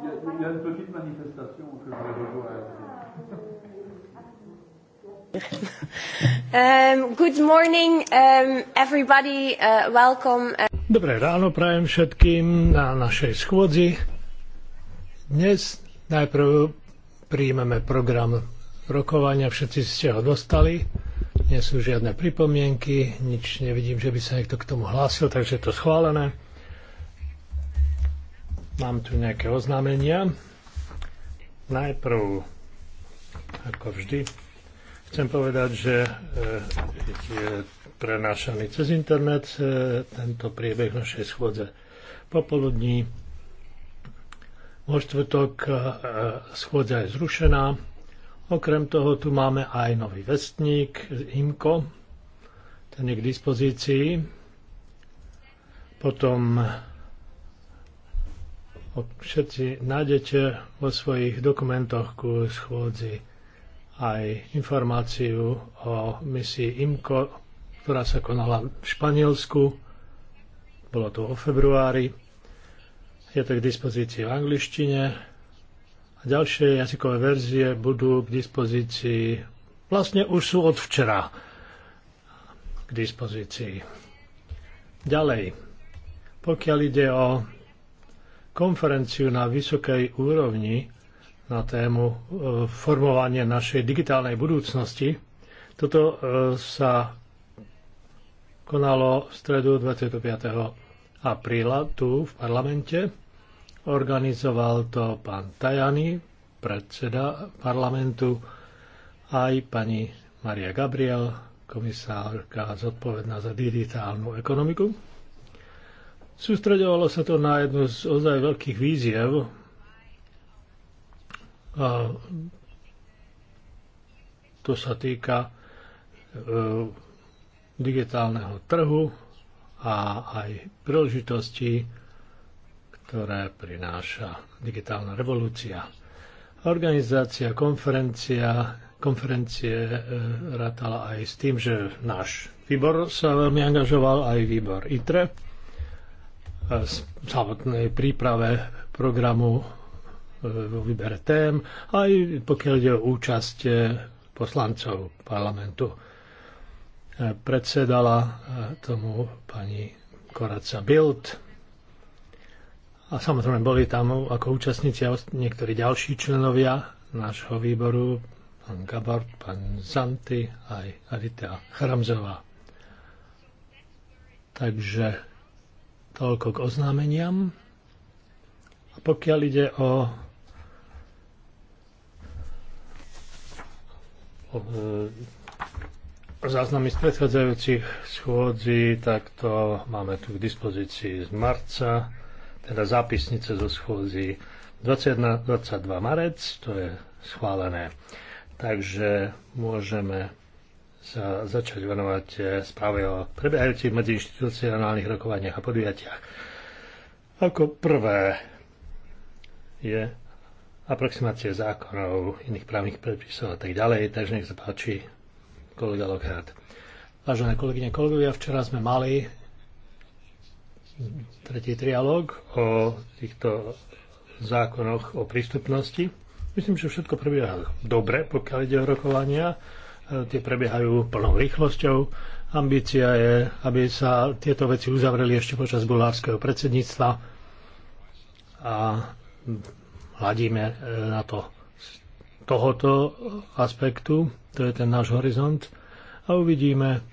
Il y, a, une petite manifestation que je vais Um, good morning, um, everybody. Uh, welcome. Uh, Dobré ráno prajem všetkým na našej schôdzi. Dnes najprv príjmeme program rokovania, všetci ste ho dostali. Nie sú žiadne pripomienky, nič nevidím, že by sa niekto k tomu hlásil, takže je to schválené. Mám tu nejaké oznámenia. Najprv, ako vždy, chcem povedať, že e, je prenášaný cez internet e, tento priebeh našej schôdze popoludní. Vo štvrtok e, schôdza je zrušená. Okrem toho tu máme aj nový vestník IMKO. Ten je k dispozícii. Potom Všetci nájdete vo svojich dokumentoch ku schôdzi aj informáciu o misii IMCO, ktorá sa konala v Španielsku. Bolo to o februári. Je to k dispozícii v angličtine. A ďalšie jazykové verzie budú k dispozícii, vlastne už sú od včera k dispozícii. Ďalej, pokiaľ ide o konferenciu na vysokej úrovni na tému e, formovanie našej digitálnej budúcnosti. Toto e, sa konalo v stredu 25. apríla tu v parlamente. Organizoval to pán Tajani, predseda parlamentu, aj pani Maria Gabriel, komisárka zodpovedná za digitálnu ekonomiku. Sústredovalo sa to na jednu z ozaj veľkých víziev a to sa týka e, digitálneho trhu a aj príležitostí, ktoré prináša digitálna revolúcia. Organizácia konferencia, konferencie e, rátala aj s tým, že náš výbor sa veľmi angažoval, aj výbor ITRE Eh, samotnej príprave programu eh, vo výbere tém, aj pokiaľ ide o účasť eh, poslancov parlamentu. Predsedala tomu pani Koraca Bild a samozrejme boli tam ako účastníci niektorí ďalší členovia nášho výboru, pán Gabart, pán Zanty, aj Arita Chramzová. Takže Toľko k oznámeniam. A pokiaľ ide o, o e, záznamy z predchádzajúcich schôdzí, tak to máme tu k dispozícii z marca, teda zápisnice zo schôdzí 21-22 marec, to je schválené. Takže môžeme sa začať venovať eh, správe o prebiehajúcich medziinstitucionálnych rokovaniach a podujatiach. Ako prvé je aproximácie zákonov, iných právnych predpisov a tak ďalej, takže nech sa páči kolega Lockhart. Vážené kolegyne, kolegovia, včera sme mali tretí trialóg o týchto zákonoch o prístupnosti. Myslím, že všetko prebieha dobre, pokiaľ ide o rokovania tie prebiehajú plnou rýchlosťou. Ambícia je, aby sa tieto veci uzavreli ešte počas bulárskeho predsedníctva a hladíme e, na to z tohoto aspektu, to je ten náš horizont a uvidíme,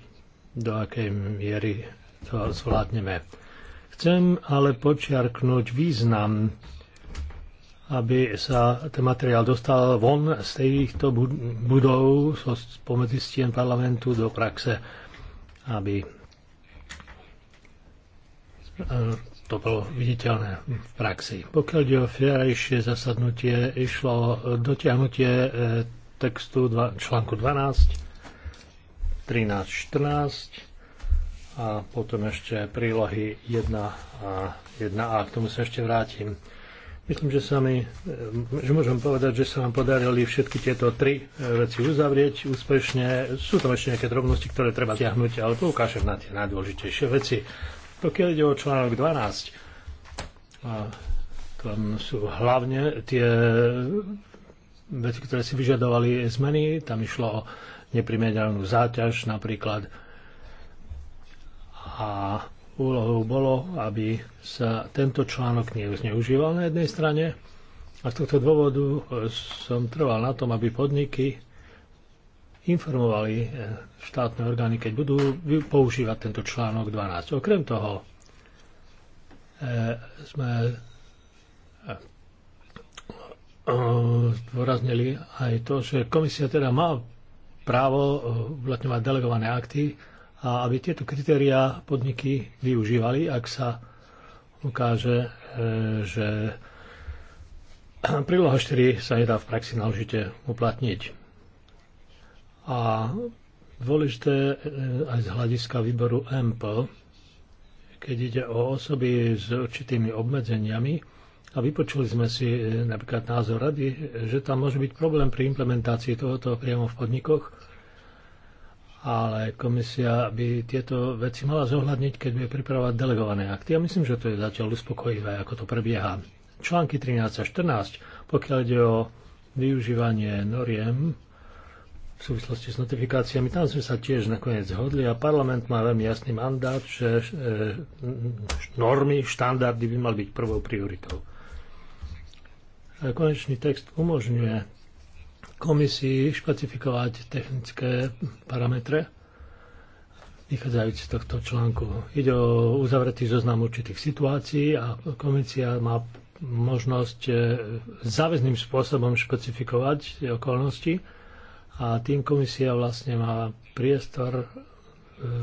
do akej miery to zvládneme. Chcem ale počiarknúť význam aby sa ten materiál dostal von z týchto budov spomedzi stien parlamentu do praxe, aby e, to bolo viditeľné v praxi. Pokiaľ ide o fiarejšie zasadnutie, išlo o dotiahnutie e, textu článku 12, 13, 14 a potom ešte prílohy 1 a 1a, k tomu sa ešte vrátim. Myslím, že, sa mi, e, že môžem povedať, že sa nám podarili všetky tieto tri e, veci uzavrieť úspešne. Sú tam ešte nejaké drobnosti, ktoré treba stiahnuť, ale poukážem na tie najdôležitejšie veci. Pokiaľ ide o článok 12, a tam sú hlavne tie veci, ktoré si vyžadovali zmeny. Tam išlo o neprimernú záťaž napríklad. A úlohou bolo, aby sa tento článok neuzneužíval na jednej strane a z tohto dôvodu e, som trval na tom, aby podniky informovali e, štátne orgány, keď budú používať tento článok 12. Okrem toho e, sme zdôraznili aj to, že komisia teda má právo uplatňovať delegované akty a aby tieto kritériá podniky využívali, ak sa ukáže, e, že príloha 4 sa nedá v praxi náležite uplatniť. A dôležité e, aj z hľadiska výboru EMPL, keď ide o osoby s určitými obmedzeniami, a vypočuli sme si e, napríklad názor rady, že tam môže byť problém pri implementácii tohoto priamo v podnikoch, ale komisia by tieto veci mala zohľadniť, keď bude pripravovať delegované akty. Ja myslím, že to je zatiaľ uspokojivé, ako to prebieha. Články 13 a 14, pokiaľ ide o využívanie noriem v súvislosti s notifikáciami, tam sme sa tiež nakoniec zhodli a parlament má veľmi jasný mandát, že e, normy, štandardy by mali byť prvou prioritou. E, konečný text umožňuje komisii špecifikovať technické parametre vychádzajúci z tohto článku. Ide o uzavretý zoznam určitých situácií a komisia má možnosť e, záväzným spôsobom špecifikovať okolnosti a tým komisia vlastne má priestor e,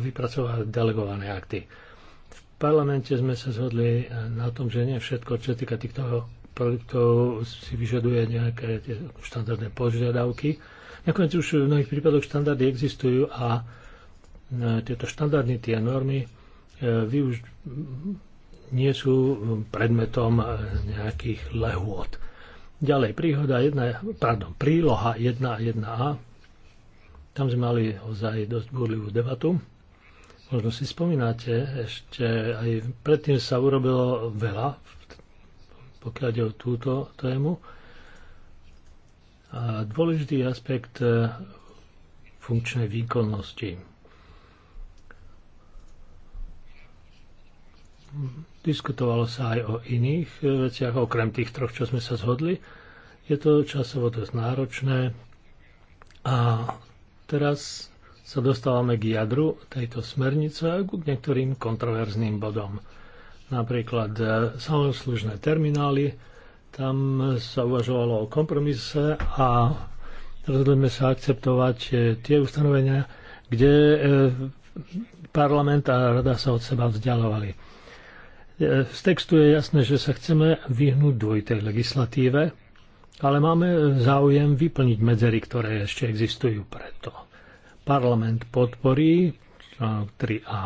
vypracovať delegované akty. V parlamente sme sa zhodli na tom, že nie všetko, čo týka týchto produktov si vyžaduje nejaké tie štandardné požiadavky. Nakoniec už v mnohých prípadoch štandardy existujú a e, tieto štandardy, tie normy e, už nie sú predmetom e, nejakých lehôd. Ďalej, príhoda jedna, pardon, príloha 1 1a. Tam sme mali ozaj dosť búrlivú debatu. Možno si spomínate, ešte aj predtým sa urobilo veľa v pokiaľ ide o túto tému. A dôležitý aspekt e, funkčnej výkonnosti. Diskutovalo sa aj o iných e, veciach, okrem tých troch, čo sme sa zhodli. Je to časovo dosť náročné a teraz sa dostávame k jadru tejto smernice a k niektorým kontroverzným bodom napríklad e, samoslužné terminály, tam sa uvažovalo o kompromise a rozhodli sa akceptovať e, tie ustanovenia, kde e, parlament a rada sa od seba vzdialovali. Z textu je jasné, že sa chceme vyhnúť dvojitej legislatíve, ale máme záujem vyplniť medzery, ktoré ešte existujú preto. Parlament podporí článok 3a,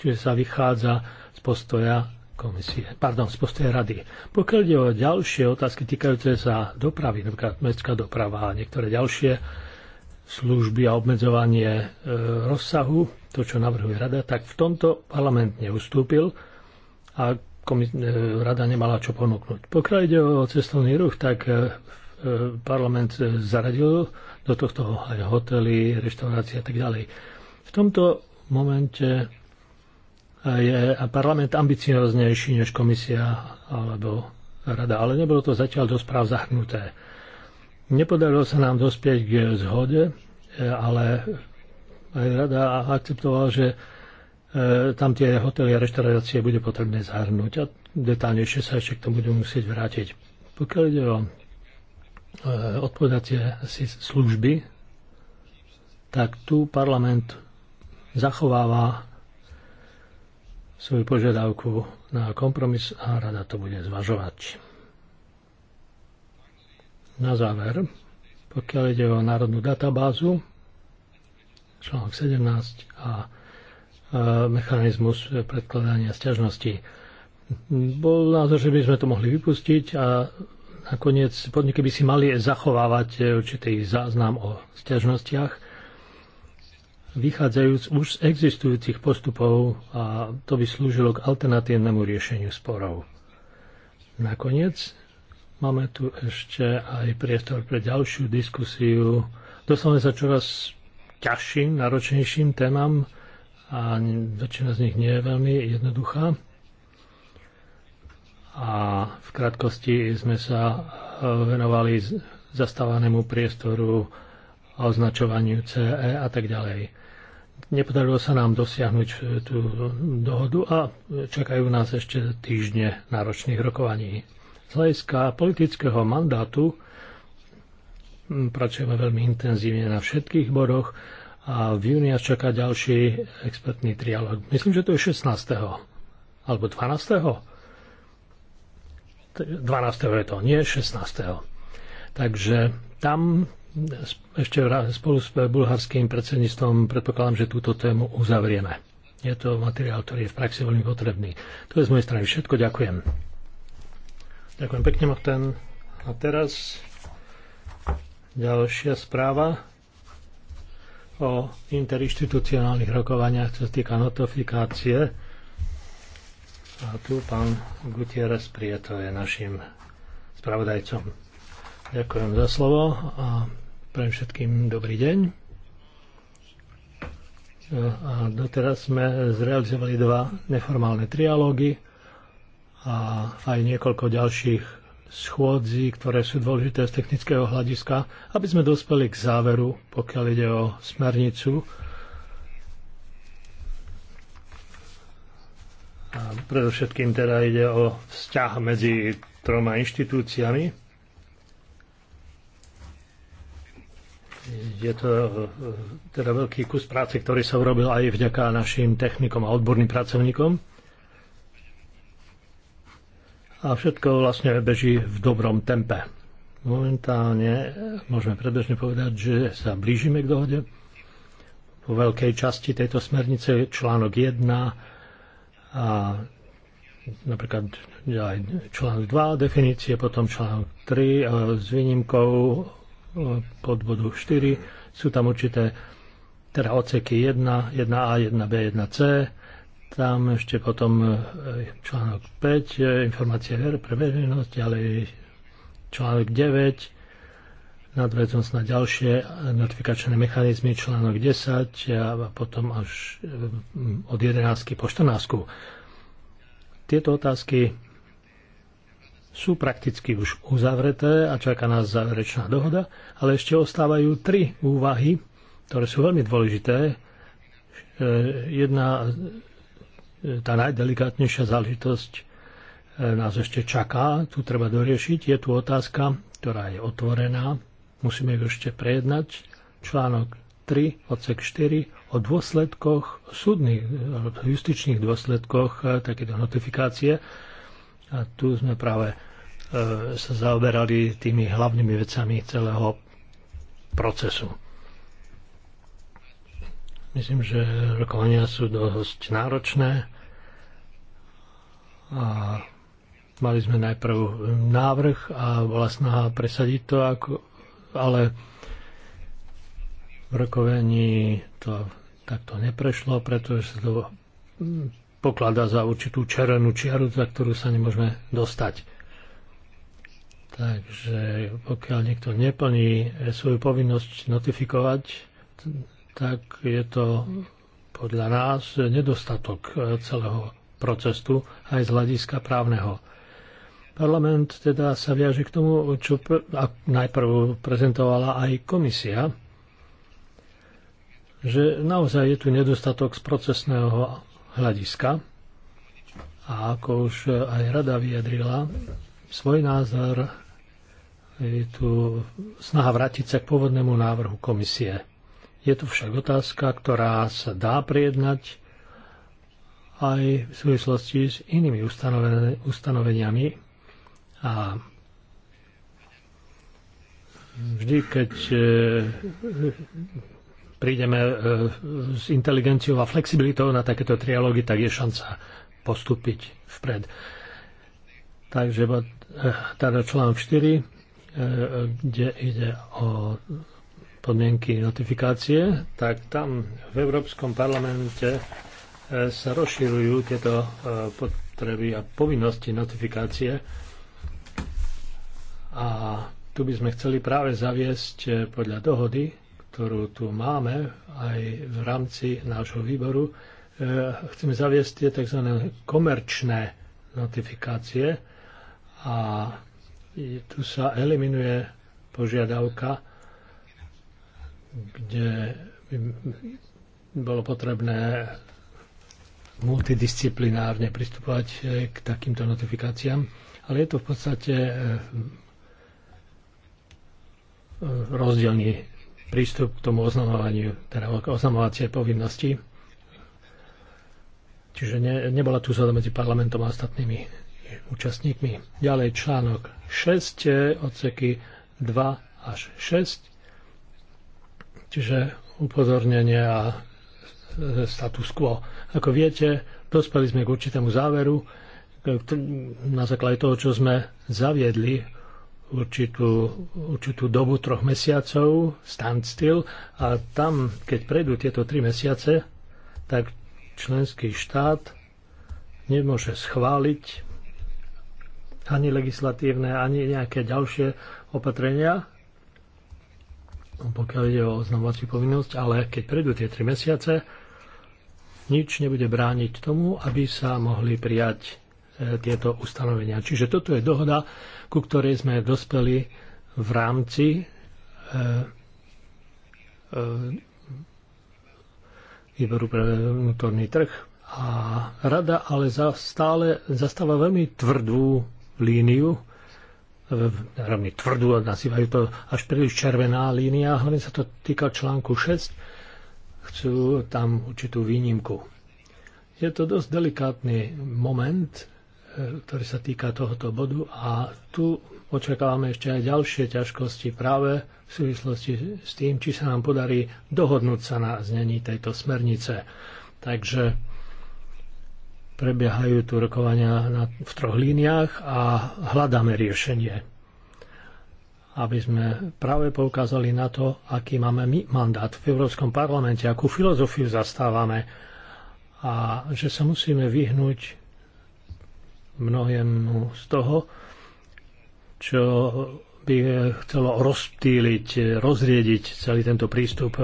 čiže sa vychádza postoja komisie, pardon, z postoja rady. Pokiaľ ide o ďalšie otázky týkajúce sa dopravy, napríklad mestská doprava a niektoré ďalšie služby a obmedzovanie e, rozsahu, to, čo navrhuje rada, tak v tomto parlament neustúpil a komis- e, rada nemala čo ponúknuť. Pokiaľ ide o cestovný ruch, tak e, e parlament e, zaradil do tohto aj hotely, reštaurácie a tak ďalej. V tomto momente je parlament ambicioznejší než komisia alebo rada, ale nebolo to zatiaľ do správ zahrnuté. Nepodarilo sa nám dospieť k zhode, ale aj rada akceptovala, že e, tam tie hotely a reštaurácie bude potrebné zahrnúť a detálnejšie sa ešte k tomu budú musieť vrátiť. Pokiaľ ide o e, odpovedacie si služby, tak tu parlament zachováva svoju požiadavku na kompromis a rada to bude zvažovať. Na záver, pokiaľ ide o národnú databázu, článok 17 a mechanizmus predkladania stiažnosti. Bol názor, že by sme to mohli vypustiť a nakoniec podniky by si mali zachovávať určitý záznam o sťažnostiach vychádzajúc už z existujúcich postupov a to by slúžilo k alternatívnemu riešeniu sporov. Nakoniec máme tu ešte aj priestor pre ďalšiu diskusiu. Dostávame sa čoraz ťažším, náročnejším témam a väčšina z nich nie je veľmi jednoduchá. A v krátkosti sme sa venovali zastávanému priestoru a označovaniu CE a tak ďalej. Nepodarilo sa nám dosiahnuť tú dohodu a čakajú nás ešte týždne náročných rokovaní. Z hľadiska politického mandátu pracujeme veľmi intenzívne na všetkých bodoch a v júni nás čaká ďalší expertný trialog. Myslím, že to je 16. alebo 12. 12. je to, nie 16. Takže tam ešte spolu s bulharským predsedníctvom predpokladám, že túto tému uzavrieme. Je to materiál, ktorý je v praxi veľmi potrebný. To je z mojej strany všetko. Ďakujem. Ďakujem pekne, Martin. A teraz ďalšia správa o interinstitucionálnych rokovaniach, čo sa týka notifikácie. A tu pán Gutierrez Prieto je našim spravodajcom. Ďakujem za slovo a pre všetkým dobrý deň. A doteraz sme zrealizovali dva neformálne trialógy a aj niekoľko ďalších schôdzí, ktoré sú dôležité z technického hľadiska, aby sme dospeli k záveru, pokiaľ ide o smernicu. A predovšetkým teda ide o vzťah medzi troma inštitúciami, je to e, teda veľký kus práce, ktorý sa urobil aj vďaka našim technikom a odborným pracovníkom. A všetko vlastne beží v dobrom tempe. Momentálne môžeme predbežne povedať, že sa blížime k dohode. Po veľkej časti tejto smernice je článok 1 a napríklad aj článok 2 definície, potom článok 3 e, s výnimkou pod bodu 4. Sú tam určité teda oceky 1, 1a, 1b, 1c. Tam ešte potom e, článok 5, e, informácie pre verejnosť, ale článok 9, nadväznosť na ďalšie e, notifikačné mechanizmy, článok 10 a potom až od 11 po 14. Tieto otázky sú prakticky už uzavreté a čaká nás záverečná dohoda, ale ešte ostávajú tri úvahy, ktoré sú veľmi dôležité. E, jedna, e, tá najdelikátnejšia záležitosť e, nás ešte čaká, tu treba doriešiť. Je tu otázka, ktorá je otvorená, musíme ju ešte prejednať. Článok 3, odsek 4 o dôsledkoch súdnych, justičných dôsledkoch takéto notifikácie a tu sme práve e, sa zaoberali tými hlavnými vecami celého procesu. Myslím, že rokovania sú dosť náročné a mali sme najprv návrh a bola snaha presadiť to, ako, ale v rokovení to takto neprešlo, pretože sa to pokladá za určitú červenú čiaru, za ktorú sa nemôžeme dostať. Takže pokiaľ niekto neplní svoju povinnosť notifikovať, tak je to podľa nás nedostatok celého procesu aj z hľadiska právneho. Parlament teda sa viaže k tomu, čo pr- a najprv prezentovala aj komisia, že naozaj je tu nedostatok z procesného hľadiska. A ako už aj rada vyjadrila, svoj názor je tu snaha vrátiť sa k pôvodnému návrhu komisie. Je tu však otázka, ktorá sa dá prijednať aj v súvislosti s inými ustanoveniami a vždy, keď e, prídeme e, s inteligenciou a flexibilitou na takéto trialógy, tak je šanca postúpiť vpred. Takže e, teda článok 4, e, kde ide o podmienky notifikácie, tak tam v Európskom parlamente sa rozširujú tieto potreby a povinnosti notifikácie. A tu by sme chceli práve zaviesť podľa dohody ktorú tu máme aj v rámci nášho výboru, e, chceme zaviesť tie tzv. komerčné notifikácie a tu sa eliminuje požiadavka, kde by bolo potrebné multidisciplinárne pristupovať e, k takýmto notifikáciám, ale je to v podstate e, rozdielný prístup k tomu oznamovaniu, teda oznamovacie povinnosti. Čiže ne, nebola tu zhoda medzi parlamentom a ostatnými účastníkmi. Ďalej článok 6, e, odseky 2 až 6, čiže upozornenie a status quo. Ako viete, dospeli sme k určitému záveru na základe toho, čo sme zaviedli určitú, určitú dobu troch mesiacov, standstill, a tam, keď prejdú tieto tri mesiace, tak členský štát nemôže schváliť ani legislatívne, ani nejaké ďalšie opatrenia, pokiaľ ide o oznamovaciu povinnosť, ale keď prejdú tie tri mesiace, nič nebude brániť tomu, aby sa mohli prijať tieto ustanovenia. Čiže toto je dohoda, ku ktorej sme dospeli v rámci e, e, výboru pre vnútorný trh. A rada ale za, stále zastáva veľmi tvrdú líniu, e, veľmi tvrdú, nazývajú to až príliš červená línia, hlavne sa to týka článku 6, chcú tam určitú výnimku. Je to dosť delikátny moment, ktorý sa týka tohoto bodu a tu očakávame ešte aj ďalšie ťažkosti práve v súvislosti s tým, či sa nám podarí dohodnúť sa na znení tejto smernice. Takže prebiehajú tu rokovania na, v troch líniách a hľadáme riešenie, aby sme práve poukázali na to, aký máme my mandát v Európskom parlamente, akú filozofiu zastávame a že sa musíme vyhnúť mnohému z toho, čo by chcelo rozptýliť, rozriediť celý tento prístup.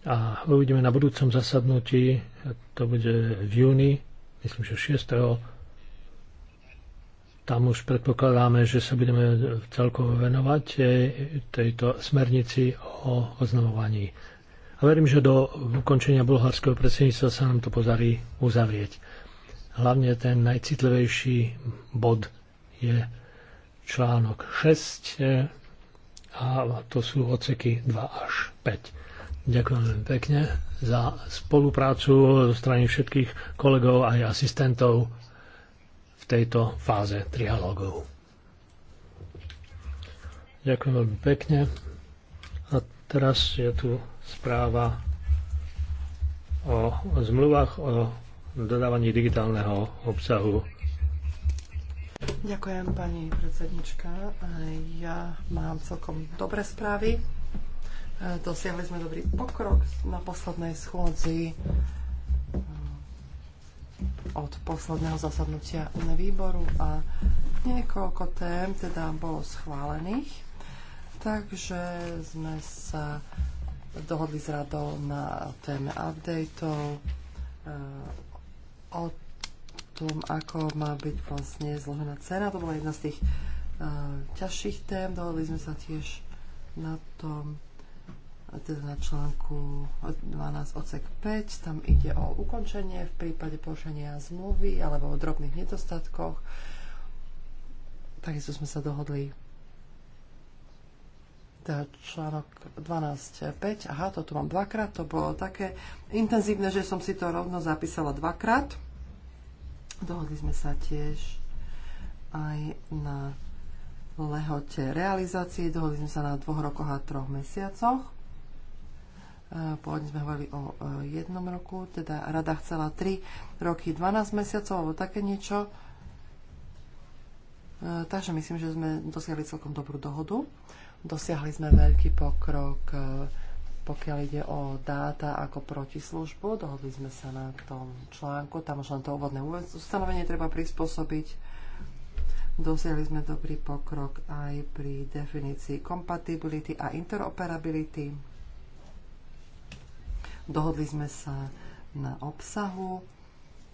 A uvidíme na budúcom zasadnutí, to bude v júni, myslím, že 6. Tam už predpokladáme, že sa budeme celkovo venovať e, tejto smernici o oznamovaní. A verím, že do ukončenia bulharského predsedníctva sa nám to podarí uzavrieť. Hlavne ten najcitlivejší bod je článok 6 e, a to sú oceky 2 až 5. Ďakujem veľmi pekne za spoluprácu zo strany všetkých kolegov aj asistentov v tejto fáze trialógov. Ďakujem veľmi pekne. A teraz je tu správa o zmluvách o dodávaní digitálneho obsahu. Ďakujem, pani predsednička. Ja mám celkom dobré správy. Dosiahli sme dobrý pokrok na poslednej schôdzi eh, od posledného zasadnutia výboru a niekoľko tém teda bolo schválených. Takže sme sa dohodli s radou na téme updateov, eh, o tom, ako má byť vlastne zložená cena. To bola jedna z tých uh, ťažších tém. Dohodli sme sa tiež na tom, e, teda na článku 12 odsek 5. Tam ide o ukončenie v prípade porušenia zmluvy alebo o drobných nedostatkoch. Takisto sme sa dohodli článok 12.5. Aha, to tu mám dvakrát, to bolo také intenzívne, že som si to rovno zapísala dvakrát. Dohodli sme sa tiež aj na lehote realizácie, dohodli sme sa na dvoch rokoch a troch mesiacoch. E, pôvodne sme hovorili o e, jednom roku, teda rada chcela 3 roky 12 mesiacov alebo také niečo. E, takže myslím, že sme dosiahli celkom dobrú dohodu. Dosiahli sme veľký pokrok, e, pokiaľ ide o dáta ako protislužbu. Dohodli sme sa na tom článku, tam už len to úvodné ustanovenie treba prispôsobiť. Dosiahli sme dobrý pokrok aj pri definícii kompatibility a interoperability. Dohodli sme sa na obsahu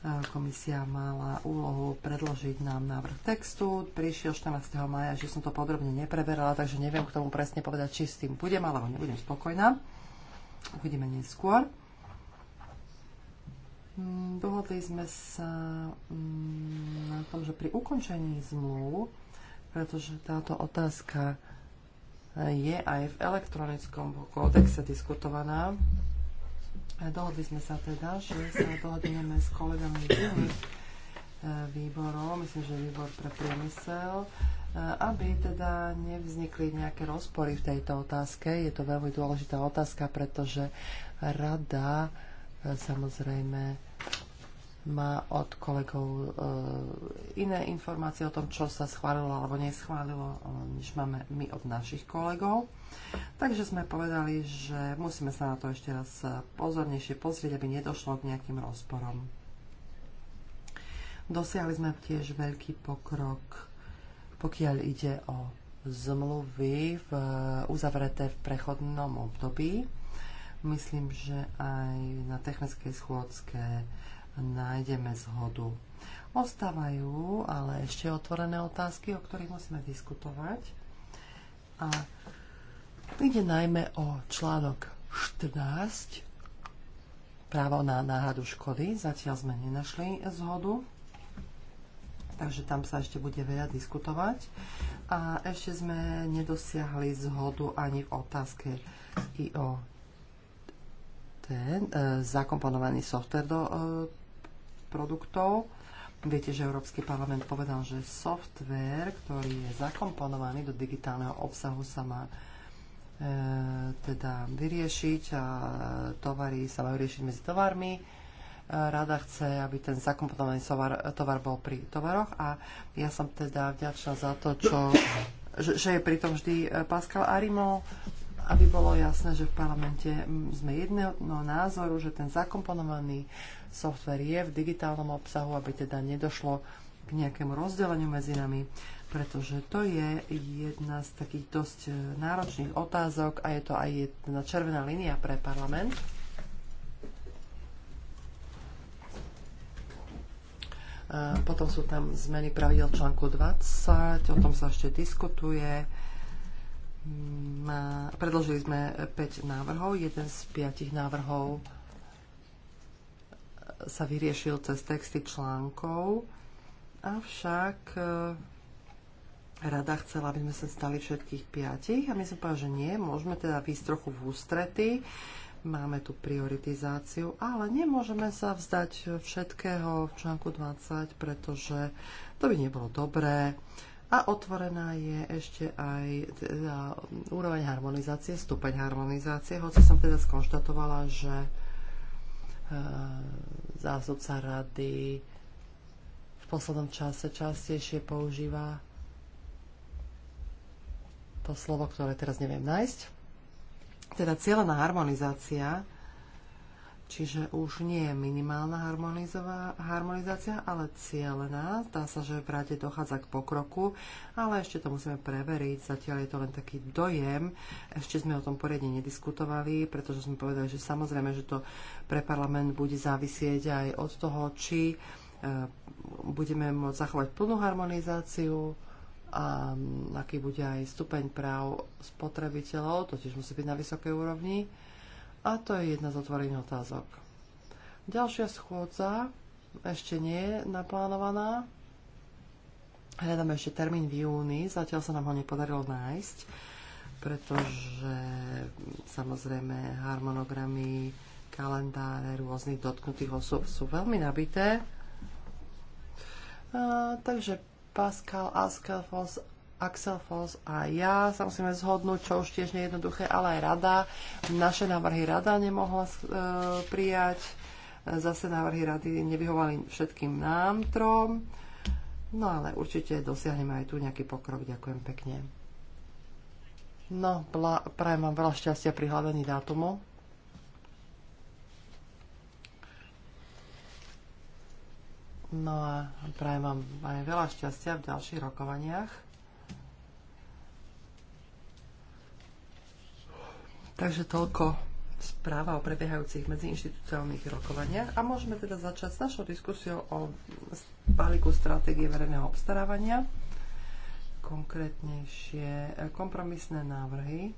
Komisia mala úlohu predložiť nám návrh textu. Prišiel 14. maja, že som to podrobne nepreberala, takže neviem k tomu presne povedať, či s tým budem alebo nebudem spokojná. Uvidíme neskôr. Mm, dohodli sme sa mm, na tom, že pri ukončení zmluv, pretože táto otázka je aj v elektronickom kódexe diskutovaná, Dohodli sme sa teda, že sa dohodneme s kolegami z iných e, výborov, myslím, že výbor pre priemysel, e, aby teda nevznikli nejaké rozpory v tejto otázke. Je to veľmi dôležitá otázka, pretože rada e, samozrejme má od kolegov e, iné informácie o tom, čo sa schválilo alebo neschválilo, e, než máme my od našich kolegov. Takže sme povedali, že musíme sa na to ešte raz pozornejšie pozrieť, aby nedošlo k nejakým rozporom. Dosiahli sme tiež veľký pokrok, pokiaľ ide o zmluvy v, uzavreté v prechodnom období. Myslím, že aj na technickej schôdzke nájdeme zhodu. Ostávajú ale ešte otvorené otázky, o ktorých musíme diskutovať. A ide najmä o článok 14, právo na náhradu škody. Zatiaľ sme nenašli zhodu, takže tam sa ešte bude veľa diskutovať. A ešte sme nedosiahli zhodu ani v otázke o ten e, zakomponovaný software do e, produktov. Viete, že Európsky parlament povedal, že software, ktorý je zakomponovaný do digitálneho obsahu, sa má e, teda vyriešiť a tovary sa majú riešiť medzi tovarmi. E, rada chce, aby ten zakomponovaný tovar, tovar bol pri tovaroch a ja som teda vďačná za to, čo, že, že je pritom vždy e, Pascal Arimo, aby bolo jasné, že v parlamente sme jedného názoru, že ten zakomponovaný software je v digitálnom obsahu, aby teda nedošlo k nejakému rozdeleniu medzi nami, pretože to je jedna z takých dosť e, náročných otázok a je to aj jedna červená línia pre parlament. E, potom sú tam zmeny pravidel článku 20, o tom sa ešte diskutuje Mm, predložili sme 5 návrhov. Jeden z 5 návrhov sa vyriešil cez texty článkov, avšak e, rada chcela, aby sme sa stali všetkých piatich a my sme povedali, že nie, môžeme teda výsť trochu v ústrety, máme tu prioritizáciu, ale nemôžeme sa vzdať všetkého v článku 20, pretože to by nebolo dobré a otvorená je ešte aj teda úroveň harmonizácie, stupeň harmonizácie, hoci som teda skonštatovala, že e, zástupca rady v poslednom čase častejšie používa to slovo, ktoré teraz neviem nájsť. Teda cieľená harmonizácia Čiže už nie je minimálna harmonizácia, ale cieľená. Zdá sa, že v rade dochádza k pokroku, ale ešte to musíme preveriť. Zatiaľ je to len taký dojem. Ešte sme o tom poriadne nediskutovali, pretože sme povedali, že samozrejme, že to pre parlament bude závisieť aj od toho, či e, budeme môcť zachovať plnú harmonizáciu a aký bude aj stupeň práv spotrebiteľov, to tiež musí byť na vysokej úrovni a to je jedna z otvorených otázok. Ďalšia schôdza ešte nie je naplánovaná. Hľadáme ešte termín v júni, zatiaľ sa nám ho nepodarilo nájsť, pretože samozrejme harmonogramy, kalendáre rôznych dotknutých osôb sú veľmi nabité. A, takže Pascal Askelfos Axel Foss a ja sa musíme zhodnúť, čo už tiež nie je jednoduché, ale aj rada. Naše návrhy rada nemohla e, prijať. Zase návrhy rady nevyhovali všetkým nám trom. No ale určite dosiahneme aj tu nejaký pokrok. Ďakujem pekne. No, bla, prajem vám veľa šťastia pri hľadaní dátumu. No a prajem vám aj veľa šťastia v ďalších rokovaniach. Takže toľko správa o prebiehajúcich medziinstitucionálnych rokovaniach a môžeme teda začať s našou diskusiou o balíku stratégie verejného obstarávania, konkrétnejšie e, kompromisné návrhy.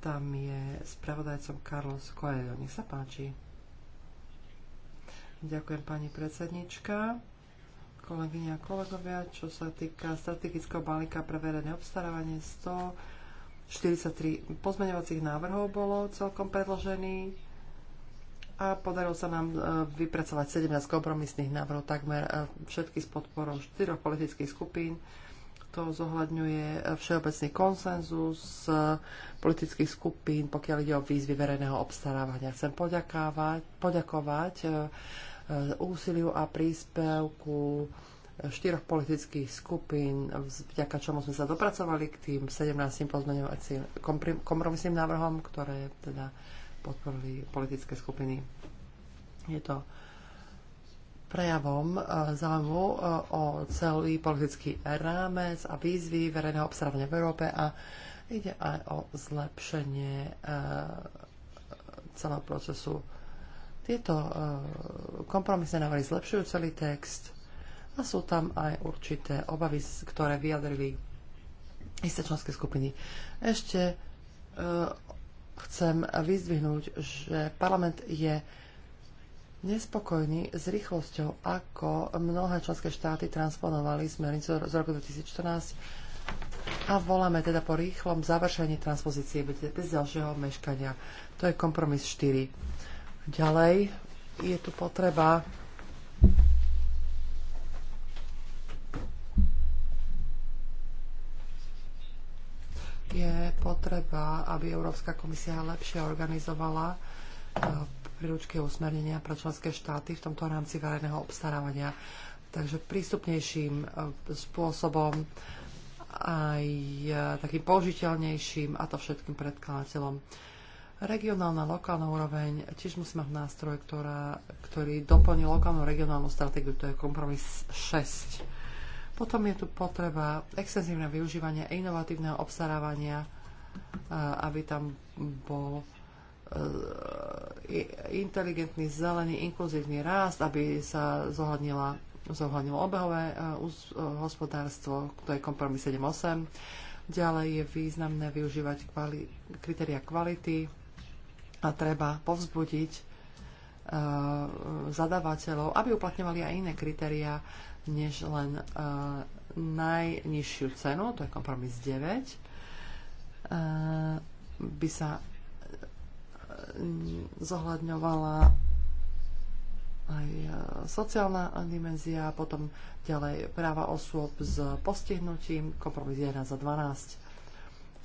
Tam je spravodajcom Carlos Coelho. Nech sa páči. Ďakujem pani predsednička kolegyne a kolegovia, čo sa týka strategického balíka pre verejné obstarávanie 100 43 pozmeňovacích návrhov bolo celkom predložených a podarilo sa nám e, vypracovať 17 kompromisných návrhov, takmer e, všetky s podporou štyroch politických skupín. To zohľadňuje e, všeobecný konsenzus politických skupín, pokiaľ ide o výzvy verejného obstarávania. Chcem poďakovať úsiliu a príspevku štyroch politických skupín, vďaka čomu sme sa dopracovali k tým 17 pozmeňovacím kompromisným návrhom, ktoré teda podporili politické skupiny. Je to prejavom e, záujmu e, o celý politický rámec a výzvy verejného obstarávania v Európe a ide aj o zlepšenie e, celého procesu. Tieto kompromisné návrhy zlepšujú celý text a sú tam aj určité obavy, ktoré vyjadrili isté členské skupiny. Ešte e, chcem vyzdvihnúť, že parlament je nespokojný s rýchlosťou, ako mnohé členské štáty transponovali smernicu z roku 2014 a voláme teda po rýchlom završení transpozície bez ďalšieho meškania. To je kompromis 4. Ďalej je tu potreba je potreba, aby Európska komisia lepšie organizovala eh, príručky usmernenia pre členské štáty v tomto rámci verejného obstarávania. Takže prístupnejším eh, spôsobom aj eh, takým použiteľnejším a to všetkým predkladateľom. Regionálna, lokálna úroveň tiež musí mať nástroj, ktorá, ktorý doplní lokálnu regionálnu stratégiu, to je kompromis 6 potom je tu potreba extenzívne využívania inovatívneho obstarávania, e, aby tam bol e, inteligentný, zelený, inkluzívny rast, aby sa zohľadnila, zohľadnilo obehové e, hospodárstvo, to je kompromis 7.8. Ďalej je významné využívať kvali- kritéria kvality a treba povzbudiť zadávateľov, aby uplatňovali aj iné kritéria než len uh, najnižšiu cenu, to je kompromis 9, uh, e, by sa e, zohľadňovala aj sociálna dimenzia, potom ďalej práva osôb s postihnutím, kompromis 1 za 12,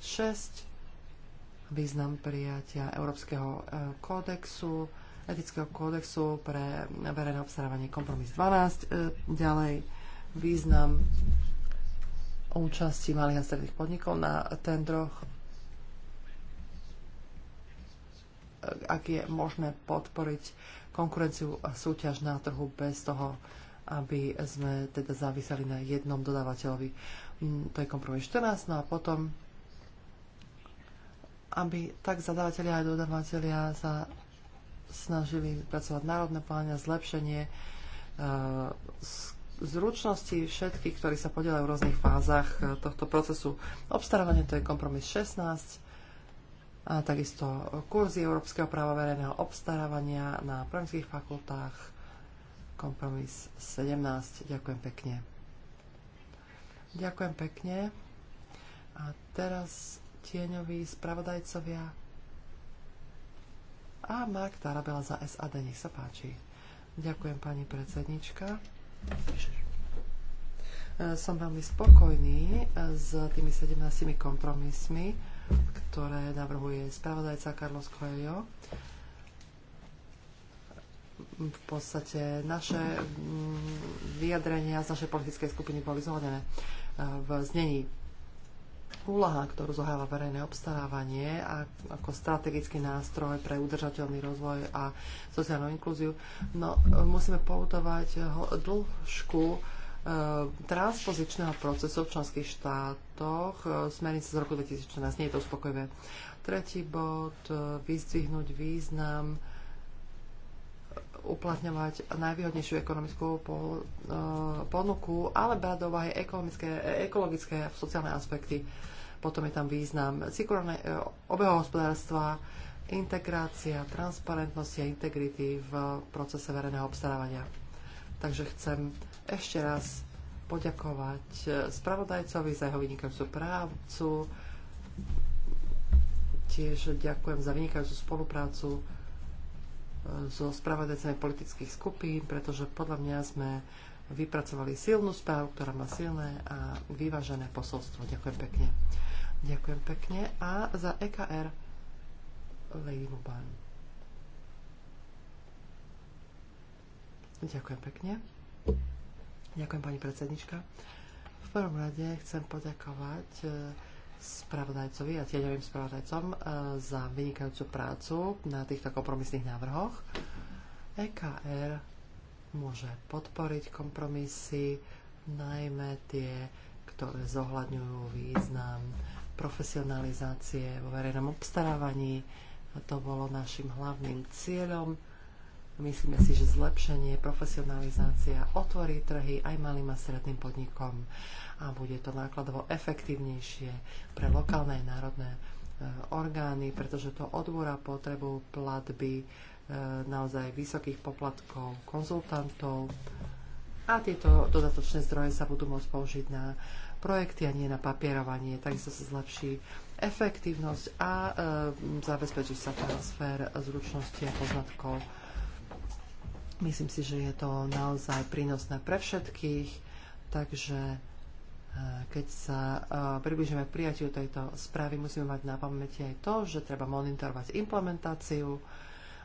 6, význam prijatia Európskeho kódexu, etického kódexu pre verejné obstarávanie kompromis 12. E, ďalej význam účasti malých a stredných podnikov na tendroch, e, ak je možné podporiť konkurenciu a súťaž na trhu bez toho, aby sme teda záviseli na jednom dodávateľovi. Mm, to je kompromis 14. No a potom aby tak zadávateľia aj dodávateľia sa snažili pracovať národné plány a zlepšenie e, zručnosti všetkých, ktorí sa podielajú v rôznych fázach e, tohto procesu. Obstarávanie to je kompromis 16 a takisto kurzy Európskeho práva verejného obstarávania na právnických fakultách, kompromis 17. Ďakujem pekne. Ďakujem pekne. A teraz tieňoví spravodajcovia a Mark Tarabela za SAD. Nech sa páči. Ďakujem, pani predsednička. E, som veľmi spokojný e, s tými 17 kompromismi, ktoré navrhuje spravodajca Carlos Coelho v podstate naše mm, vyjadrenia z našej politickej skupiny boli zhodené e, v znení úloha, ktorú zohráva verejné obstarávanie ako strategický nástroj pre udržateľný rozvoj a sociálnu inklúziu, no, musíme poutovať eh, dĺžku e, transpozičného procesu v členských štátoch e, smernice z roku 2014. Nie je to uspokojivé. Tretí bod, e, vyzdvihnúť význam uplatňovať najvýhodnejšiu ekonomickú e, ponuku, ale brať do úvahy ekonomické, ekologické a sociálne aspekty. Potom je tam význam cirkulárne e, obeho hospodárstva, integrácia, transparentnosť a integrity v procese verejného obstarávania. Takže chcem ešte raz poďakovať e, spravodajcovi za jeho vynikajúcu prácu. Tiež ďakujem za vynikajúcu spoluprácu so spravodajcami politických skupín, pretože podľa mňa sme vypracovali silnú správu, ktorá má silné a vyvážené posolstvo. Ďakujem pekne. Ďakujem pekne. A za EKR Lady Luban. Ďakujem pekne. Ďakujem pani predsednička. V prvom rade chcem poďakovať e, spravodajcovi a tieňovým spravodajcom e, za vynikajúcu prácu na týchto kompromisných návrhoch. EKR môže podporiť kompromisy, najmä tie, ktoré zohľadňujú význam profesionalizácie vo verejnom obstarávaní. A to bolo našim hlavným cieľom Myslíme si, že zlepšenie, profesionalizácia otvorí trhy aj malým a stredným podnikom a bude to nákladovo efektívnejšie pre lokálne a národné e, orgány, pretože to odbúra potrebu platby e, naozaj vysokých poplatkov konzultantov a tieto dodatočné zdroje sa budú môcť použiť na projekty a nie na papierovanie. Takisto sa zlepší efektívnosť a e, zabezpečí sa transfer zručnosti a poznatkov Myslím si, že je to naozaj prínosné pre všetkých, takže e, keď sa e, približíme k prijatiu tejto správy, musíme mať na pamäti aj to, že treba monitorovať implementáciu,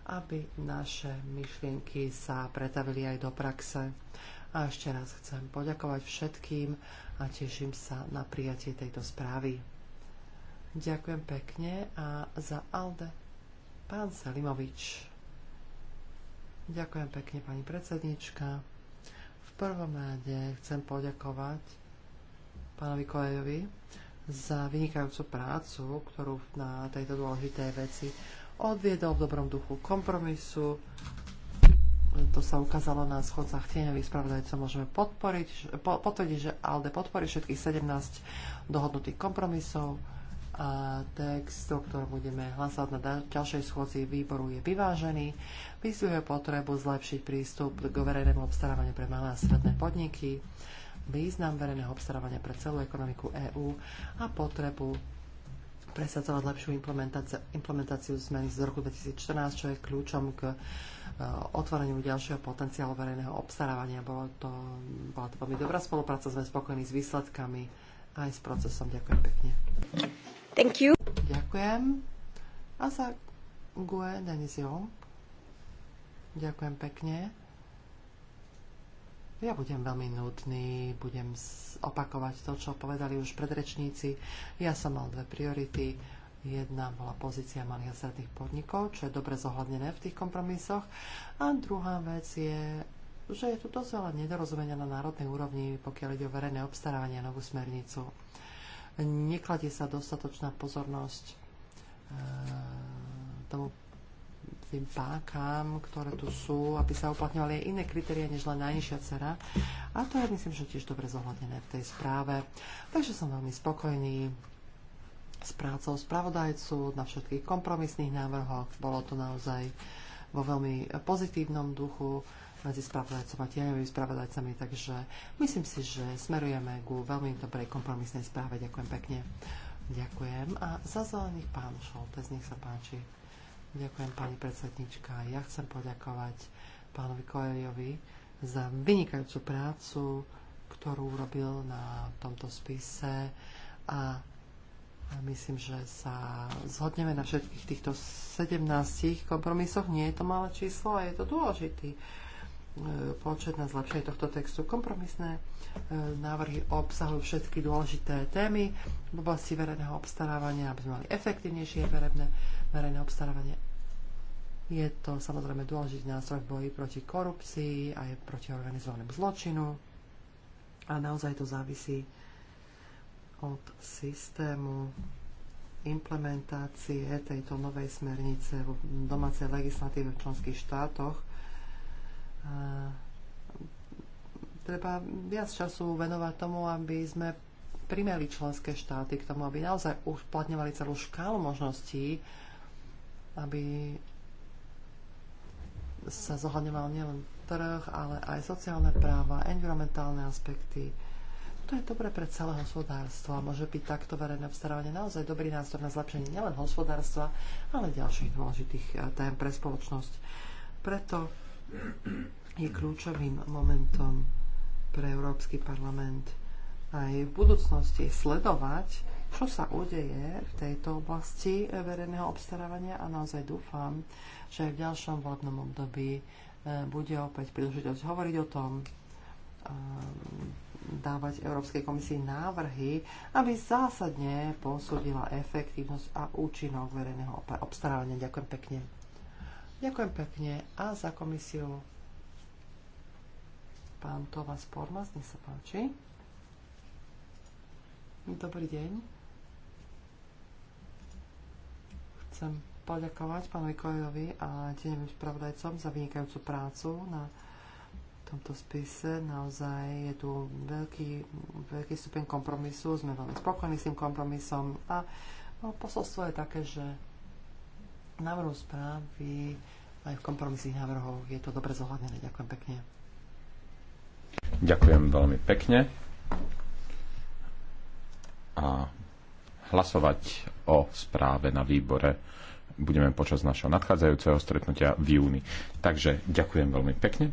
aby naše myšlienky sa pretavili aj do praxe. A ešte raz chcem poďakovať všetkým a teším sa na prijatie tejto správy. Ďakujem pekne a za Alde pán Salimovič. Ďakujem pekne, pani predsednička. V prvom rade chcem poďakovať pánovi Kolejovi za vynikajúcu prácu, ktorú na tejto dôležitej veci odviedol v dobrom duchu kompromisu. To sa ukázalo na schodcach tieňových spravodajcov. Môžeme podporiť, po, potvrdiť, že ALDE podporí všetkých 17 dohodnutých kompromisov text, o ktorom budeme hlasovať na ďalšej schôdzi výboru, je vyvážený, vysvihuje potrebu zlepšiť prístup k verejnému obstarávaniu pre malé a stredné podniky, význam verejného obstarávania pre celú ekonomiku EÚ a potrebu presadzovať lepšiu implementáciu, implementáciu zmeny z roku 2014, čo je kľúčom k e, otvoreniu ďalšieho potenciálu verejného obstarávania. Bolo to, bola to veľmi dobrá spolupráca, sme spokojní s výsledkami aj s procesom. Ďakujem pekne. Thank you. Ďakujem. A za Gue Denizio. Ďakujem pekne. Ja budem veľmi nudný, budem opakovať to, čo povedali už predrečníci. Ja som mal dve priority. Jedna bola pozícia malých a stredných podnikov, čo je dobre zohľadnené v tých kompromisoch. A druhá vec je, že je tu dosť veľa nedorozumenia na národnej úrovni, pokiaľ ide o verejné obstarávanie a novú smernicu nekladie sa dostatočná pozornosť e, tomu tým pákam, ktoré tu sú, aby sa uplatňovali aj iné kritéria, než len najnižšia cera. A to je, myslím, že tiež dobre zohľadené v tej správe. Takže som veľmi spokojný s prácou spravodajcu na všetkých kompromisných návrhoch. Bolo to naozaj vo veľmi pozitívnom duchu medzi spravodajcom a tieňovými spravodajcami, takže myslím si, že smerujeme ku veľmi dobrej kompromisnej správe. Ďakujem pekne. Ďakujem. A za zelených pán Šoltes, nech sa páči. Ďakujem pani predsednička. Ja chcem poďakovať pánovi Koeliovi za vynikajúcu prácu, ktorú urobil na tomto spise a myslím, že sa zhodneme na všetkých týchto 17 kompromisoch. Nie je to malé číslo a je to dôležitý E, počet na zlepšenie tohto textu. Kompromisné e, návrhy obsahujú všetky dôležité témy v oblasti verejného obstarávania, aby sme mali efektívnejšie verejné, verejné obstarávanie. Je to samozrejme dôležitý nástroj v boji proti korupcii a je proti organizovanému zločinu. A naozaj to závisí od systému implementácie tejto novej smernice v domácej legislatíve v členských štátoch Eh, treba viac času venovať tomu, aby sme primeli členské štáty k tomu, aby naozaj uplatňovali celú škálu možností, aby sa zohľadňoval nielen trh, ale aj sociálne práva, environmentálne aspekty. To je dobré pre celé hospodárstvo a môže byť takto verejné obstarávanie naozaj dobrý nástroj na zlepšenie nielen hospodárstva, ale ďalších dôležitých eh, tém pre spoločnosť. Preto je kľúčovým momentom pre Európsky parlament aj v budúcnosti sledovať, čo sa udeje v tejto oblasti verejného obstarávania a naozaj dúfam, že aj v ďalšom vládnom období e, bude opäť príležitosť hovoriť o tom, e, dávať Európskej komisii návrhy, aby zásadne posúdila efektívnosť a účinok verejného obstarávania. Ďakujem pekne. Ďakujem pekne a za komisiu pán Tomás Pormas, nech sa páči. Dobrý deň. Chcem poďakovať pánovi Kojovi a tieňovým spravodajcom za vynikajúcu prácu na tomto spise. Naozaj je tu veľký, veľký stupeň kompromisu. Sme veľmi spokojní s tým kompromisom a no, posolstvo je také, že návrhu správy, aj v kompromisných návrhoch je to dobre zohľadnené. Ďakujem pekne. Ďakujem veľmi pekne. A hlasovať o správe na výbore budeme počas našho nadchádzajúceho stretnutia v júni. Takže ďakujem veľmi pekne.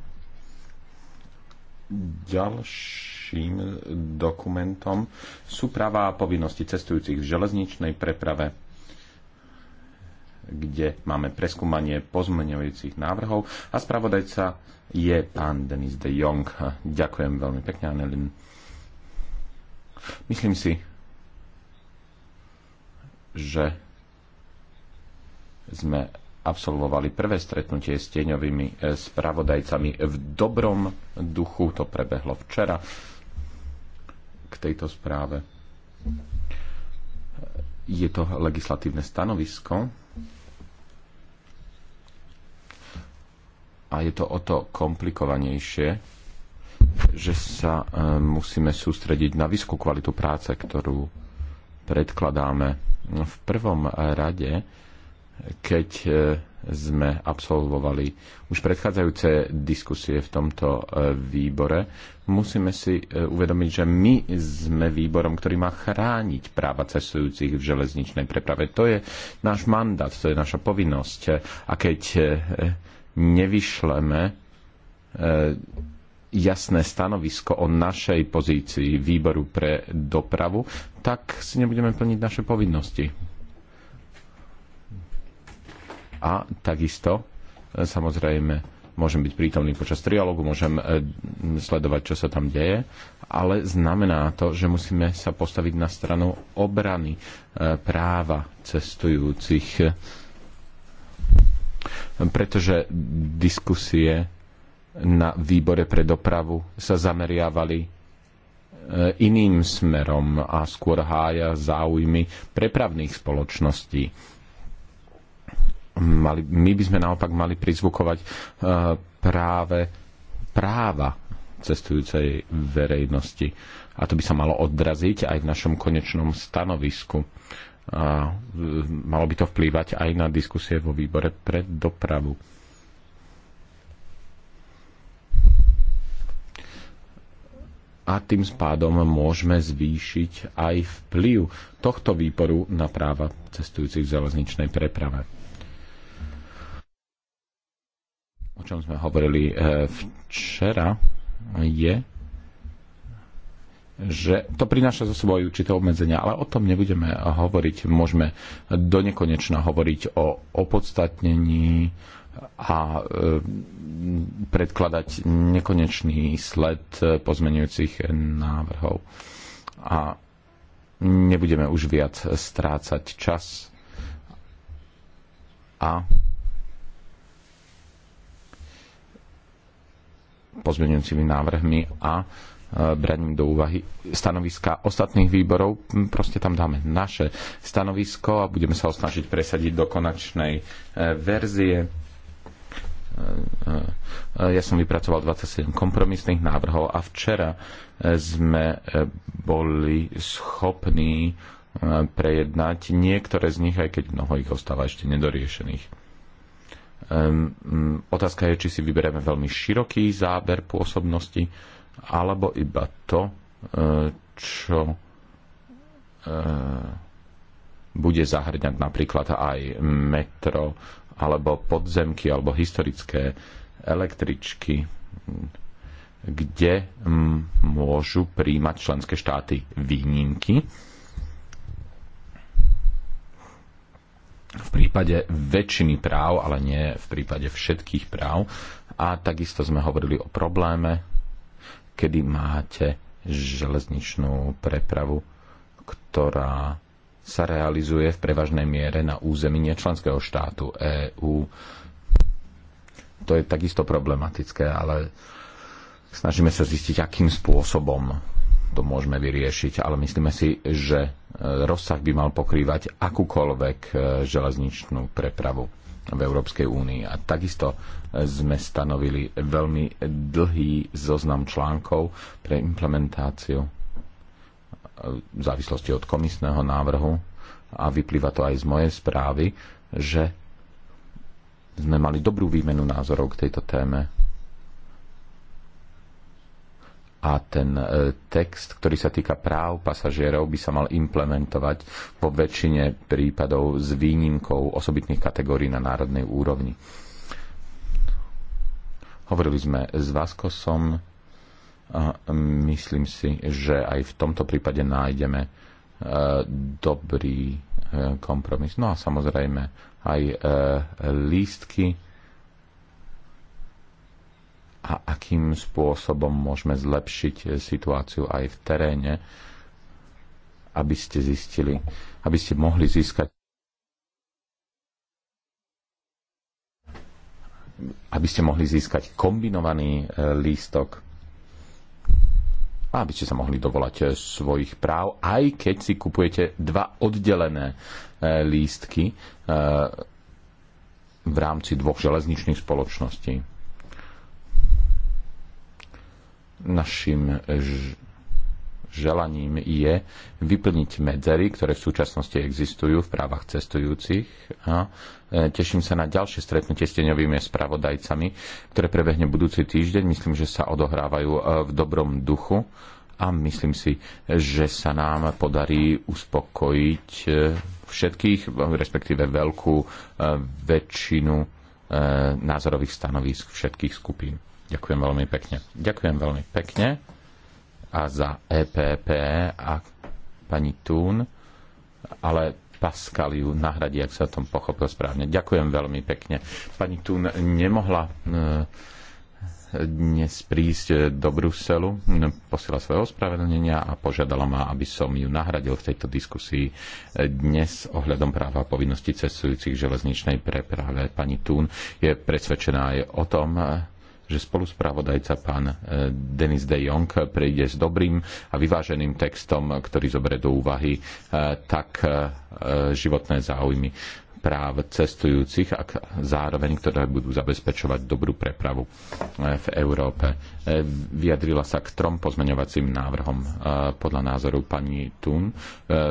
Ďalším dokumentom sú práva a povinnosti cestujúcich v železničnej preprave kde máme preskúmanie pozmeňujúcich návrhov a spravodajca je pán Denis de Jong. Ďakujem veľmi pekne, Anelin. Myslím si, že sme absolvovali prvé stretnutie s tieňovými eh, spravodajcami v dobrom duchu. To prebehlo včera k tejto správe. Je to legislatívne stanovisko, a je to o to komplikovanejšie, že sa e, musíme sústrediť na vysokú kvalitu práce, ktorú predkladáme. V prvom rade, keď e, sme absolvovali už predchádzajúce diskusie v tomto e, výbore, musíme si uvedomiť, že my sme výborom, ktorý má chrániť práva cestujúcich v železničnej preprave. To je náš mandát, to je naša povinnosť. A keď nevyšleme eh, jasné stanovisko o našej pozícii výboru pre dopravu, tak si nebudeme plniť naše povinnosti. A takisto, eh, samozrejme, môžem byť prítomný počas trialógu, môžem eh, sledovať, čo sa tam deje, ale znamená to, že musíme sa postaviť na stranu obrany práva cestujúcich pretože diskusie na výbore pre dopravu sa zameriavali e, iným smerom a skôr hája záujmy prepravných spoločností. Mali, my by sme naopak mali prizvukovať e, práve práva cestujúcej verejnosti. A to by sa malo odraziť aj v našom konečnom stanovisku a e, malo by to vplývať aj na diskusie vo výbore pre dopravu. A tým spádom môžeme zvýšiť aj vplyv tohto výboru na práva cestujúcich v železničnej preprave. O čom sme hovorili e, včera, je, že to prináša zo sebou určité obmedzenia, ale o tom nebudeme hovoriť. Môžeme do nekonečna hovoriť o opodstatnení a e, predkladať nekonečný sled pozmenujúcich návrhov. A nebudeme už viac strácať čas a pozmenujúcimi návrhmi a braním do úvahy stanoviska ostatných výborov. Proste tam dáme naše stanovisko a budeme sa snažiť presadiť do konačnej eh, verzie. Eh, eh, ja som vypracoval 27 kompromisných návrhov a včera sme boli schopní prejednať niektoré z nich, aj keď mnoho ich ostáva ešte nedoriešených. Ehm, mm, otázka je, či si vyberieme veľmi široký záber pôsobnosti, alebo iba to, e, čo e, bude zahrňať napríklad aj metro, alebo podzemky, alebo historické električky, kde môžu príjmať členské štáty výnimky. v prípade väčšiny práv, ale nie v prípade všetkých práv. A takisto sme hovorili o probléme kedy máte železničnú prepravu, ktorá sa realizuje v prevažnej miere na území nečlenského štátu EÚ. To je takisto problematické, ale snažíme sa zistiť, akým spôsobom to môžeme vyriešiť, ale myslíme si, že e, rozsah by mal pokrývať akúkoľvek e, železničnú prepravu v Európskej únii. A takisto e, sme stanovili veľmi dlhý zoznam článkov pre implementáciu e, v závislosti od komisného návrhu a vyplýva to aj z mojej správy, že sme mali dobrú výmenu názorov k tejto téme a ten e, text, ktorý sa týka práv pasažierov, by sa mal implementovať po väčšine prípadov s výnimkou osobitných kategórií na národnej úrovni. Hovorili sme s Vaskosom, myslím si, že aj v tomto prípade nájdeme e, dobrý e, kompromis. No a samozrejme aj lístky a akým spôsobom môžeme zlepšiť eh, situáciu aj v teréne, aby ste zistili, aby ste mohli získať aby ste mohli získať kombinovaný eh, lístok a aby ste sa mohli dovolať eh, svojich práv, aj keď si kupujete dva oddelené lístky v rámci dvoch železničných spoločností. Našim eh, želaním je vyplniť medzery, ktoré v súčasnosti existujú v právach cestujúcich a eh, teším sa na ďalšie stretnutie s teňovými spravodajcami, ktoré prebehne budúci týždeň. Myslím, že sa odohrávajú eh, v dobrom duchu a myslím si, že sa nám podarí uspokojiť všetkých, respektíve veľkú väčšinu názorových stanovisk všetkých skupín. Ďakujem veľmi pekne. Ďakujem veľmi pekne a za EPP a pani Tún, ale Pascal ju nahradí, ak sa tom pochopil správne. Ďakujem veľmi pekne. Pani Tún nemohla e, dnes prísť e, do Bruselu, no, posiela svoje ospravedlnenia a požiadala ma, aby som ju nahradil v tejto diskusii e, dnes ohľadom práva a povinnosti cestujúcich železničnej preprave. Pani Tún je presvedčená aj o tom, že spoluspravodajca pán e, Denis de Jong prejde s dobrým a vyváženým textom, ktorý zoberie do úvahy e, tak e, životné záujmy práv cestujúcich a zároveň, ktoré budú zabezpečovať dobrú prepravu e, v Európe. E, vyjadrila sa k trom pozmeňovacím návrhom e, podľa názoru pani Tun.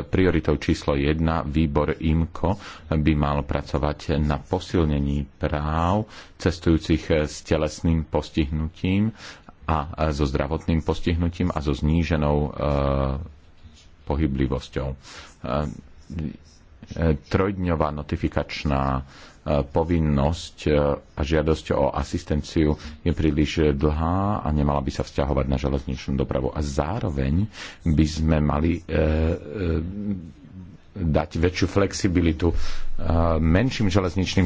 Prioritou číslo 1 výbor IMCO by mal pracovať na posilnení práv cestujúcich s telesným postihnutím a so zdravotným postihnutím a so zníženou pohyblivosťou E, trojdňová notifikačná e, povinnosť e, a žiadosť o asistenciu je príliš dlhá a nemala by sa vzťahovať na železničnú dopravu. A zároveň by sme mali dať väčšiu flexibilitu menším železničným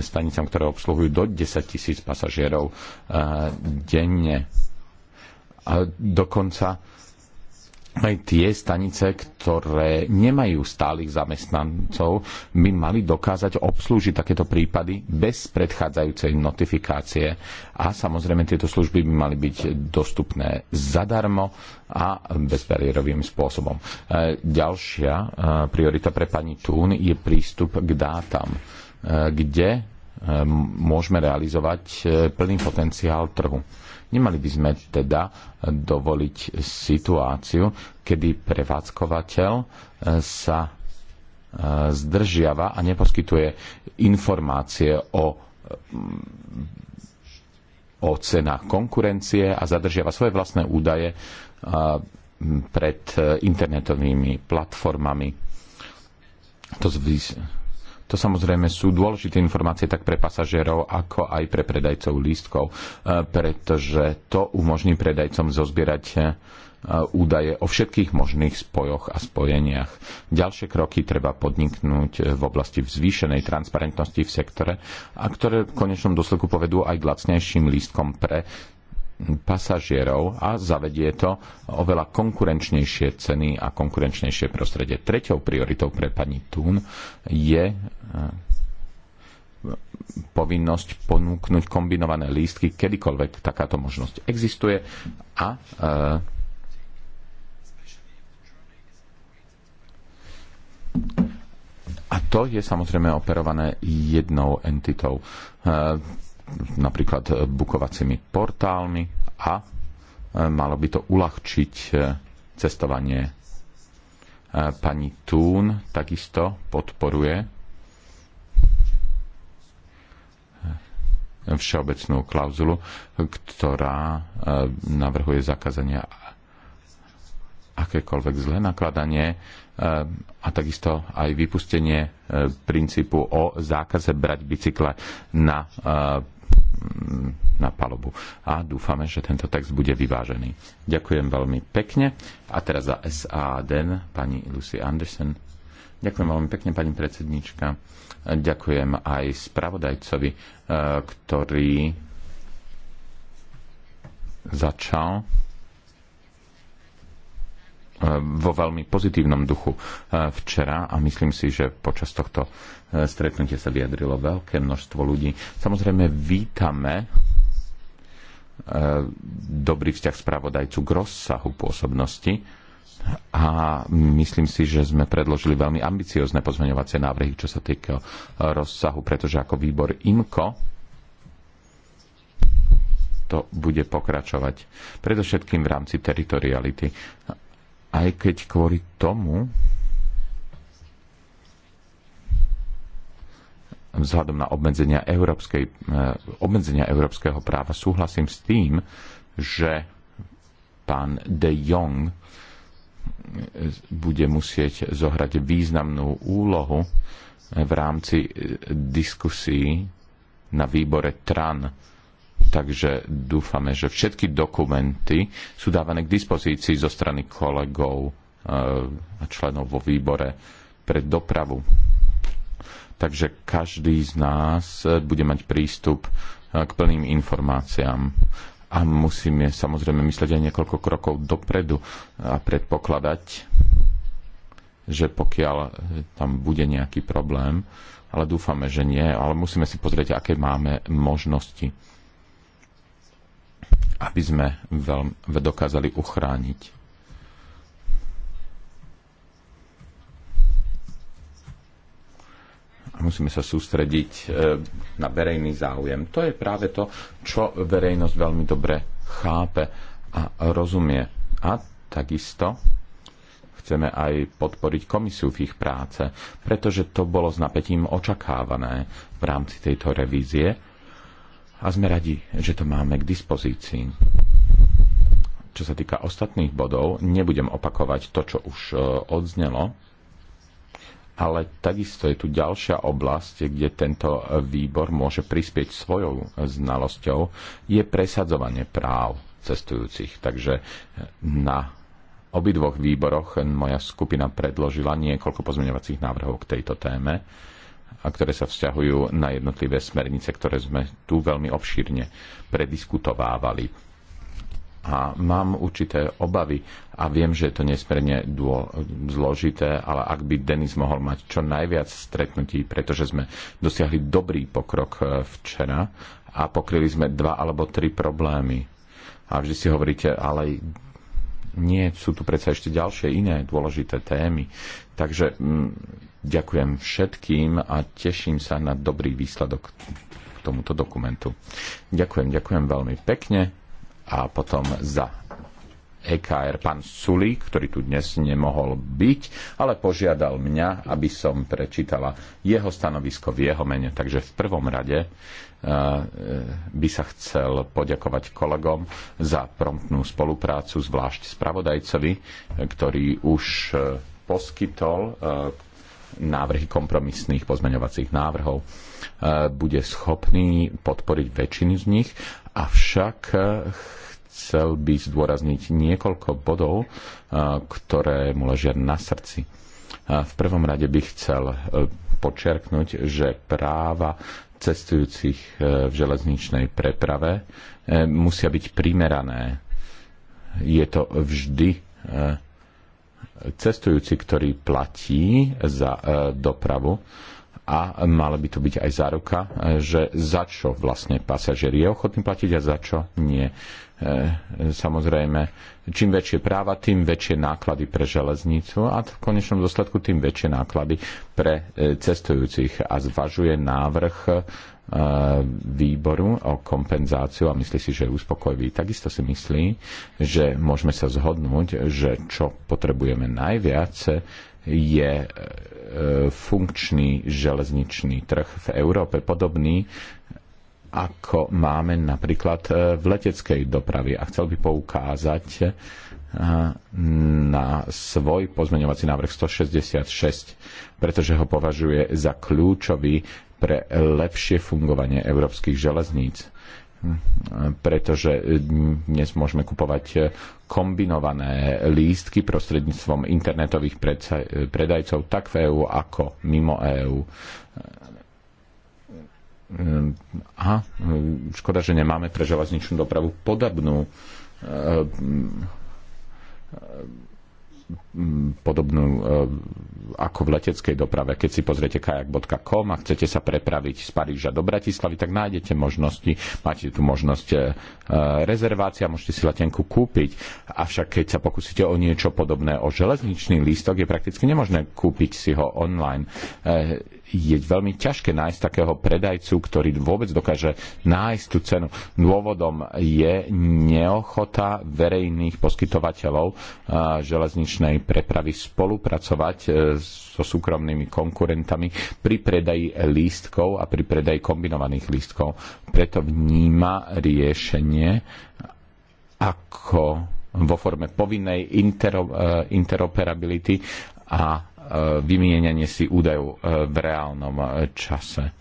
stanicám, ktoré obsluhujú do 10 tisíc pasažierov denne. A dokonca aj tie stanice, ktoré nemajú stálych zamestnancov, by mali dokázať obslúžiť takéto prípady bez predchádzajúcej notifikácie. A samozrejme tieto služby by mali byť dostupné zadarmo a bezbariérovým spôsobom. E, ďalšia e, priorita pre pani Tún je prístup k dátam, e, kde môžeme realizovať plný potenciál trhu Nemali by sme teda dovoliť situáciu, kedy prevádzkovateľ e, sa e, zdržiava a neposkytuje informácie o, mm, o cenách konkurencie a zadržiava svoje vlastné údaje e, pred internetovými platformami. To zvýš- to samozrejme sú dôležité informácie tak pre pasažierov, ako aj pre predajcov lístkov, e, pretože to umožní predajcom zozbierať e, údaje o všetkých možných spojoch a spojeniach. Ďalšie kroky treba podniknúť e, v oblasti zvýšenej transparentnosti v sektore, a ktoré v konečnom dôsledku povedú aj k lacnejším lístkom pre pasažierov a zavedie to oveľa konkurenčnejšie ceny a konkurenčnejšie prostredie. Tretou prioritou pre pani Tún je e, povinnosť ponúknuť kombinované lístky, kedykoľvek takáto možnosť existuje a e, a to je samozrejme operované jednou entitou e, napríklad e, bukovacími portálmi a e, malo by to uľahčiť e, cestovanie. Pani Tún takisto podporuje všeobecnú klauzulu, ktorá navrhuje zakázanie akékoľvek zlé nakladanie a takisto aj vypustenie princípu o zákaze brať bicykle na na palubu. A dúfame, že tento text bude vyvážený. Ďakujem veľmi pekne. A teraz za SAD pani Lucy Anderson. Ďakujem veľmi pekne, pani predsednička. Ďakujem aj spravodajcovi, eh, ktorý začal Eh, vo veľmi pozitívnom duchu eh, včera a myslím si, že počas tohto eh, stretnutia sa vyjadrilo veľké množstvo ľudí. Samozrejme vítame dobrý vzťah spravodajcu k rozsahu pôsobnosti a myslím si, že sme predložili veľmi ambiciozne pozmeňovacie návrhy, čo sa týka rozsahu, pretože ako výbor IMKO to bude pokračovať. Predovšetkým v rámci teritoriality aj keď kvôli tomu vzhľadom na obmedzenia, európskej, eh, obmedzenia európskeho práva súhlasím s tým, že pán De Jong eh, bude musieť zohrať významnú úlohu eh, v rámci diskusí na výbore TRAN takže dúfame, že všetky dokumenty sú dávané k dispozícii zo strany kolegov eh, a členov vo výbore pre dopravu. Takže každý z nás eh, bude mať prístup eh, k plným informáciám a musíme samozrejme myslieť aj niekoľko krokov dopredu a predpokladať, že pokiaľ tam bude nejaký problém, ale dúfame, že nie, ale musíme si pozrieť, aké máme možnosti aby sme veľmi dokázali uchrániť a musíme sa sústrediť e, na verejný záujem. To je práve to, čo verejnosť veľmi dobre chápe a rozumie. A takisto chceme aj podporiť komisiu v ich práce, pretože to bolo s napätím očakávané v rámci tejto revízie a sme radi, že to máme k dispozícii. Čo sa týka ostatných bodov, nebudem opakovať to, čo už e, odznelo, ale takisto je tu ďalšia oblasť, kde tento výbor môže prispieť svojou znalosťou, je presadzovanie práv cestujúcich. Takže e, na obidvoch výboroch moja skupina predložila niekoľko pozmeňovacích návrhov k tejto téme a ktoré sa vzťahujú na jednotlivé smernice, ktoré sme tu veľmi obšírne prediskutovávali. A mám určité obavy a viem, že je to nesmierne zložité, ale ak by Denis mohol mať čo najviac stretnutí, pretože sme dosiahli dobrý pokrok e, včera a pokryli sme dva alebo tri problémy. A vždy si hovoríte, ale nie, sú tu predsa ešte ďalšie iné dôležité témy. Takže mm, Ďakujem všetkým a teším sa na dobrý výsledok k tomuto dokumentu. Ďakujem, ďakujem veľmi pekne a potom za EKR pán Sulík, ktorý tu dnes nemohol byť, ale požiadal mňa, aby som prečítala jeho stanovisko v jeho mene. Takže v prvom rade e, e, by sa chcel poďakovať kolegom za promptnú spoluprácu, zvlášť spravodajcovi, e, ktorý už poskytol návrhy kompromisných pozmeňovacích návrhov. E, bude schopný podporiť väčšinu z nich, avšak e, chcel by zdôrazniť niekoľko bodov, e, ktoré mu ležia na srdci. V prvom rade by chcel počerknúť, že práva cestujúcich v železničnej preprave musia byť primerané. Je to vždy cestujúci, ktorý platí za e, dopravu, a mala by to byť aj záruka, že za čo vlastne pasažier je ochotný platiť a za čo nie. E, samozrejme, čím väčšie práva, tým väčšie náklady pre železnicu a v konečnom dôsledku tým väčšie náklady pre e, cestujúcich a zvažuje návrh e, výboru o kompenzáciu a myslí si, že je uspokojivý. Takisto si myslí, že môžeme sa zhodnúť, že čo potrebujeme najviac je e, funkčný železničný trh v Európe podobný ako máme napríklad e, v leteckej doprave. A chcel by poukázať e, na svoj pozmeňovací návrh 166, pretože ho považuje za kľúčový pre lepšie fungovanie európskych železníc pretože dnes môžeme kupovať kombinované lístky prostredníctvom internetových predajcov tak v EÚ ako mimo EÚ. A škoda, že nemáme pre železničnú dopravu podobnú eh, podobnú e, ako v leteckej doprave. Keď si pozriete kajak.com a chcete sa prepraviť z Paríža do Bratislavy, tak nájdete možnosti, máte tu možnosť e, rezervácia, môžete si letenku kúpiť. Avšak keď sa pokúsite o niečo podobné, o železničný lístok, je prakticky nemožné kúpiť si ho online e, je veľmi ťažké nájsť takého predajcu, ktorý vôbec dokáže nájsť tú cenu. Dôvodom je neochota verejných poskytovateľov eh, železničnej prepravy spolupracovať eh, so súkromnými konkurentami pri predaji lístkov a pri predaji kombinovaných lístkov. Preto vníma riešenie ako vo forme povinnej intero, eh, interoperability a E, vymienianie si údajov e, v reálnom e, čase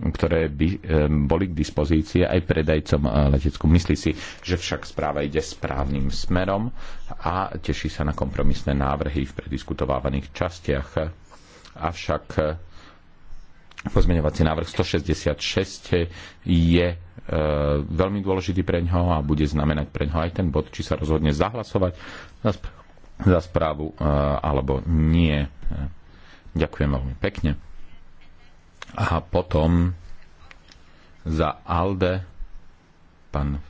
ktoré by boli k dispozícii aj predajcom leteckú. Myslí si, že však správa ide správnym smerom a teší sa na kompromisné návrhy v prediskutovávaných častiach. Avšak pozmeňovací návrh 166 je veľmi dôležitý pre ňoho a bude znamenať pre ňoho aj ten bod, či sa rozhodne zahlasovať za správu alebo nie Ďakujem veľmi pekne. A potom za ALDE pán,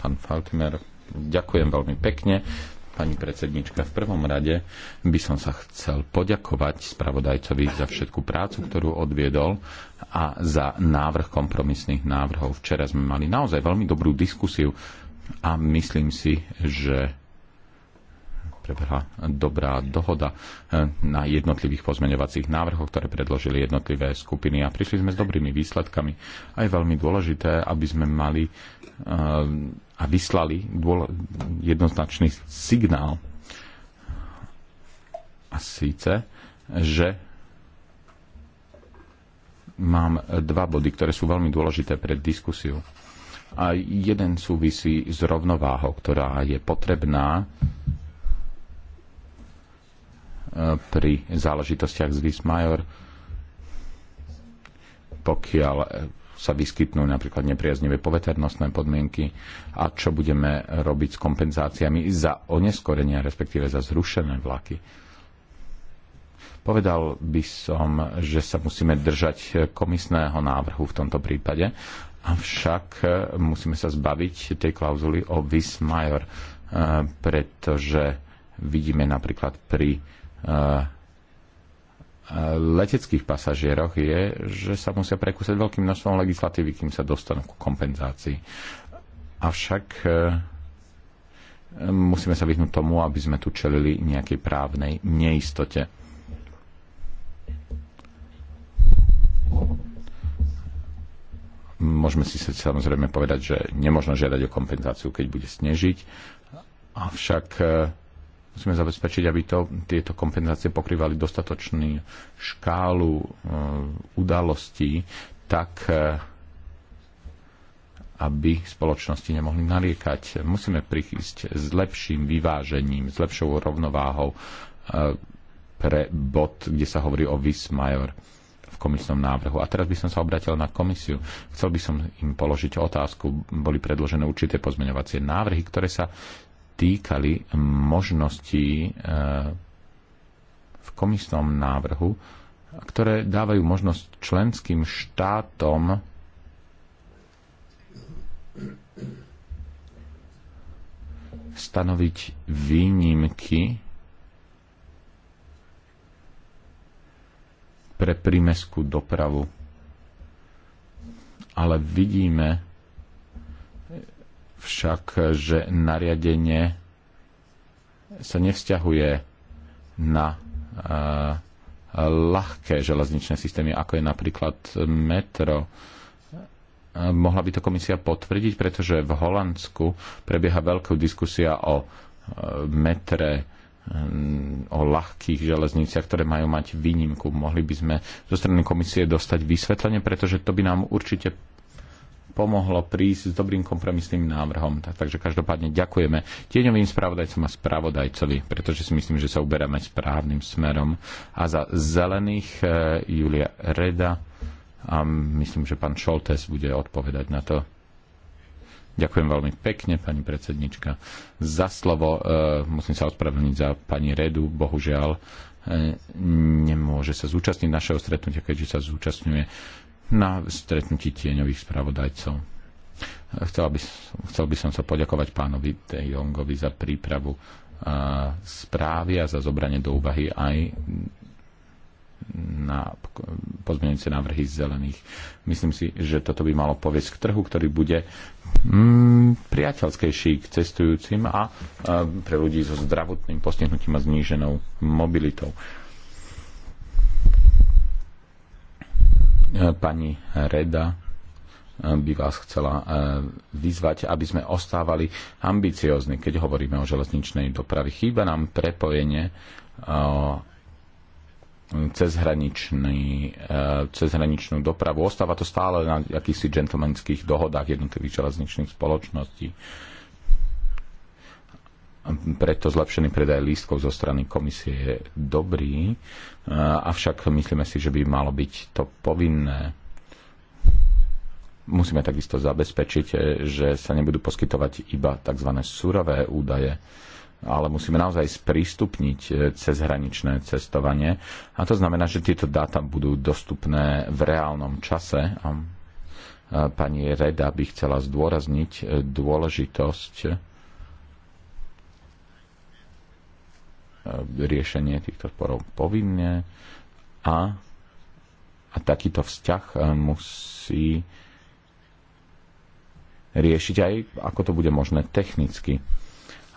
pán Faltimer. Ďakujem veľmi pekne. Pani predsednička, v prvom rade by som sa chcel poďakovať spravodajcovi za všetku prácu, ktorú odviedol a za návrh kompromisných návrhov. Včera sme mali naozaj veľmi dobrú diskusiu a myslím si, že prebehla dobrá dohoda eh, na jednotlivých pozmeňovacích návrhoch, ktoré predložili jednotlivé skupiny a prišli sme s dobrými výsledkami. A je veľmi dôležité, aby sme mali eh, a vyslali jednoznačný signál a síce, že mám dva body, ktoré sú veľmi dôležité pre diskusiu. A jeden súvisí s rovnováhou, ktorá je potrebná pri záležitostiach z Vismajor, pokiaľ sa vyskytnú napríklad nepriaznivé poveternostné podmienky a čo budeme robiť s kompenzáciami za oneskorenia, respektíve za zrušené vlaky. Povedal by som, že sa musíme držať komisného návrhu v tomto prípade, avšak musíme sa zbaviť tej klauzuly o vis major, pretože vidíme napríklad pri leteckých pasažieroch je, že sa musia prekúsať veľkým množstvom legislatívy, kým sa dostanú ku kompenzácii. Avšak e, musíme sa vyhnúť tomu, aby sme tu čelili nejakej právnej neistote. Môžeme si samozrejme povedať, že nemôžno žiadať o kompenzáciu, keď bude snežiť, avšak e, Musíme zabezpečiť, aby to, tieto kompenzácie pokrývali dostatočnú škálu e, udalostí, tak e, aby spoločnosti nemohli nariekať. Musíme prichýsť s lepším vyvážením, s lepšou rovnováhou e, pre bod, kde sa hovorí o vis major v komisnom návrhu. A teraz by som sa obratil na komisiu. Chcel by som im položiť otázku. Boli predložené určité pozmeňovacie návrhy, ktoré sa týkali možností eh, v komisnom návrhu, ktoré dávajú možnosť členským štátom stanoviť výnimky pre prímeskú dopravu. Ale vidíme, však, že nariadenie sa nevzťahuje na eh, ľahké železničné systémy, ako je napríklad metro. Eh, mohla by to komisia potvrdiť, pretože v Holandsku prebieha veľká diskusia o eh, metre, mm, o ľahkých železniciach, ktoré majú mať výnimku. Mohli by sme zo strany komisie dostať vysvetlenie, pretože to by nám určite pomohlo prísť s dobrým kompromisným návrhom. Takže každopádne ďakujeme tieňovým spravodajcom a spravodajcovi, pretože si myslím, že sa uberáme správnym smerom. A za zelených e, Julia Reda a myslím, že pán Šoltes bude odpovedať na to. Ďakujem veľmi pekne, pani predsednička, za slovo. E, musím sa ospravedlniť za pani Redu, bohužiaľ e, nemôže sa zúčastniť našeho stretnutia, keďže sa zúčastňuje na stretnutí tieňových spravodajcov. Chcel by, som, chcel by som sa poďakovať pánovi De Jongovi za prípravu správy a za zobranie do úvahy aj na pozmeňujúce návrhy zelených. Myslím si, že toto by malo povieť k trhu, ktorý bude mm, priateľskejší k cestujúcim a, a pre ľudí so zdravotným postihnutím a zníženou mobilitou. Pani Reda eh, by vás chcela eh, vyzvať, aby sme ostávali ambiciozni, keď hovoríme o železničnej doprave. Chýba nám prepojenie eh, cezhraničnú dopravu. Ostáva to stále na akýchsi gentlemanských dohodách jednotlivých železničných spoločností preto zlepšený predaj lístkov zo strany komisie je dobrý, avšak myslíme si, že by malo byť to povinné. Musíme takisto zabezpečiť, e, že sa nebudú poskytovať iba tzv. surové údaje, ale musíme naozaj sprístupniť e, cezhraničné cestovanie. A to znamená, že tieto dáta budú dostupné v reálnom čase. Pani Reda by chcela zdôrazniť e, dôležitosť E, riešenie týchto sporov povinné a, a takýto vzťah e, musí riešiť aj, ako to bude možné technicky.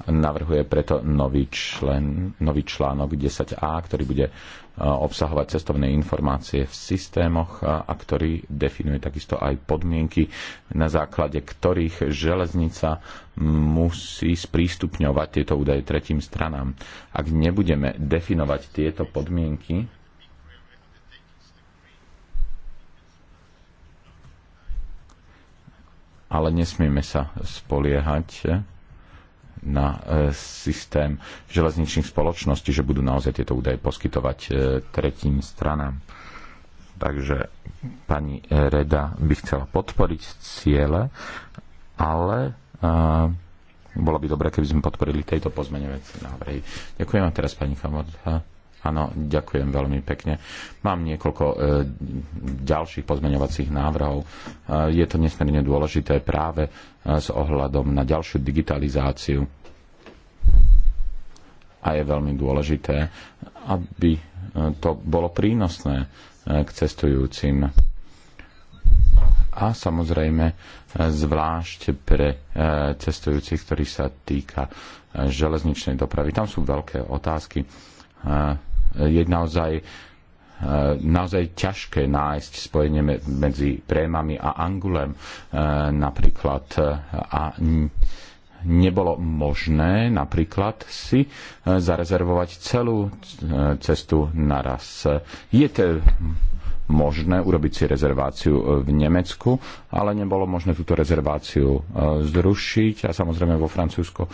Navrhuje preto nový, člen, nový článok 10a, ktorý bude e, obsahovať cestovné informácie v systémoch a ktorý definuje takisto aj podmienky, na základe ktorých železnica musí sprístupňovať tieto údaje tretím stranám. Ak nebudeme definovať tieto podmienky, ale nesmieme sa spoliehať na e, systém železničných spoločností, že budú naozaj tieto údaje poskytovať e, tretím stranám. Takže pani e, Reda by chcela podporiť ciele, ale uh, bolo by dobré, keby sme podporili tejto pozmeňovacie návrhy. Ďakujem vám teraz pani Kamod. Áno, ďakujem veľmi pekne. Mám niekoľko e, ďalších pozmeňovacích návrhov. E, je to nesmierne dôležité práve e, s ohľadom na ďalšiu digitalizáciu a je veľmi dôležité, aby e, to bolo prínosné e, k cestujúcim. A samozrejme, e, zvlášť pre cestujúcich, ktorí sa týka železničnej dopravy. Tam sú veľké otázky. Je naozaj, naozaj ťažké nájsť spojenie medzi Prémami a Angulem napríklad. A nebolo možné napríklad si e, zarezervovať celú e, cestu naraz. Je to možné urobiť si rezerváciu v Nemecku, ale nebolo možné túto rezerváciu e, zrušiť a samozrejme vo Francúzsku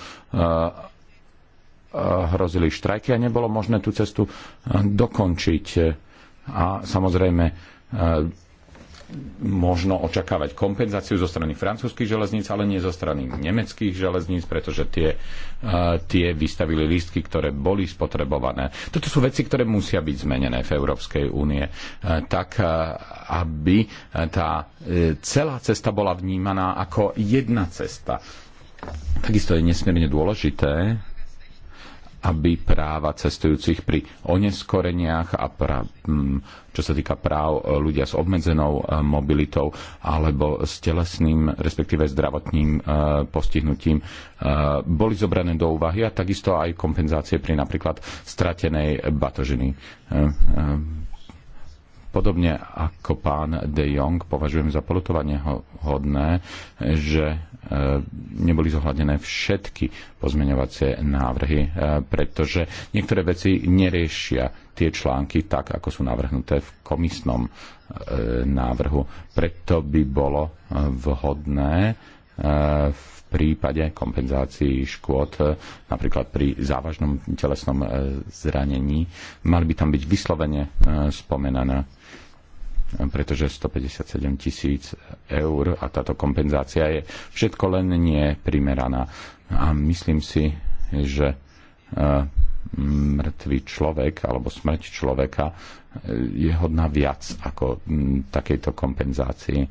hrozili štrajky a nebolo možné tú cestu dokončiť. A samozrejme možno očakávať kompenzáciu zo strany francúzských železníc, ale nie zo strany nemeckých železníc, pretože tie, uh, tie vystavili lístky, ktoré boli spotrebované. Toto sú veci, ktoré musia byť zmenené v Európskej únie, uh, tak uh, aby tá celá cesta bola vnímaná ako jedna cesta. Takisto je nesmierne dôležité, aby práva cestujúcich pri oneskoreniach a pra, čo sa týka práv e, ľudia s obmedzenou e, mobilitou alebo s telesným, respektíve zdravotným e, postihnutím boli zobrané do úvahy a takisto aj kompenzácie pri napríklad stratenej batožiny Podobne ako pán De Jong považujem za polutovanie hodné, že e, neboli zohľadené všetky pozmeňovacie návrhy, e, pretože niektoré veci neriešia tie články tak, ako sú navrhnuté v komisnom e, návrhu. Preto by bolo vhodné v prípade kompenzácií škôd, napríklad pri závažnom telesnom zranení, mali by tam byť vyslovene spomenané pretože 157 tisíc eur a táto kompenzácia je všetko len neprimeraná. A myslím si, že e, mŕtvý človek alebo smrť človeka e, je hodná viac ako takejto kompenzácii, e,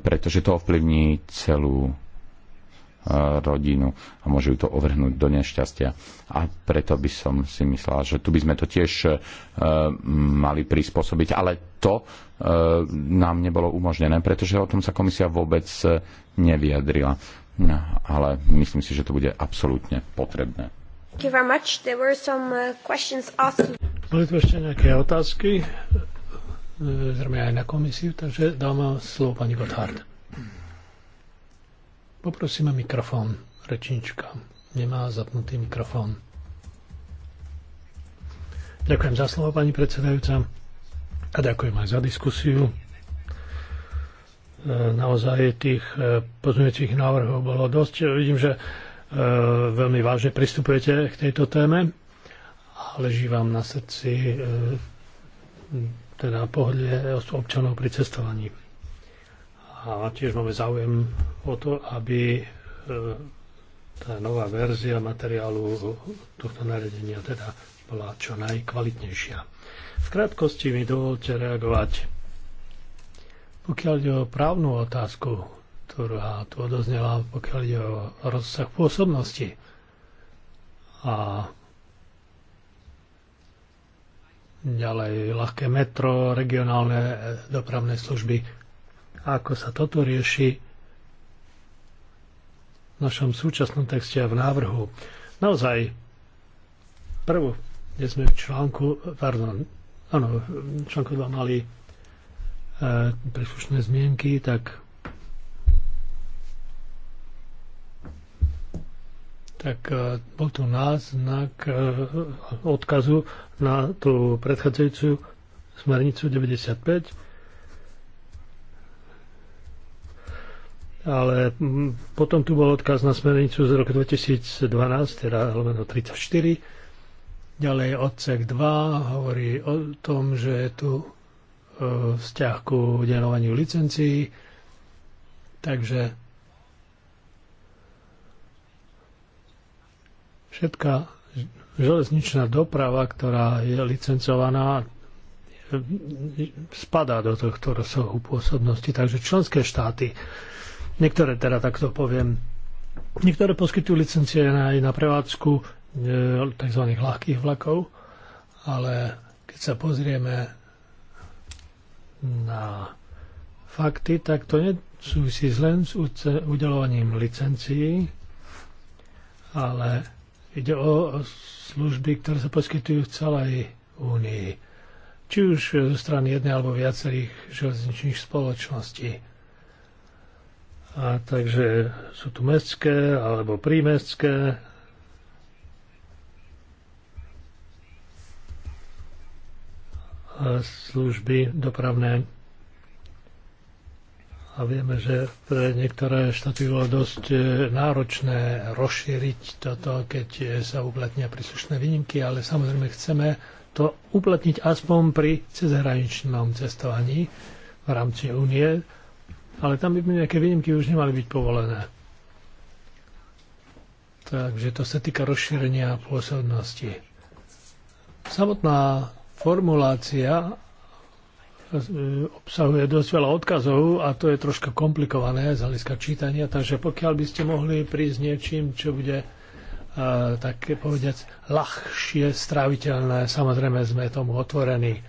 pretože to ovplyvní celú rodinu a môže ju to ovrhnúť do nešťastia. A preto by som si myslela, že tu by sme to tiež e, mali prispôsobiť, ale to e, nám nebolo umožnené, pretože o tom sa komisia vôbec e, nevyjadrila. No, ale myslím si, že to bude absolútne potrebné. Uh, Boli tu ešte nejaké otázky, zrejme aj na komisiu, takže dám slovo pani Gotthard. Poprosíme mikrofón, rečnička. Nemá zapnutý mikrofón. Ďakujem za slovo, pani predsedajúca. A ďakujem aj za diskusiu. E, naozaj tých e, pozmeňujúcich návrhov bolo dosť. Vidím, že e, veľmi vážne pristupujete k tejto téme, leží vám na srdci teda pohodlie občanov pri cestovaní a tiež máme záujem o to, aby e, tá nová verzia materiálu tohto nariadenia teda bola čo najkvalitnejšia. V krátkosti mi dovolte reagovať. Pokiaľ ide o právnu otázku, ktorá tu odoznela, pokiaľ ide o rozsah pôsobnosti a ďalej ľahké metro, regionálne dopravné služby, a ako sa toto rieši v našom súčasnom texte a v návrhu. Naozaj, prvú, kde sme v článku, pardon, áno, v článku 2 mali e, príslušné zmienky, tak tak e, bol tu náznak e, odkazu na tú predchádzajúcu smernicu 95 ale mm, potom tu bol odkaz na smernicu z roku 2012, teda lomeno 34. Ďalej odsek 2 hovorí o tom, že je tu e, vzťah ku udelovaniu licencií, takže všetká železničná doprava, ktorá je licencovaná, spadá do tohto rozsahu pôsobnosti. Takže členské štáty Niektoré teda takto poviem. Niektoré poskytujú licencie aj na prevádzku e, tzv. ľahkých vlakov, ale keď sa pozrieme na fakty, tak to nesúvisí len s udelovaním licencií, ale ide o služby, ktoré sa poskytujú v celej únii. Či už zo strany jednej alebo viacerých železničných spoločností. A takže sú tu mestské alebo prímestské. služby dopravné. A vieme, že pre niektoré štáty bolo dosť e, náročné rozšíriť toto, keď e, sa uplatnia príslušné výnimky, ale samozrejme chceme to uplatniť aspoň pri cezhraničnom cestovaní v rámci únie, ale tam by nejaké výnimky už nemali byť povolené. Takže to sa týka rozšírenia pôsobnosti. Samotná formulácia e, obsahuje dosť veľa odkazov a to je troška komplikované z hľadiska čítania, takže pokiaľ by ste mohli prísť niečím, čo bude e, také povediac ľahšie stráviteľné, samozrejme sme tomu otvorení.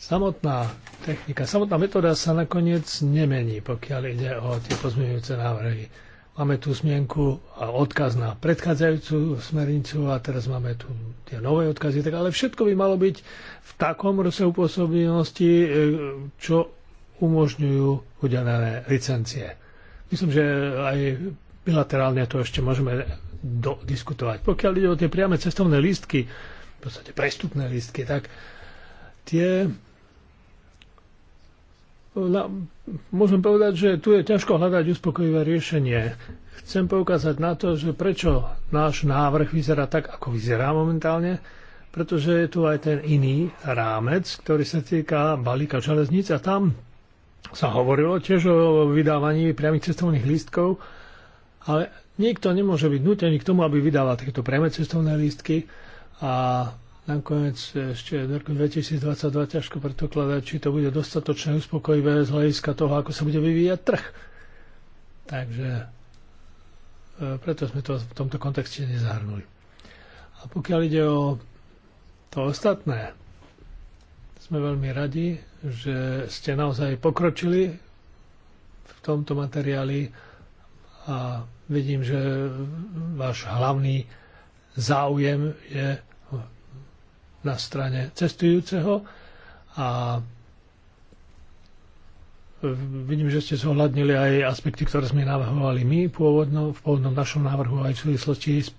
Samotná technika, samotná metóda sa nakoniec nemení, pokiaľ ide o tie pozmeňujúce návrhy. Máme tu zmienku a odkaz na predchádzajúcu smernicu a teraz máme tu tie nové odkazy, tak ale všetko by malo byť v takom rozsahu pôsobnosti, e, čo umožňujú udelené licencie. Myslím, že aj bilaterálne to ešte môžeme diskutovať. Pokiaľ ide o tie priame cestovné lístky, v podstate prestupné lístky, tak tie môžem povedať, že tu je ťažko hľadať uspokojivé riešenie. Chcem poukázať na to, že prečo náš návrh vyzerá tak, ako vyzerá momentálne, pretože je tu aj ten iný rámec, ktorý sa týka balíka železníc a tam sa hovorilo tiež o vydávaní priamých cestovných lístkov, ale nikto nemôže byť nutený k tomu, aby vydával takéto priame cestovné lístky a Nakoniec ešte v roku 2022 ťažko predpokladať, či to bude dostatočne uspokojivé z hľadiska toho, ako sa bude vyvíjať trh. Takže e, preto sme to v tomto kontexte nezahrnuli. A pokiaľ ide o to ostatné, sme veľmi radi, že ste naozaj pokročili v tomto materiáli a vidím, že váš hlavný záujem je na strane cestujúceho a vidím, že ste zohľadnili aj aspekty, ktoré sme navrhovali my pôvodno, v pôvodnom našom návrhu aj v súvislosti s,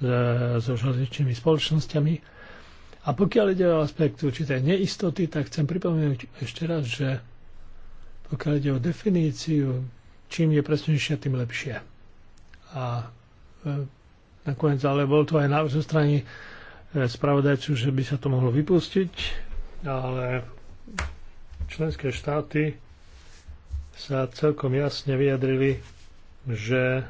e, so železničnými spoločnosťami. A pokiaľ ide o aspekt určitej neistoty, tak chcem pripomenúť ešte raz, že pokiaľ ide o definíciu, čím je presnejšia, tým lepšie. A e, nakoniec, ale bol to aj návrh zo strany spravodajcu, že by sa to mohlo vypustiť, ale členské štáty sa celkom jasne vyjadrili, že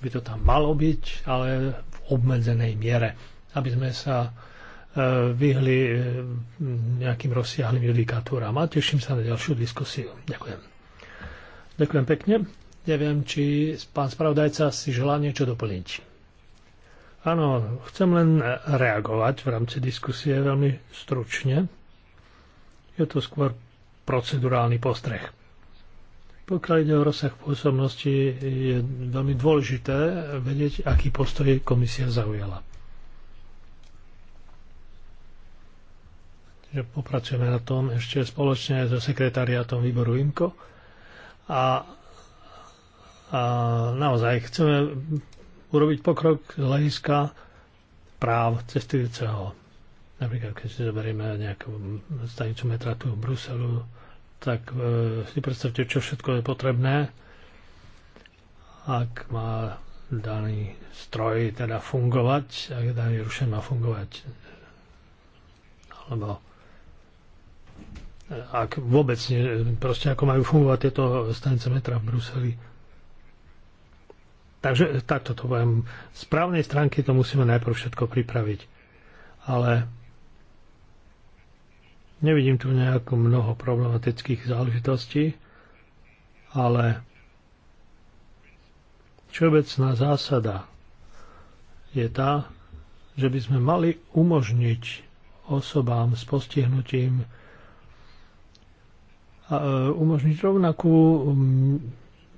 by to tam malo byť, ale v obmedzenej miere, aby sme sa e, vyhli e, nejakým rozsiahlým judikatúram. A teším sa na ďalšiu diskusiu. Ďakujem. Ďakujem pekne. Neviem, či pán spravodajca si želá niečo doplniť. Áno, chcem len reagovať v rámci diskusie veľmi stručne. Je to skôr procedurálny postreh. Pokiaľ ide o rozsah pôsobnosti, je veľmi dôležité vedieť, aký postoj komisia zaujala. Čiže popracujeme na tom ešte spoločne so sekretariátom výboru IMCO. a, a naozaj chceme urobiť pokrok z hľadiska práv cestujúceho. Napríklad, keď si zoberieme nejakú stanicu metra tu v Bruselu, tak e, si predstavte, čo všetko je potrebné, ak má daný stroj teda fungovať, ak daný rušen má fungovať, alebo e, ak vôbec, nie, proste ako majú fungovať tieto stanice metra v Bruseli, Takže takto to poviem. Z právnej stránky to musíme najprv všetko pripraviť. Ale nevidím tu nejako mnoho problematických záležitostí, ale všeobecná zásada je tá, že by sme mali umožniť osobám s postihnutím e, umožniť rovnakú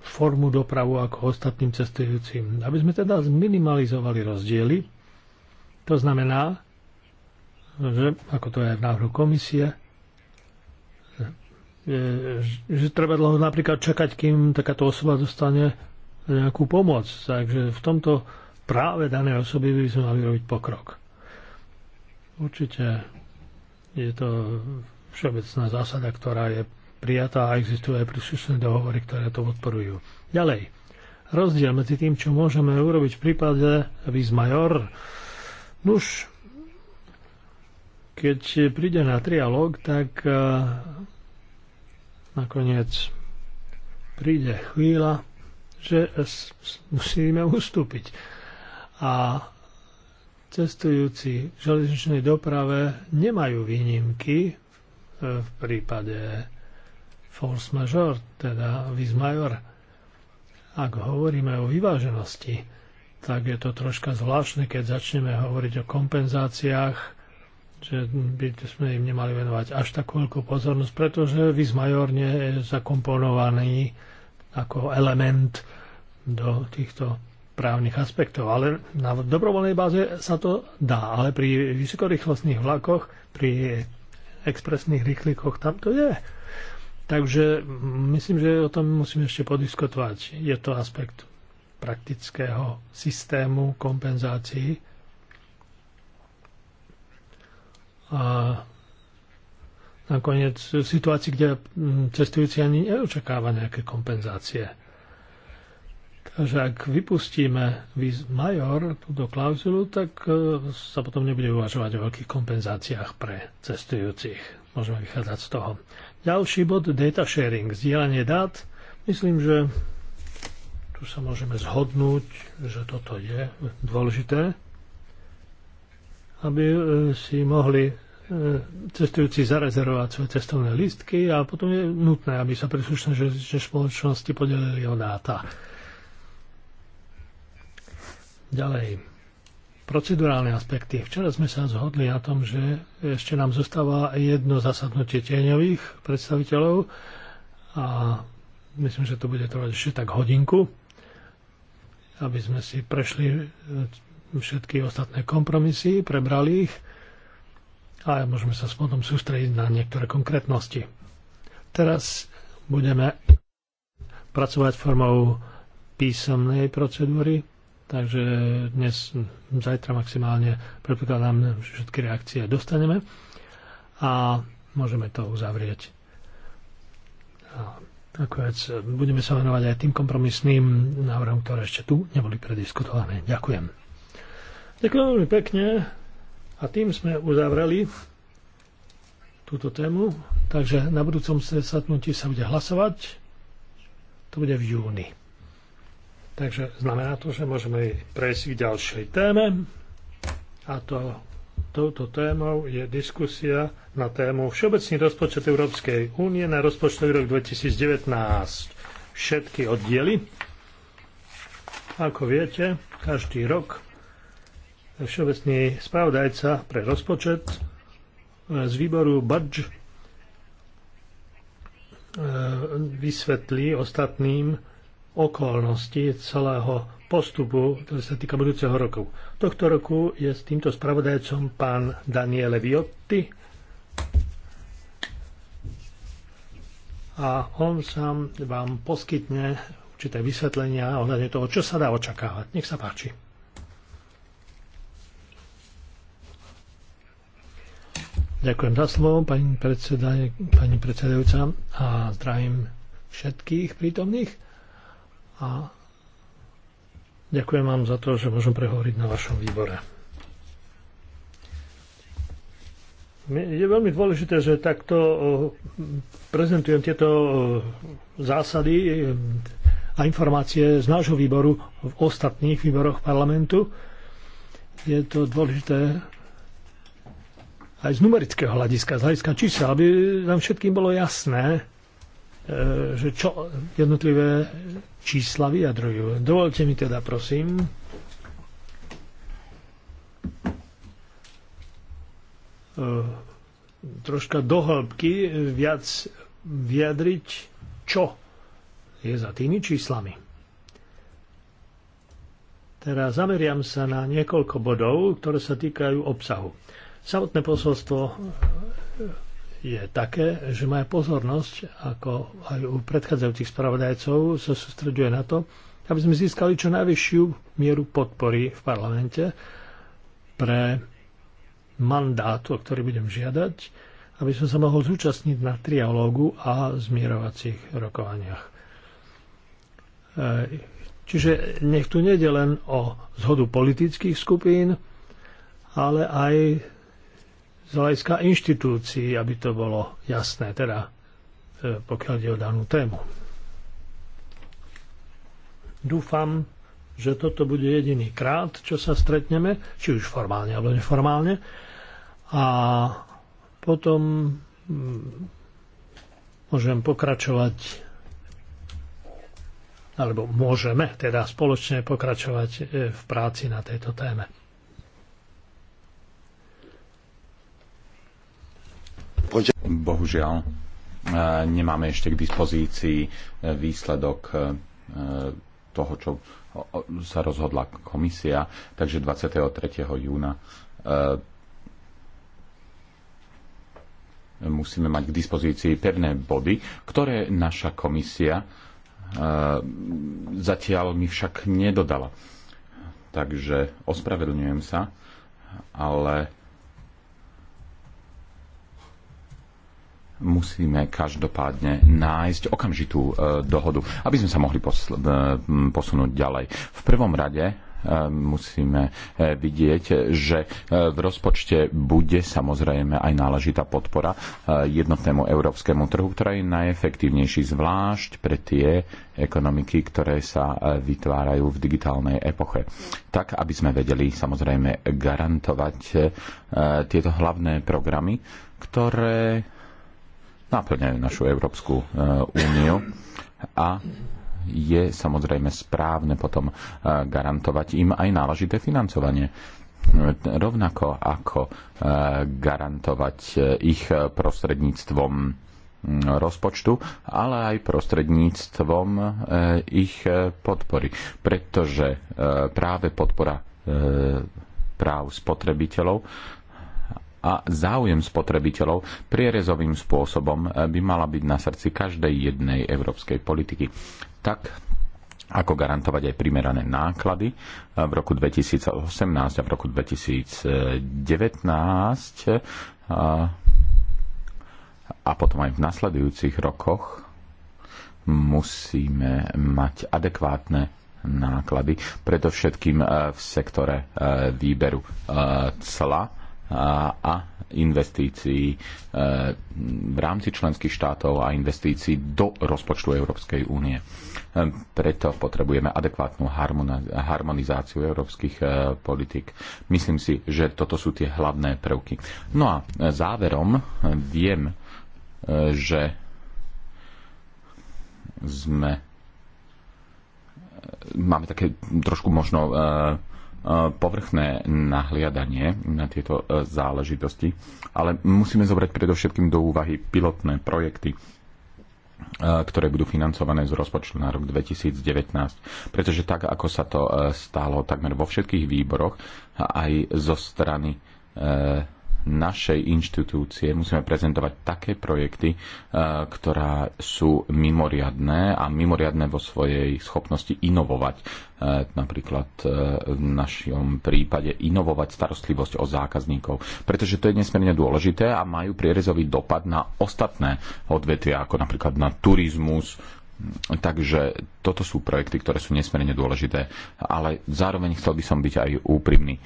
formu dopravu ako ostatným cestujúcim. Aby sme teda zminimalizovali rozdiely, to znamená, že, ako to je v návrhu komisie, že treba dlho napríklad čakať, kým takáto osoba dostane nejakú pomoc. Takže v tomto práve danej osoby by sme mali robiť pokrok. Určite je to všeobecná zásada, ktorá je prijatá a existujú aj príslušné dohovory, ktoré to podporujú. Ďalej, rozdiel medzi tým, čo môžeme urobiť v prípade vis major, nuž, keď príde na trialog, tak e, nakoniec príde chvíľa, že musíme ustúpiť. A cestujúci v železničnej doprave nemajú výnimky e, v prípade force majeure, teda vis major. Ak hovoríme o vyváženosti, tak je to troška zvláštne, keď začneme hovoriť o kompenzáciách, že by sme im nemali venovať až takú veľkú pozornosť, pretože vis major nie je zakomponovaný ako element do týchto právnych aspektov, ale na dobrovoľnej báze sa to dá, ale pri vysokorýchlostných vlakoch, pri expresných rýchlikoch tam to je. Takže myslím, že o tom musíme ešte podiskutovať. Je to aspekt praktického systému kompenzácií. A nakoniec v situácii, kde cestujúci ani neočakáva nejaké kompenzácie. Takže ak vypustíme vis major túto klauzulu, tak e, sa potom nebude uvažovať o veľkých kompenzáciách pre cestujúcich. Môžeme vychádzať z toho. Ďalší bod, data sharing, zdieľanie dát. Myslím, že tu sa môžeme zhodnúť, že toto je dôležité, aby e, si mohli e, cestujúci zarezervovať svoje cestovné listky a potom je nutné, aby sa príslušné železničné spoločnosti podelili o dáta. Ďalej procedurálne aspekty. Včera sme sa zhodli na tom, že ešte nám zostáva jedno zasadnutie tieňových predstaviteľov a myslím, že to bude trvať ešte tak hodinku, aby sme si prešli e, všetky ostatné kompromisy, prebrali ich a môžeme sa potom sústrediť na niektoré konkrétnosti. Teraz budeme pracovať formou písomnej procedúry, Takže dnes, zajtra maximálne predpokladám, že všetky reakcie dostaneme a môžeme to uzavrieť. A nakoniec budeme sa venovať aj tým kompromisným návrhom, ktoré ešte tu neboli prediskutované. Ďakujem. Ďakujem veľmi pekne a tým sme uzavreli túto tému. Takže na budúcom stretnutí sa bude hlasovať. To bude v júni. Takže znamená to, že môžeme prejsť k ďalšej téme. A to, touto témou je diskusia na tému Všeobecný rozpočet Európskej únie na rozpočtový rok 2019. Všetky oddiely. Ako viete, každý rok všeobecný spravodajca pre rozpočet z výboru Budge e, vysvetlí ostatným okolnosti celého postupu, ktorý sa týka budúceho roku. Tohto roku je s týmto spravodajcom pán Daniele Viotti a on sám vám poskytne určité vysvetlenia ohľadne toho, čo sa dá očakávať. Nech sa páči. Ďakujem za slovo, pani, predseda, pani predsedajúca, a zdravím všetkých prítomných a ďakujem vám za to, že môžem prehovoriť na vašom výbore. Je veľmi dôležité, že takto prezentujem tieto zásady e, a informácie z nášho výboru v ostatných výboroch parlamentu. Je to dôležité aj z numerického hľadiska, z hľadiska čísel, aby nám všetkým bolo jasné, e, že čo jednotlivé čísla vyjadrujú. Dovolte mi teda, prosím, e, troška hĺbky e, viac vyjadriť, čo je za tými číslami. Teraz zameriam sa na niekoľko bodov, ktoré sa týkajú obsahu. Samotné posolstvo je také, že moja pozornosť, ako aj u predchádzajúcich spravodajcov, sa sústreduje na to, aby sme získali čo najvyššiu mieru podpory v parlamente pre mandát, o ktorý budem žiadať, aby som sa mohol zúčastniť na trialógu a zmierovacích rokovaniach. E, čiže nech tu nejde len o zhodu politických skupín, ale aj z hľadiska inštitúcií, aby to bolo jasné, teda e, pokiaľ ide o danú tému. Dúfam, že toto bude jediný krát, čo sa stretneme, či už formálne alebo neformálne. A potom mm, môžem pokračovať alebo môžeme teda spoločne pokračovať e, v práci na tejto téme. Bohužiaľ, eh, nemáme ešte k dispozícii eh, výsledok eh, toho, čo sa rozhodla komisia, takže 23. júna musíme mať k dispozícii pevné body, ktoré naša komisia zatiaľ mi však nedodala. Takže ospravedlňujem sa, ale musíme každopádne nájsť okamžitú e, dohodu, aby sme sa mohli e, posunúť ďalej. V prvom rade e, musíme vidieť, že v rozpočte bude samozrejme aj náležitá podpora jednotnému európskemu trhu, ktorá je najefektívnejší zvlášť pre tie ekonomiky, ktoré sa vytvárajú v digitálnej epoche. Tak, aby sme vedeli samozrejme garantovať tieto hlavné programy, ktoré naplňajú našu Európsku eh, úniu a je samozrejme správne potom eh, garantovať im aj náležité financovanie rovnako ako eh, garantovať ich prostredníctvom mm, rozpočtu, ale aj prostredníctvom ich podpory. Pretože práve podpora práv spotrebiteľov a záujem spotrebiteľov prierezovým spôsobom eh, by mala byť na srdci každej jednej európskej politiky. Tak ako garantovať aj primerané náklady eh, v roku 2018 a v roku 2019 eh, a potom aj v nasledujúcich rokoch musíme mať adekvátne náklady, predovšetkým v sektore výberu cla a investícií e, v rámci členských štátov a investícií do rozpočtu Európskej únie. E, preto potrebujeme adekvátnu harmonizáciu európskych e, politik. Myslím si, že toto sú tie hlavné prvky. No a záverom viem, že sme máme také trošku možno povrchné nahliadanie na tieto e, záležitosti, ale musíme zobrať predovšetkým do úvahy pilotné projekty, e, ktoré budú financované z rozpočtu na rok 2019. Pretože tak, ako sa to e, stalo takmer vo všetkých výboroch, aj zo strany našej inštitúcie musíme prezentovať také projekty, e, ktorá sú mimoriadné a mimoriadné vo svojej schopnosti inovovať. E, napríklad e, v našom prípade inovovať starostlivosť o zákazníkov, pretože to je nesmierne dôležité a majú prierezový dopad na ostatné odvetvia, ako napríklad na turizmus, Takže toto sú projekty, ktoré sú nesmierne dôležité. Ale zároveň chcel by som byť aj úprimný,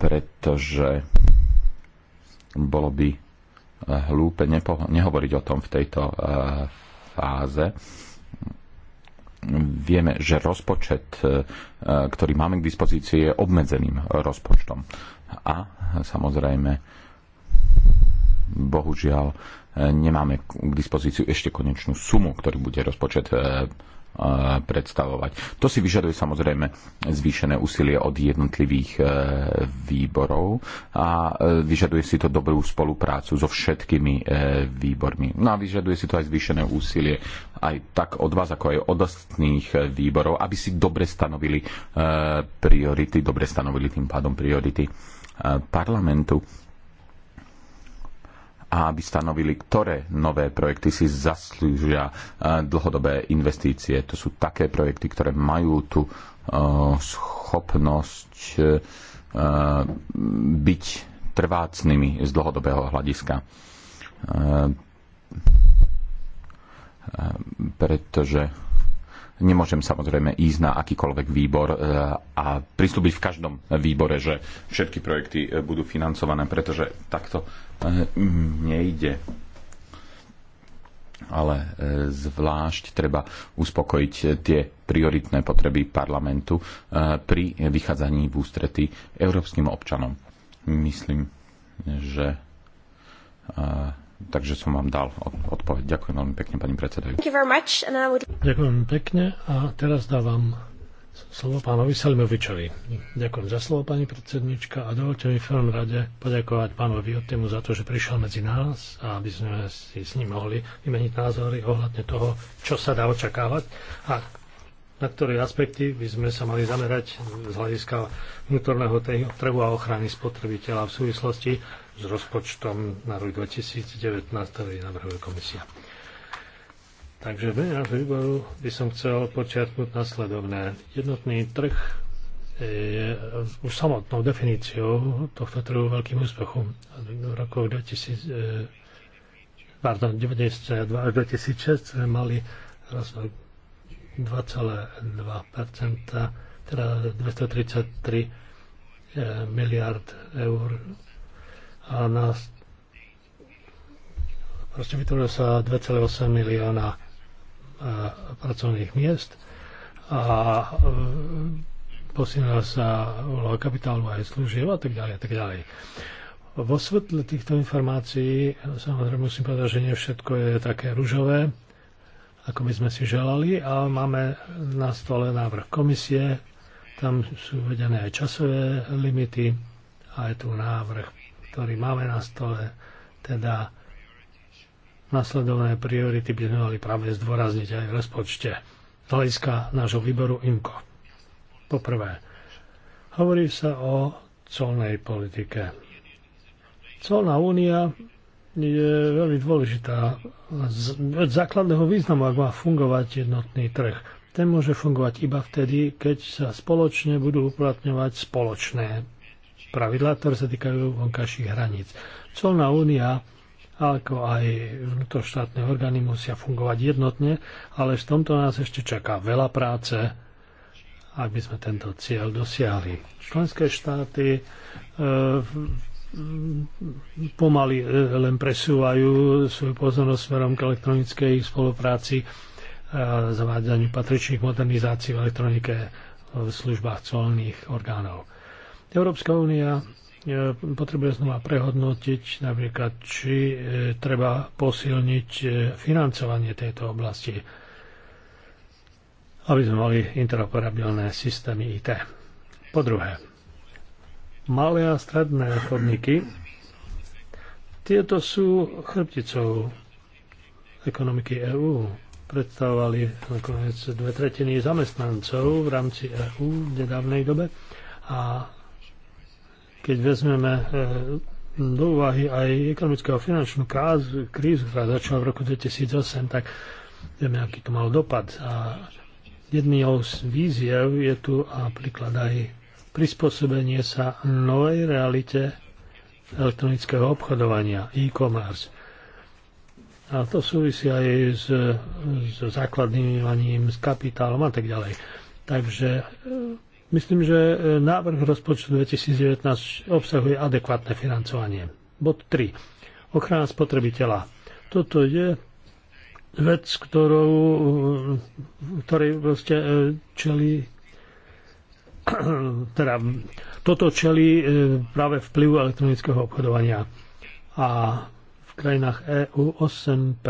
pretože bolo by eh, hlúpe nehovoriť o tom v tejto eh, fáze. Vieme, že rozpočet, eh, ktorý máme k dispozícii, je obmedzeným rozpočtom. A samozrejme, bohužiaľ, nemáme k dispozíciu ešte konečnú sumu, ktorý bude rozpočet predstavovať. To si vyžaduje samozrejme zvýšené úsilie od jednotlivých e, výborov a e, vyžaduje si to dobrú spoluprácu so všetkými e, výbormi. No a vyžaduje si to aj zvýšené úsilie aj tak od vás, ako aj od ostatných výborov, aby si dobre stanovili priority, dobre stanovili tým pádom priority parlamentu a aby stanovili, ktoré nové projekty si zaslúžia e, dlhodobé investície. To sú také projekty, ktoré majú tú e, schopnosť e, byť trvácnými z dlhodobého hľadiska. Pretože Nemôžem samozrejme ísť na akýkoľvek výbor e, a pristúpiť v každom výbore, že všetky projekty e, budú financované, pretože takto e, nejde. Ale zvlášť treba uspokojiť tie prioritné potreby parlamentu pri vychádzaní v ústrety európskym občanom. Myslím, že Takže som vám dal odpoveď. Ďakujem veľmi pekne, pani predsedajúca. Would... Ďakujem pekne a teraz dávam slovo pánovi Salimovičovi. Ďakujem za slovo, pani predsednička, a dovolte mi v prvom rade poďakovať pánovi Viotemu za to, že prišiel medzi nás a aby sme si s ním mohli vymeniť názory ohľadne toho, čo sa dá očakávať a na ktoré aspekty by sme sa mali zamerať z hľadiska vnútorného trhu a ochrany spotrebiteľa v súvislosti s rozpočtom na rok 2019, ktorý navrhuje komisia. Takže v náš výboru by som chcel počiatnúť nasledovné. Jednotný trh je už samotnou definíciou tohto trhu veľkým úspechom. V roku 2000, e, pardon, 92 až 2006 sme mali 2,2%, teda 233 e, miliard eur a nás proste vytvorilo sa 2,8 milióna e, pracovných miest a e, posilnila sa úloha kapitálu aj služieb a tak ďalej a tak ďalej. Vo svetle týchto informácií samozrejme musím povedať, že nie všetko je také rúžové, ako by sme si želali a máme na stole návrh komisie, tam sú uvedené aj časové limity a je tu návrh ktorý máme na stole, teda nasledované priority by sme mali práve zdôrazniť aj v rozpočte z hľadiska nášho výboru IMCO. Poprvé, hovorí sa o colnej politike. Colná únia je veľmi dôležitá. Z základného významu, ak má fungovať jednotný trh, ten môže fungovať iba vtedy, keď sa spoločne budú uplatňovať spoločné pravidlá, ktoré sa týkajú vonkajších hraníc. Colná únia ako aj vnútroštátne orgány musia fungovať jednotne, ale v tomto nás ešte čaká veľa práce, aby sme tento cieľ dosiahli. Členské štáty e, pomaly e, len presúvajú svoju pozornosť smerom k elektronickej spolupráci a zavádzaniu patričných modernizácií v elektronike v službách colných orgánov. Európska únia e, potrebuje znova prehodnotiť napríklad, či e, treba posilniť e, financovanie tejto oblasti, aby sme mali interoperabilné systémy IT. Po druhé, malé a stredné podniky, tieto sú chrbticou ekonomiky EÚ. Predstavovali nakoniec dve tretiny zamestnancov v rámci EÚ v nedávnej dobe a keď vezmeme e, do úvahy aj ekonomickú a finančnú krízu, ktorá začala v roku 2008, tak vieme, aký to mal dopad. A jednou z víziev je tu napríklad aj prispôsobenie sa novej realite elektronického obchodovania, e-commerce. A to súvisí aj s, s základným s kapitálom a tak ďalej. Takže e, Myslím, že e, návrh rozpočtu 2019 obsahuje adekvátne financovanie. Bod 3. Ochrana spotrebiteľa. Toto je vec, ktorou, e, ktorej vlastne čeli teda toto čeli e, práve vplyvu elektronického obchodovania. A v krajinách EU 8%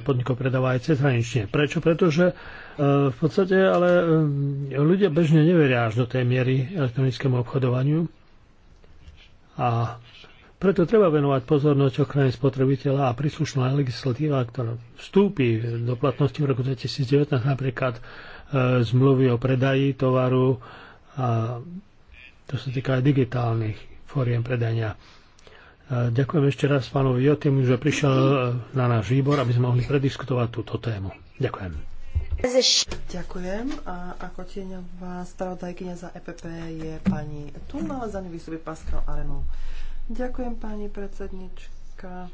podnikov predáva aj cezhranične. Prečo? Pretože E, v podstate ale e, ľudia bežne neveria až do tej miery elektronickému obchodovaniu a preto treba venovať pozornosť ochrane spotrebiteľa a príslušná legislatíva, ktorá vstúpi do platnosti v roku 2019, napríklad e, zmluvy o predaji tovaru a to sa týka aj digitálnych fóriem predania. E, ďakujem ešte raz pánovi Jotimu, že prišiel e, na náš výbor, aby sme mohli prediskutovať túto tému. Ďakujem. Ďakujem. A ako tieňová spravodajkynia za EPP je pani Tuna, za ňu vystupí Pascal Arenov. Ďakujem pani predsednička.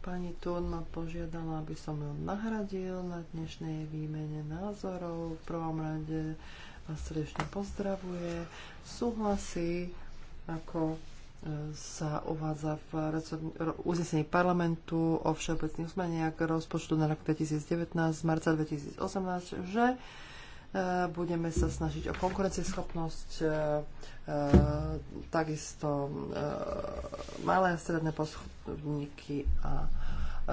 Pani Tun ma požiadala, aby som ju nahradil na dnešnej výmene názorov. V prvom rade vás srdečne pozdravuje, súhlasí ako sa uvádza v uznesení parlamentu o všeobecných zmeniach rozpočtu na rok 2019 z marca 2018, že e, budeme sa snažiť o konkurencieschopnosť, e, e, takisto malé a stredné poschodníky a E,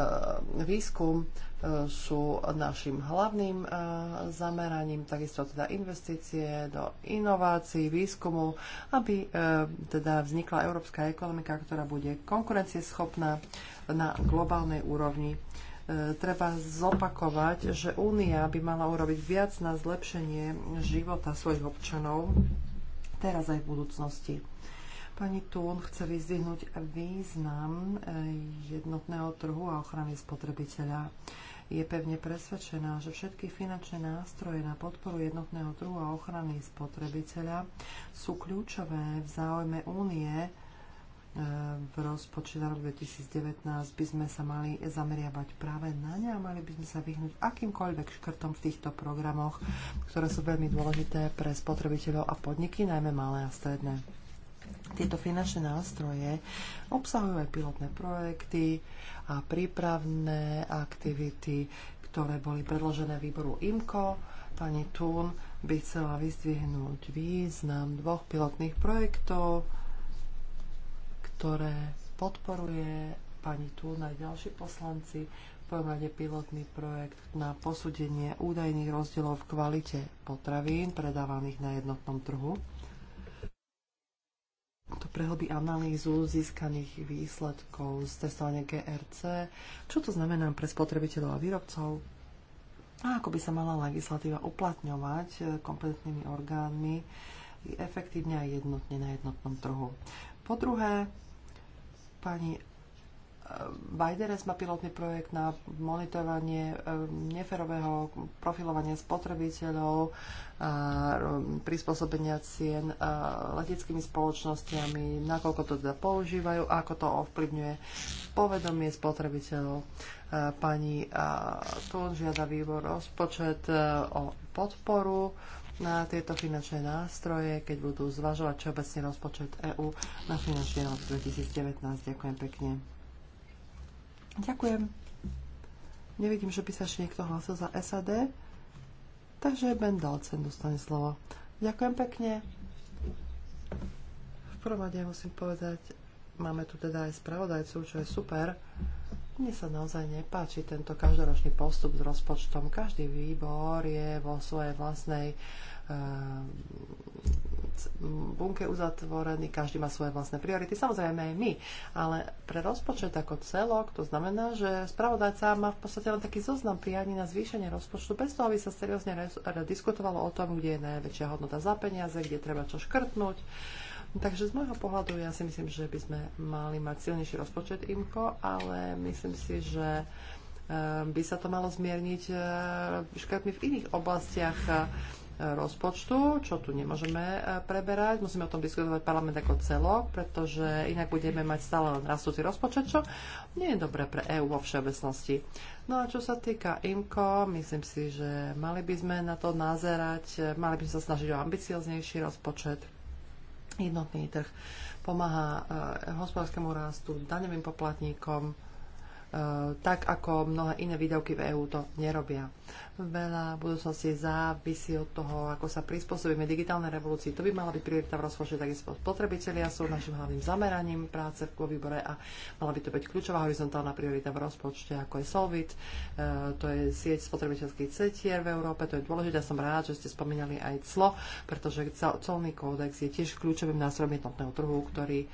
výskum e, sú našim hlavným e, zameraním, takisto teda investície do inovácií, výskumu, aby teda vznikla európska ekonomika, ktorá bude konkurencieschopná na globálnej úrovni. Treba zopakovať, že Únia by mala urobiť viac na zlepšenie života svojich občanov teraz aj v budúcnosti. Pani Tún chce vyzvihnúť význam eh, jednotného trhu a ochrany spotrebiteľa. Je pevne presvedčená, že všetky finančné nástroje na podporu jednotného trhu a ochrany spotrebiteľa sú kľúčové v záujme únie eh, v rozpočte na rok 2019 by sme sa mali zameriavať práve na ne a mali by sme sa vyhnúť akýmkoľvek škrtom v týchto programoch, ktoré sú veľmi dôležité pre spotrebiteľov a podniky, najmä malé a stredné. Tieto finančné nástroje obsahujú aj pilotné projekty a prípravné aktivity, ktoré boli predložené výboru IMCO. Pani Tún by chcela vyzdvihnúť význam dvoch pilotných projektov, ktoré podporuje pani Tún aj ďalší poslanci. V prvom rade pilotný projekt na posúdenie údajných rozdielov v kvalite potravín predávaných na jednotnom trhu to prehlbí analýzu získaných výsledkov z testovania GRC, čo to znamená pre spotrebiteľov a výrobcov a ako by sa mala legislatíva uplatňovať eh, kompetentnými orgánmi efektívne a jednotne na jednotnom trhu. Po druhé, pani Vajderes má pilotný projekt na monitorovanie eh, neferového profilovania spotrebiteľov, a eh, prispôsobenia cien eh, leteckými spoločnosťami, nakoľko to teda používajú, ako to ovplyvňuje povedomie spotrebiteľov. Pani Tún žiada výbor rozpočet o podporu na tieto finančné nástroje, keď budú zvažovať všeobecný rozpočet EÚ na finančný rok 2019. Ďakujem pekne. Ďakujem. Nevidím, že by sa ešte niekto hlásil za SAD, takže Ben Dalcen dostane slovo. Ďakujem pekne. V prvom rade musím povedať, máme tu teda aj spravodajcu, čo je super. Mne sa naozaj nepáči tento každoročný postup s rozpočtom. Každý výbor je vo svojej vlastnej uh, Ehm, bunke uzatvorený, každý má svoje vlastné priority, samozrejme aj my, ale pre rozpočet ako celok to znamená, že spravodajca má v podstate len taký zoznam prianí na zvýšenie rozpočtu bez toho, aby sa seriózne diskutovalo o tom, kde je najväčšia hodnota za peniaze, kde treba čo škrtnúť. Takže z môjho pohľadu ja si myslím, že by sme mali mať silnejší rozpočet IMKO, ale myslím si, že ehm, by sa to malo zmierniť ehm, škrtmi v iných oblastiach rozpočtu, čo tu nemôžeme e, preberať. Musíme o tom diskutovať parlament ako celok, pretože inak budeme mať stále len rastúci rozpočet, čo nie je dobré pre EÚ vo všeobecnosti. No a čo sa týka IMCO, myslím si, že mali by sme na to nazerať, e, mali by sme sa snažiť o ambicioznejší rozpočet, jednotný trh pomáha e, hospodárskému rastu, daňovým poplatníkom, Eh, tak ako mnohé iné výdavky v EÚ to nerobia. Veľa budúcnosti závisí od toho, ako sa prispôsobíme digitálnej revolúcii. To by mala byť priorita v rozpočte, takisto spotrebitelia sú našim hlavným zameraním práce vo výbore a mala by to byť kľúčová horizontálna priorita v rozpočte, ako je Solvit. Eh, to je sieť spotrebiteľských cetier v Európe, to je dôležité. Som rád, že ste spomínali aj clo, pretože celný kódex je tiež kľúčovým nástrojom jednotného trhu, ktorý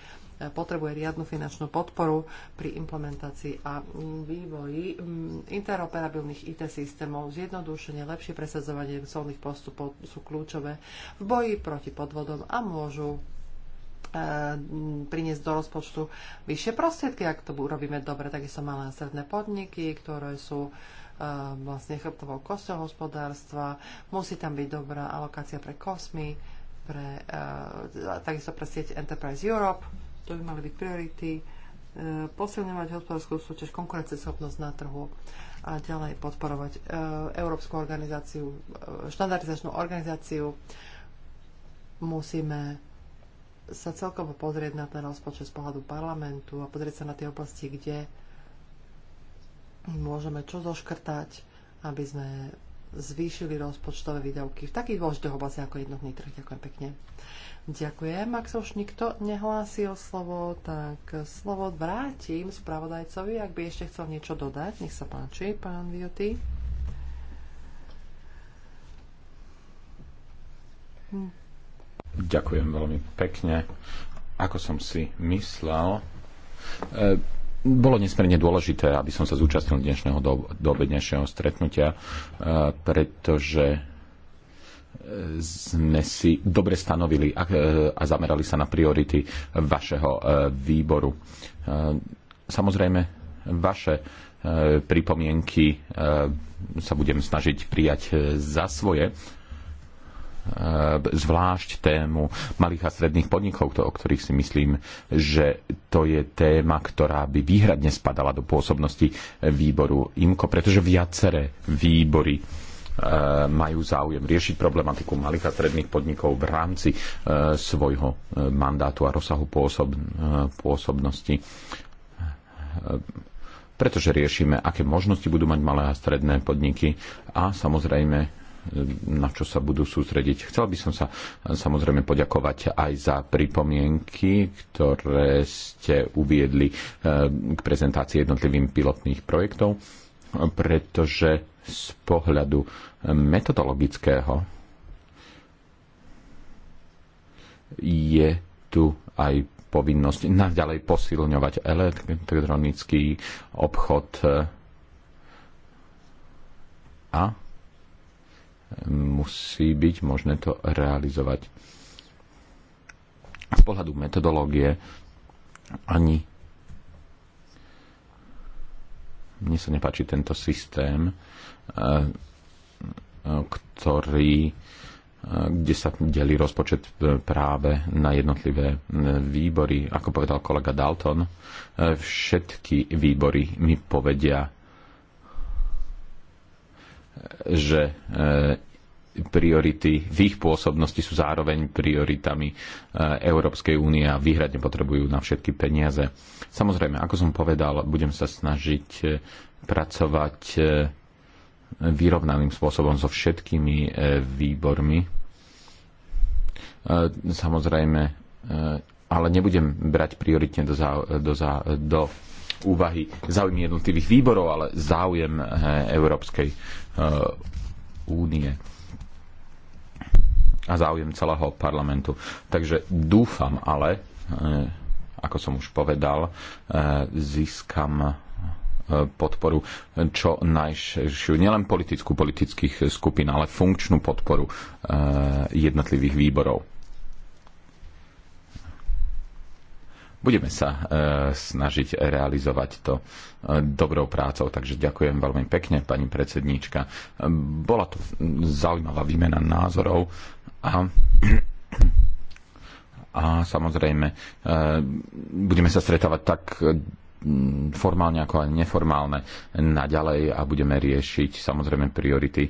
potrebuje riadnu finančnú podporu pri implementácii a vývoji mm, interoperabilných IT systémov. Zjednodušenie, lepšie presadzovanie solných postupov sú kľúčové v boji proti podvodom a môžu e, priniesť do rozpočtu vyššie prostriedky, ak to urobíme dobre. Takisto malé a stredné podniky, ktoré sú e, vlastne chrbtovou kosťou hospodárstva. Musí tam byť dobrá alokácia pre kosmy, pre, e, takisto pre sieť Enterprise Europe to by mali byť priority, e, posilňovať hospodárskú súťaž, konkurencieschopnosť na trhu a ďalej podporovať e, Európsku organizáciu, e, štandardizačnú organizáciu. Musíme sa celkovo pozrieť na ten rozpočet z pohľadu parlamentu a pozrieť sa na tie oblasti, kde môžeme čo zoškrtať, aby sme zvýšili rozpočtové výdavky v takých dôležitých oblastiach ako jednotný trh. Ďakujem pekne. Ďakujem. Ak sa už nikto nehlási o slovo, tak slovo vrátim spravodajcovi, ak by ešte chcel niečo dodať. Nech sa páči, pán Vioty. Ďakujem veľmi pekne. Ako som si myslel, e bolo nesmierne dôležité, aby som sa zúčastnil dnešného do, do obednejšieho stretnutia, e, pretože sme si dobre stanovili a, e, a zamerali sa na priority vašeho e, výboru. E, samozrejme, vaše pripomienky sa budem snažiť prijať za svoje, zvlášť tému malých a stredných podnikov, to, o ktorých si myslím, že to je téma, ktorá by výhradne spadala do pôsobnosti výboru IMKO, pretože viaceré výbory E, majú záujem riešiť problematiku malých a stredných podnikov v rámci e, svojho e, mandátu a rozsahu pôsobnosti pretože riešime, aké možnosti budú mať malé a stredné podniky a samozrejme na čo sa budú sústrediť. Chcel by som sa samozrejme poďakovať aj za pripomienky, ktoré ste uviedli k prezentácii jednotlivým pilotných projektov, pretože z pohľadu metodologického je tu aj povinnosť naďalej posilňovať elektronický obchod a musí byť možné to realizovať. Z pohľadu metodológie ani mne sa nepáči tento systém, E, ktorý, e, kde sa delí rozpočet e, práve na jednotlivé výbory. Ako povedal kolega Dalton, všetky výbory mi povedia, že priority v ich pôsobnosti sú zároveň prioritami Európskej únie a výhradne potrebujú na všetky peniaze. Samozrejme, ako som povedal, budem sa snažiť pracovať vyrovnaným spôsobom so všetkými e, výbormi. E, samozrejme, e, ale nebudem brať prioritne do, zá, do, zá, do úvahy záujmy jednotlivých výborov, ale záujem Európskej únie a záujem celého parlamentu. Takže dúfam ale, ako som už povedal, získam podporu čo najširšiu, nielen politickú politických skupín, ale funkčnú podporu eh, jednotlivých výborov. Budeme sa eh, snažiť realizovať to eh, dobrou prácou, takže ďakujem veľmi pekne, pani predsedníčka. Bola to zaujímavá výmena názorov a a samozrejme budeme sa stretávať tak Mm, formálne ako aj neformálne naďalej a budeme riešiť samozrejme priority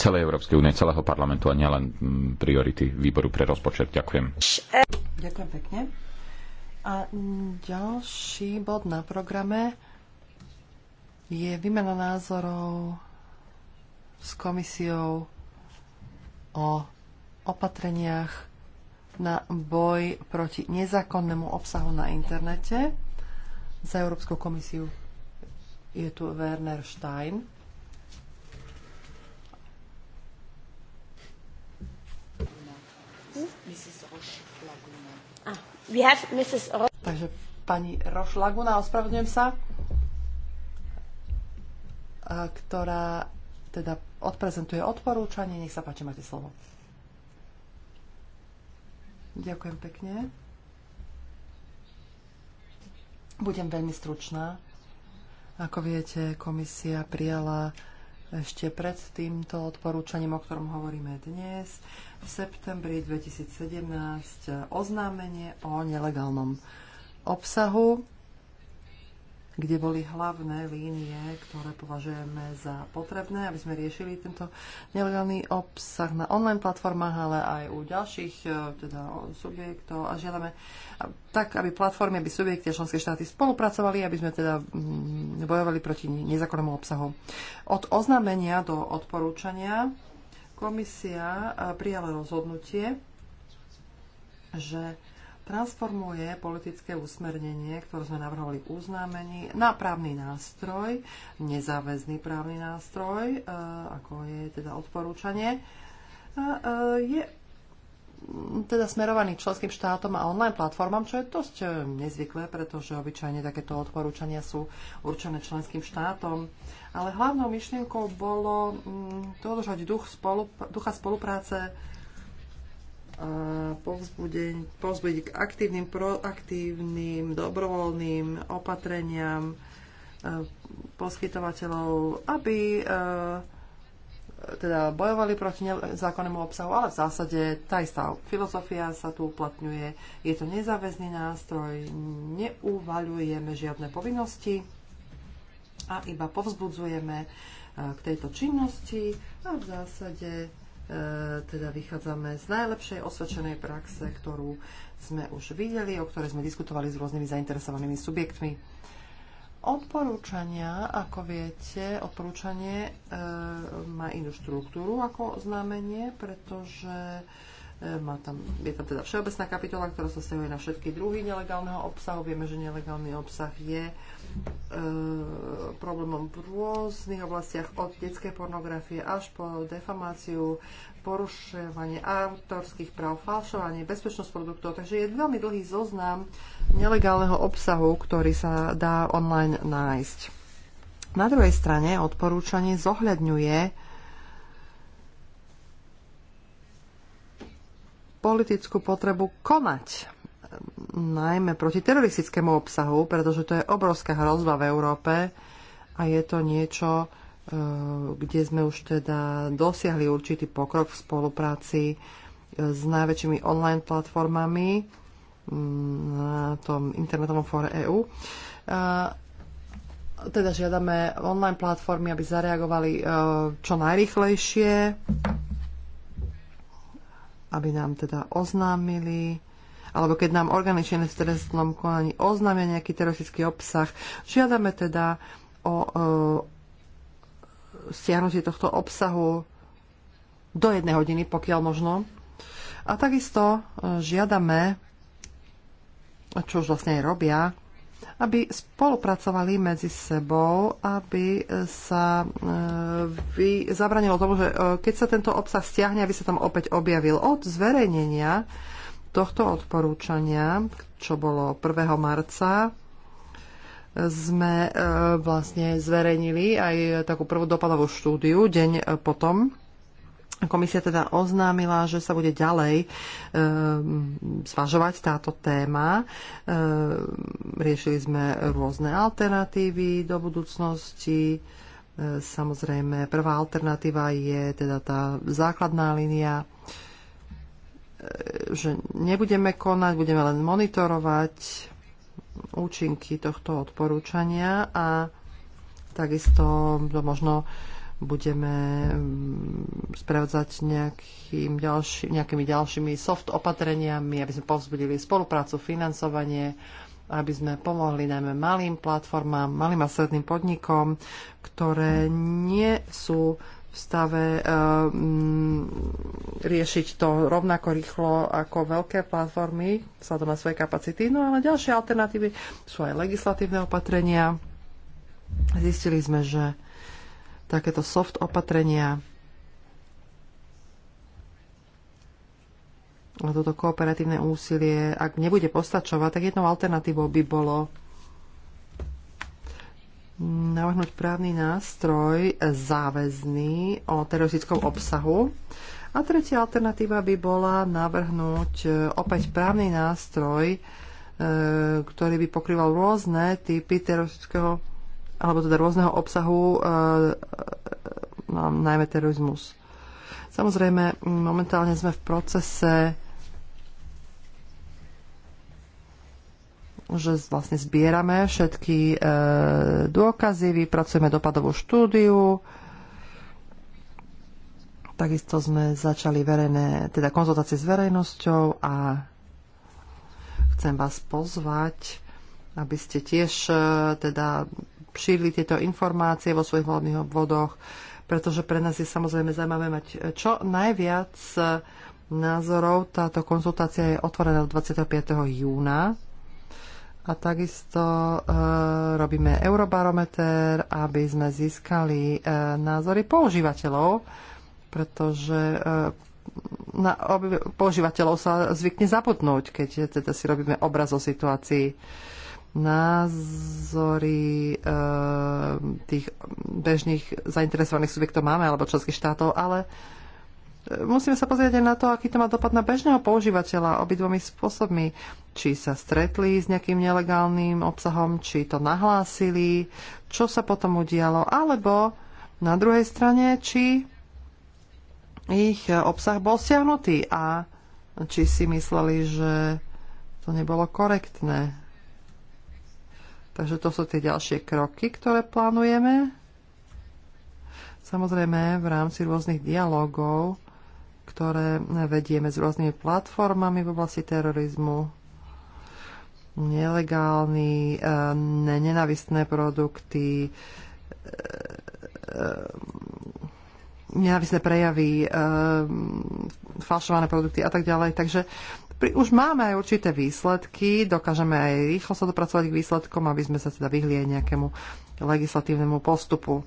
celej Európskej únie, celého parlamentu a nielen mm, priority výboru pre rozpočet. Ďakujem. Ďakujem pekne. A ďalší bod na programe je výmena názorov s komisiou o opatreniach na boj proti nezákonnému obsahu na internete. Za Európsku komisiu je tu Werner Stein. Ah, Takže pani Roš Laguna, ospravedlňujem sa, ktorá teda odprezentuje odporúčanie. Nech sa páči, máte slovo. Ďakujem pekne. Budem veľmi stručná. Ako viete, komisia prijala ešte pred týmto odporúčaním, o ktorom hovoríme dnes, v septembri 2017 oznámenie o nelegálnom obsahu kde boli hlavné línie, ktoré považujeme za potrebné, aby sme riešili tento nelegálny obsah na online platformách, ale aj u ďalších e, teda, subjektov a žiadame tak, aby platformy, aby subjekty a členské štáty spolupracovali, aby sme teda mm, bojovali proti nezákonnému obsahu. Od oznámenia do odporúčania komisia e, prijala rozhodnutie, že transformuje politické usmernenie, ktoré sme navrhovali v uznámení, na právny nástroj, nezáväzný právny nástroj, e, ako je teda odporúčanie. E, e, je teda smerovaný členským štátom a online platformám, čo je dosť nezvyklé, pretože obyčajne takéto odporúčania sú určené členským štátom. Ale hlavnou myšlienkou bolo dodržať duch spolup- ducha spolupráce povzbudiť k aktívnym, proaktívnym, dobrovoľným opatreniam e, poskytovateľov, aby e, teda bojovali proti nezákonnému obsahu, ale v zásade tá istá filozofia sa tu uplatňuje. Je to nezáväzný nástroj, neuvaľujeme žiadne povinnosti a iba povzbudzujeme e, k tejto činnosti a v zásade E, teda vychádzame z najlepšej osvedčenej praxe, ktorú sme už videli, o ktorej sme diskutovali s rôznymi zainteresovanými subjektmi. Odporúčania, ako viete, odporúčanie e, má inú štruktúru ako znamenie, pretože e, E, má tam, je tam teda všeobecná kapitola, ktorá sa stahuje na všetky druhy nelegálneho obsahu. Vieme, že nelegálny obsah je e, problémom v rôznych oblastiach od detskej pornografie až po defamáciu, porušovanie autorských práv, falšovanie, bezpečnosť produktov. Takže je veľmi dlhý zoznam nelegálneho obsahu, ktorý sa dá online nájsť. Na druhej strane odporúčanie zohľadňuje politickú potrebu konať najmä proti teroristickému obsahu, pretože to je obrovská hrozba v Európe a je to niečo, e, kde sme už teda dosiahli určitý pokrok v spolupráci e, s najväčšími online platformami mm, na tom internetovom fóre EU. E, teda žiadame online platformy, aby zareagovali čo najrychlejšie aby nám teda oznámili, alebo keď nám orgány činné v trestnom konaní oznámia nejaký teroristický obsah, žiadame teda o e, stiahnutie tohto obsahu do jednej hodiny, pokiaľ možno. A takisto e, žiadame, čo už vlastne aj robia, aby spolupracovali medzi sebou, aby sa e, vy, zabranilo tomu, že e, keď sa tento obsah stiahne, aby sa tam opäť objavil od zverejnenia tohto odporúčania, čo bolo 1. marca, sme e, vlastne zverejnili aj takú prvú dopadovú štúdiu deň potom Komisia teda oznámila, že sa bude ďalej e, zvažovať táto téma. E, riešili sme rôzne alternatívy do budúcnosti. E, samozrejme, prvá alternatíva je teda tá základná línia, e, že nebudeme konať, budeme len monitorovať účinky tohto odporúčania a takisto to možno e, budeme mm, sprevádzať nejakým ďalší, nejakými ďalšími soft opatreniami, aby sme povzbudili spoluprácu, financovanie, aby sme pomohli najmä malým platformám, malým a stredným podnikom, ktoré nie sú v stave um, riešiť to rovnako rýchlo ako veľké platformy, vzhľadom na svoje kapacity. No ale ďalšie alternatívy sú aj legislatívne opatrenia. Zistili sme, že takéto soft opatrenia. A toto kooperatívne úsilie, ak nebude postačovať, tak jednou alternatívou by bolo navrhnúť právny nástroj záväzný o teroristickom obsahu. A tretia alternatíva by bola navrhnúť e, opäť právny nástroj, e, ktorý by pokrýval rôzne typy teroristického alebo teda rôzneho obsahu, e, e, najmä terorizmus. Samozrejme, momentálne sme v procese, že vlastne zbierame všetky e, dôkazy, vypracujeme dopadovú štúdiu, takisto sme začali verejné, teda konzultácie s verejnosťou a chcem vás pozvať, aby ste tiež e, teda šírili tieto informácie vo svojich hlavných obvodoch, pretože pre nás je samozrejme zaujímavé mať eh, čo najviac eh, názorov. Táto konzultácia je otvorená 25. júna a takisto e, robíme eurobarometer, aby sme získali e, názory používateľov, pretože e, na oby, používateľov sa zvykne zabudnúť, keď teda si robíme obraz o situácii. E, názory e, tých bežných zainteresovaných subjektov máme, alebo členských štátov, ale eh, musíme sa pozrieť aj na to, aký to má dopad na bežného používateľa obidvomi spôsobmi. Či sa stretli s nejakým nelegálnym obsahom, či to nahlásili, čo sa potom udialo, alebo na druhej strane, či ich obsah bol stiahnutý a či si mysleli, že to nebolo korektné Takže to sú tie ďalšie kroky, ktoré plánujeme. Samozrejme v rámci rôznych dialogov, ktoré vedieme s rôznymi platformami v oblasti terorizmu, nelegálny, e, nenavistné produkty, e, e, nenavistné prejavy, falšované produkty a tak ďalej. Takže už máme aj určité výsledky, dokážeme aj rýchlo sa dopracovať k výsledkom, aby sme sa teda vyhli aj nejakému legislatívnemu postupu.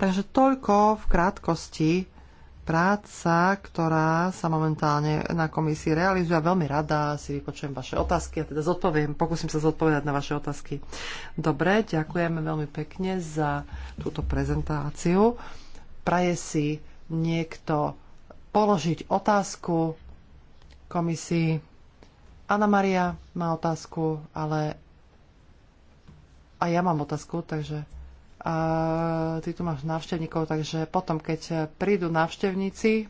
Takže toľko v krátkosti práca, ktorá sa momentálne na komisii realizuje veľmi rada si vypočujem vaše otázky a teda zodpoviem, pokúsim sa zodpovedať na vaše otázky. Dobre, ďakujeme veľmi pekne za túto prezentáciu. Praje si niekto položiť otázku komisii. Anna Maria má otázku, ale a ja mám otázku, takže a ty tu máš návštevníkov, takže potom, keď prídu návštevníci,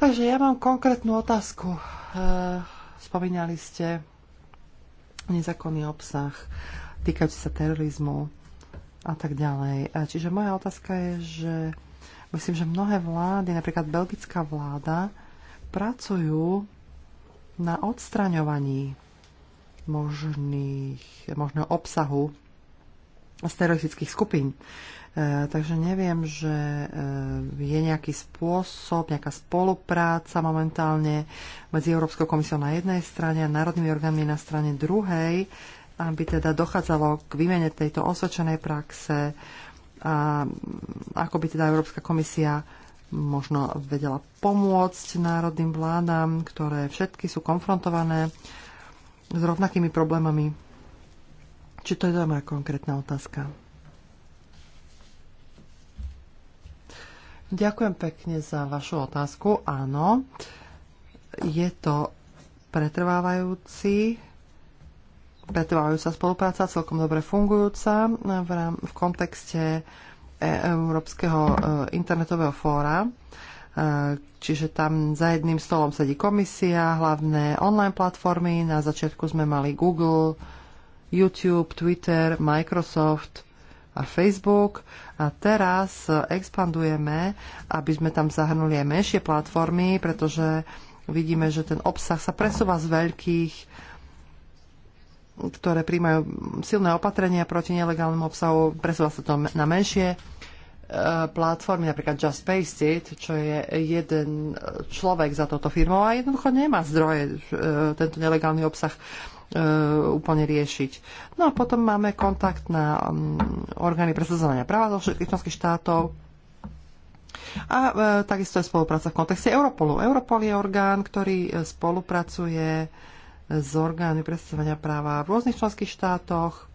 takže ja mám konkrétnu otázku. E, spomínali ste nezákonný obsah týkajúci sa terorizmu a tak ďalej. Čiže moja otázka je, že Myslím, že mnohé vlády, napríklad belgická vláda, pracujú na odstraňovaní možných, možného obsahu z teroristických skupín. E, takže neviem, že e, je nejaký spôsob, nejaká spolupráca momentálne medzi Európskou komisiou na jednej strane a národnými orgánmi na strane druhej, aby teda dochádzalo k výmene tejto osvedčenej praxe, a ako by teda Európska komisia možno vedela pomôcť národným vládam, ktoré všetky sú konfrontované s rovnakými problémami. Či to je to moja konkrétna otázka? Ďakujem pekne za vašu otázku. Áno, je to pretrvávajúci pretrvajúca spolupráca, celkom dobre fungujúca v, v kontexte e, Európskeho e, internetového fóra. E, čiže tam za jedným stolom sedí komisia, hlavné online platformy. Na začiatku sme mali Google, YouTube, Twitter, Microsoft a Facebook. A teraz expandujeme, aby sme tam zahrnuli aj menšie platformy, pretože vidíme, že ten obsah sa presúva z veľkých ktoré príjmajú silné opatrenia proti nelegálnemu obsahu, presúva sa to na menšie e, platformy, napríklad Just Paste It, čo je jeden človek za toto firmou a jednoducho nemá zdroje e, tento nelegálny obsah e, úplne riešiť. No a potom máme kontakt na orgány presadzovania práva zo všetkých členských štátov, a e, takisto je spolupráca v kontexte Europolu. Europol je orgán, ktorý spolupracuje z orgány predstavenia práva v rôznych členských štátoch.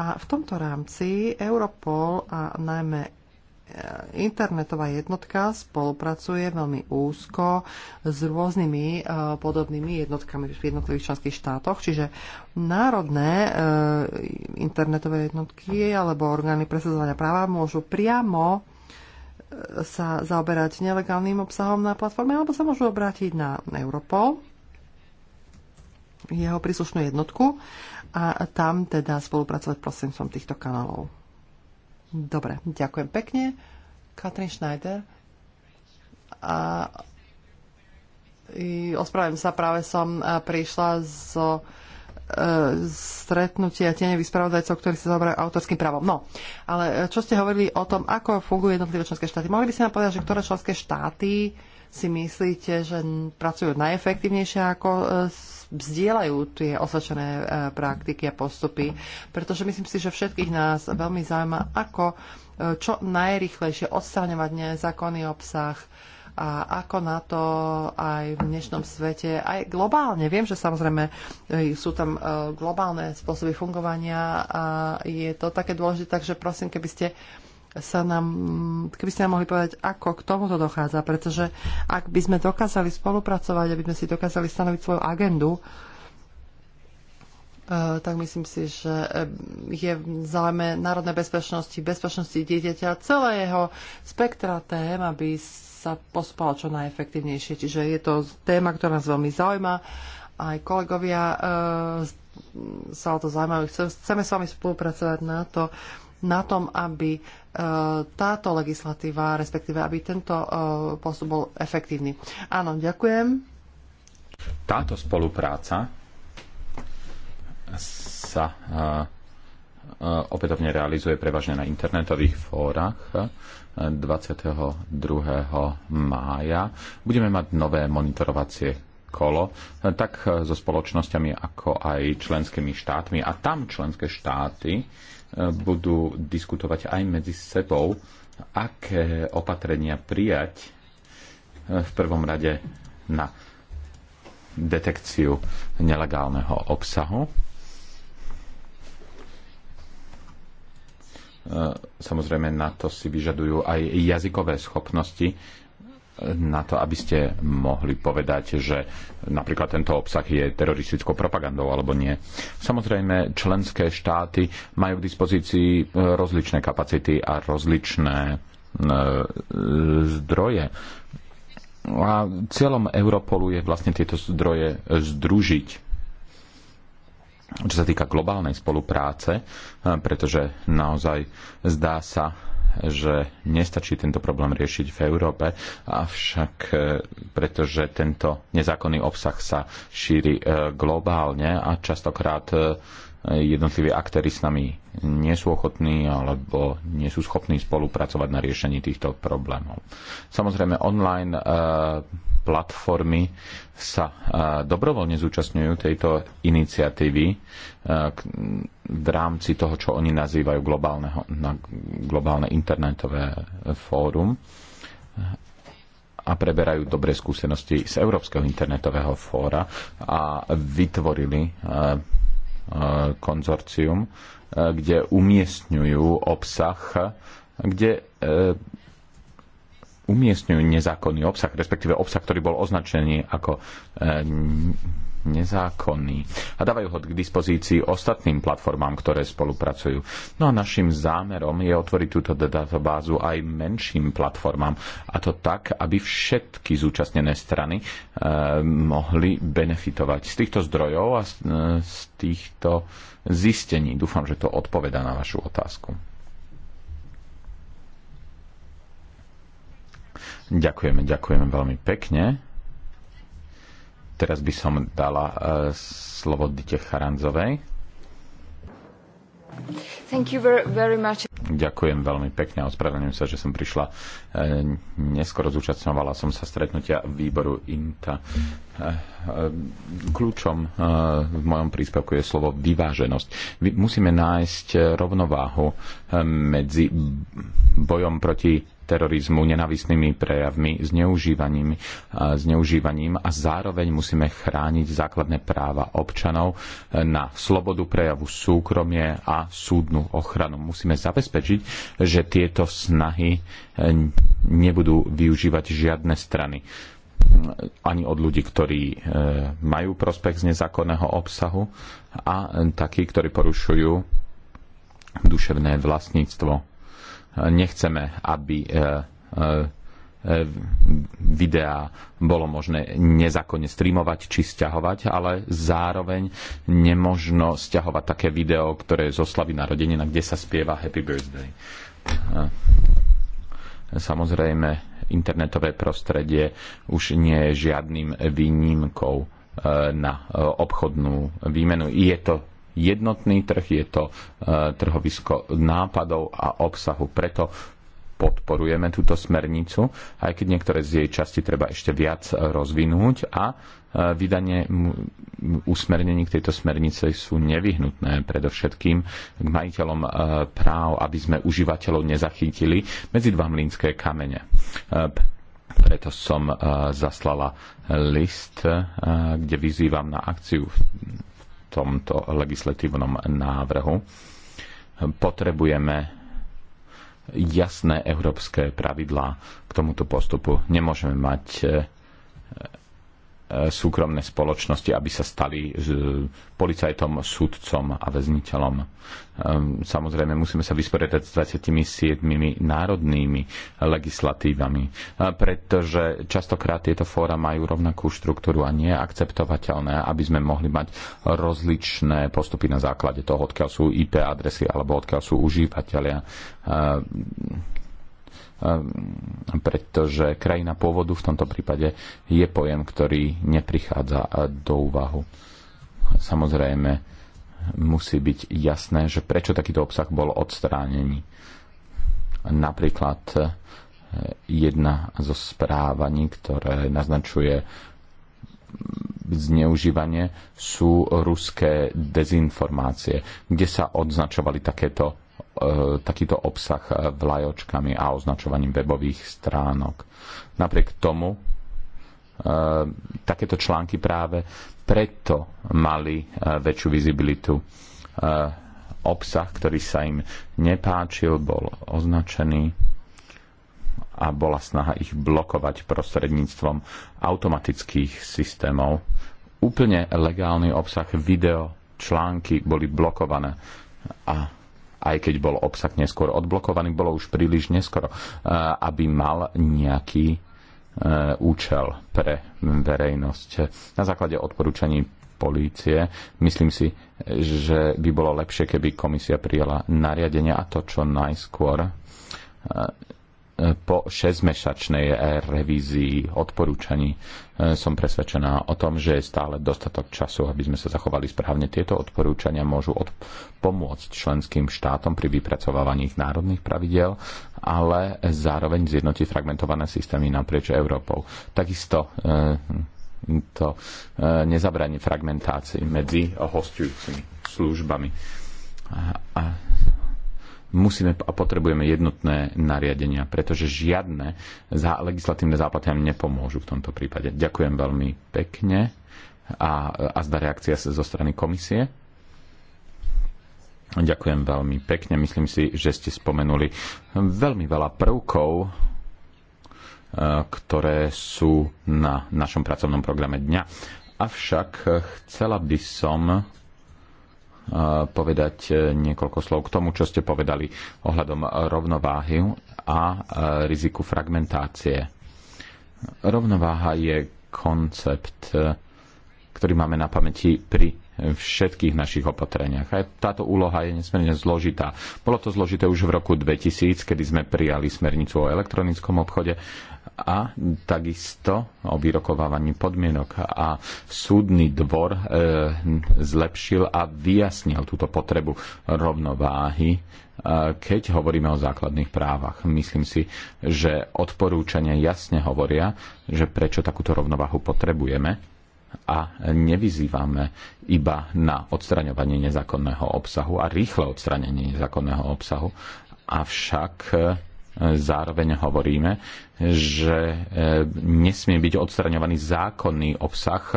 A v tomto rámci Europol a najmä e, internetová jednotka spolupracuje veľmi úzko s rôznymi e, podobnými jednotkami v jednotlivých členských štátoch, čiže národné e, internetové jednotky alebo orgány presadzovania práva môžu priamo sa zaoberať nelegálnym obsahom na platforme alebo sa môžu obrátiť na Europol jeho príslušnú jednotku a tam teda spolupracovať prostredníctvom týchto kanálov. Dobre, ďakujem pekne. Katrin Schneider. A ospravedlňujem sa, práve som prišla zo e, stretnutia tieňových spravodajcov, ktorí sa zaoberajú autorským právom. No, ale e, čo ste hovorili o tom, ako fungujú jednotlivé členské štáty? Mohli by ste nám povedať, že ktoré členské štáty si myslíte, že pracujú najefektívnejšie ako e, vzdielajú tie osvedčené e, praktiky a postupy, pretože myslím si, že všetkých nás veľmi zaujíma, ako e, čo najrychlejšie odstraňovať nezákonný obsah a ako na to aj v dnešnom svete, aj globálne. Viem, že samozrejme e, sú tam globálne spôsoby fungovania a je to také dôležité, takže prosím, keby ste uh, sa nám, keby ste nám mohli povedať, ako k tomuto dochádza, pretože ak by sme dokázali spolupracovať, aby sme si dokázali stanoviť svoju agendu, eh, tak myslím si, že eh, je v záujme národnej bezpečnosti, bezpečnosti dieťaťa, celé jeho spektra tém, aby sa pospala čo najefektívnejšie. Čiže je to téma, ktorá nás veľmi zaujíma. Aj kolegovia e, sa o to zaujímajú. Chceme s vami spolupracovať na, to, na tom, aby táto legislatíva, respektíve aby tento e, postup bol efektívny. Áno, ďakujem. Táto spolupráca sa e, e, opätovne realizuje prevažne na internetových fórach 22. mája. Budeme mať nové monitorovacie kolo, tak so spoločnosťami ako aj členskými štátmi. A tam členské štáty budú diskutovať aj medzi sebou, aké opatrenia prijať eh, v prvom rade na detekciu nelegálneho obsahu. Eh, samozrejme, na to si vyžadujú aj jazykové schopnosti na to, aby ste mohli povedať, že napríklad tento obsah je teroristickou propagandou alebo nie. Samozrejme, členské štáty majú k dispozícii e, rozličné kapacity a rozličné e, zdroje. A cieľom Europolu je vlastne tieto zdroje združiť čo sa týka globálnej spolupráce, e, pretože naozaj zdá sa, že nestačí tento problém riešiť v Európe, avšak e, pretože tento nezákonný obsah sa šíri e, globálne a častokrát e, jednotliví aktéry s nami nie sú ochotní alebo nie sú schopní spolupracovať na riešení týchto problémov. Samozrejme, online platformy sa dobrovoľne zúčastňujú tejto iniciatívy v rámci toho, čo oni nazývajú globálneho, na globálne internetové fórum a preberajú dobré skúsenosti z Európskeho internetového fóra a vytvorili konzorcium, kde umiestňujú obsah, kde e, umiestňujú nezákonný obsah, respektíve obsah, ktorý bol označený ako eh, nezákonný a dávajú ho k dispozícii ostatným platformám, ktoré spolupracujú. No a našim zámerom je otvoriť túto databázu aj menším platformám a to tak, aby všetky zúčastnené strany e, mohli benefitovať z týchto zdrojov a z, e, z týchto zistení. Dúfam, že to odpoveda na vašu otázku. Ďakujeme, ďakujeme veľmi pekne. Teraz by som dala uh, slovo Dite Charanzovej. Thank you very, very much. Ďakujem veľmi pekne a ospravedlňujem sa, že som prišla. E, neskoro zúčastňovala som sa stretnutia výboru INTA. E, e, kľúčom e, v mojom príspevku je slovo vyváženosť. Vy, musíme nájsť rovnováhu e, medzi bojom proti terorizmu, nenavistnými prejavmi, zneužívaním, e, zneužívaním a zároveň musíme chrániť základné práva občanov e, na slobodu prejavu, súkromie a súdnu ochranu. Musíme zabezpečiť, že tieto snahy e, nebudú využívať žiadne strany ani od ľudí, ktorí majú prospech z nezákonného obsahu a takí, ktorí porušujú duševné vlastníctvo nechceme, aby e, e, videá bolo možné nezákonne streamovať či stiahovať, ale zároveň nemožno stiahovať také video, ktoré je zo slavy narodenina, kde sa spieva Happy Birthday. E, samozrejme, internetové prostredie už nie je žiadnym výnimkou na obchodnú výmenu. Je to jednotný trh, je to e, trhovisko nápadov a obsahu. Preto podporujeme túto smernicu, aj keď niektoré z jej časti treba ešte viac rozvinúť a e, vydanie usmernení k tejto smernice sú nevyhnutné predovšetkým k majiteľom e, práv, aby sme užívateľov nezachytili medzi dva mlínske kamene. Preto som zaslala list, kde vyzývam na akciu tomto legislatívnom návrhu. Potrebujeme jasné európske pravidlá k tomuto postupu. Nemôžeme mať E, súkromné spoločnosti, aby sa stali e, policajtom, súdcom a väzniteľom. E, samozrejme, musíme sa vysporiadať s 27 národnými legislatívami, pretože častokrát tieto fóra majú rovnakú štruktúru a nie je akceptovateľné, aby sme mohli mať rozličné postupy na základe toho, odkiaľ sú IP adresy alebo odkiaľ sú užívateľia Ehm, pretože krajina pôvodu v tomto prípade je pojem, ktorý neprichádza do úvahu. Samozrejme, musí byť jasné, že prečo takýto obsah bol odstránený. Napríklad e, jedna zo správaní, ktoré naznačuje zneužívanie, sú ruské dezinformácie, kde sa odznačovali takéto E, takýto obsah e, vlajočkami a označovaním webových stránok. Napriek tomu e, takéto články práve preto mali väčšiu vizibilitu. Obsah, ktorý sa im nepáčil, bol označený a bola snaha ich blokovať prostredníctvom automatických systémov. Úplne legálny obsah video, články boli blokované a aj keď bol obsah neskôr odblokovaný, bolo už príliš neskoro, eh, aby mal nejaký eh, účel pre verejnosť. Na základe odporúčaní polície. Myslím si, že by bolo lepšie, keby komisia prijala nariadenia a to čo najskôr eh, po 6-mesačnej revízii odporúčaní e, som presvedčená o tom, že je stále dostatok času, aby sme sa zachovali správne. Tieto odporúčania môžu od- pomôcť členským štátom pri vypracovávaní ich národných pravidel, ale zároveň zjednotí fragmentované systémy naprieč Európou. Takisto e to e, nezabranie fragmentácii medzi hostujúcimi službami. A, a musíme a potrebujeme jednotné nariadenia, pretože žiadne za legislatívne záplaty nám nepomôžu v tomto prípade. Ďakujem veľmi pekne a, a zda reakcia zo strany komisie. Ďakujem veľmi pekne. Myslím si, že ste spomenuli veľmi veľa prvkov, e, ktoré sú na našom pracovnom programe dňa. Avšak chcela by som povedať e, niekoľko slov k tomu, čo ste povedali ohľadom rovnováhy a e, riziku fragmentácie. Rovnováha je koncept, e, ktorý máme na pamäti pri všetkých našich opatreniach. A táto úloha je nesmierne zložitá. Bolo to zložité už v roku 2000, kedy sme prijali smernicu o elektronickom obchode a takisto o vyrokovávaní podmienok. A súdny dvor e, zlepšil a vyjasnil túto potrebu rovnováhy, e, keď hovoríme o základných právach. Myslím si, že odporúčania jasne hovoria, že prečo takúto rovnováhu potrebujeme a nevyzývame iba na odstraňovanie nezákonného obsahu a rýchle odstranenie nezákonného obsahu, avšak e, Zároveň hovoríme, že e, nesmie byť odstraňovaný zákonný obsah e,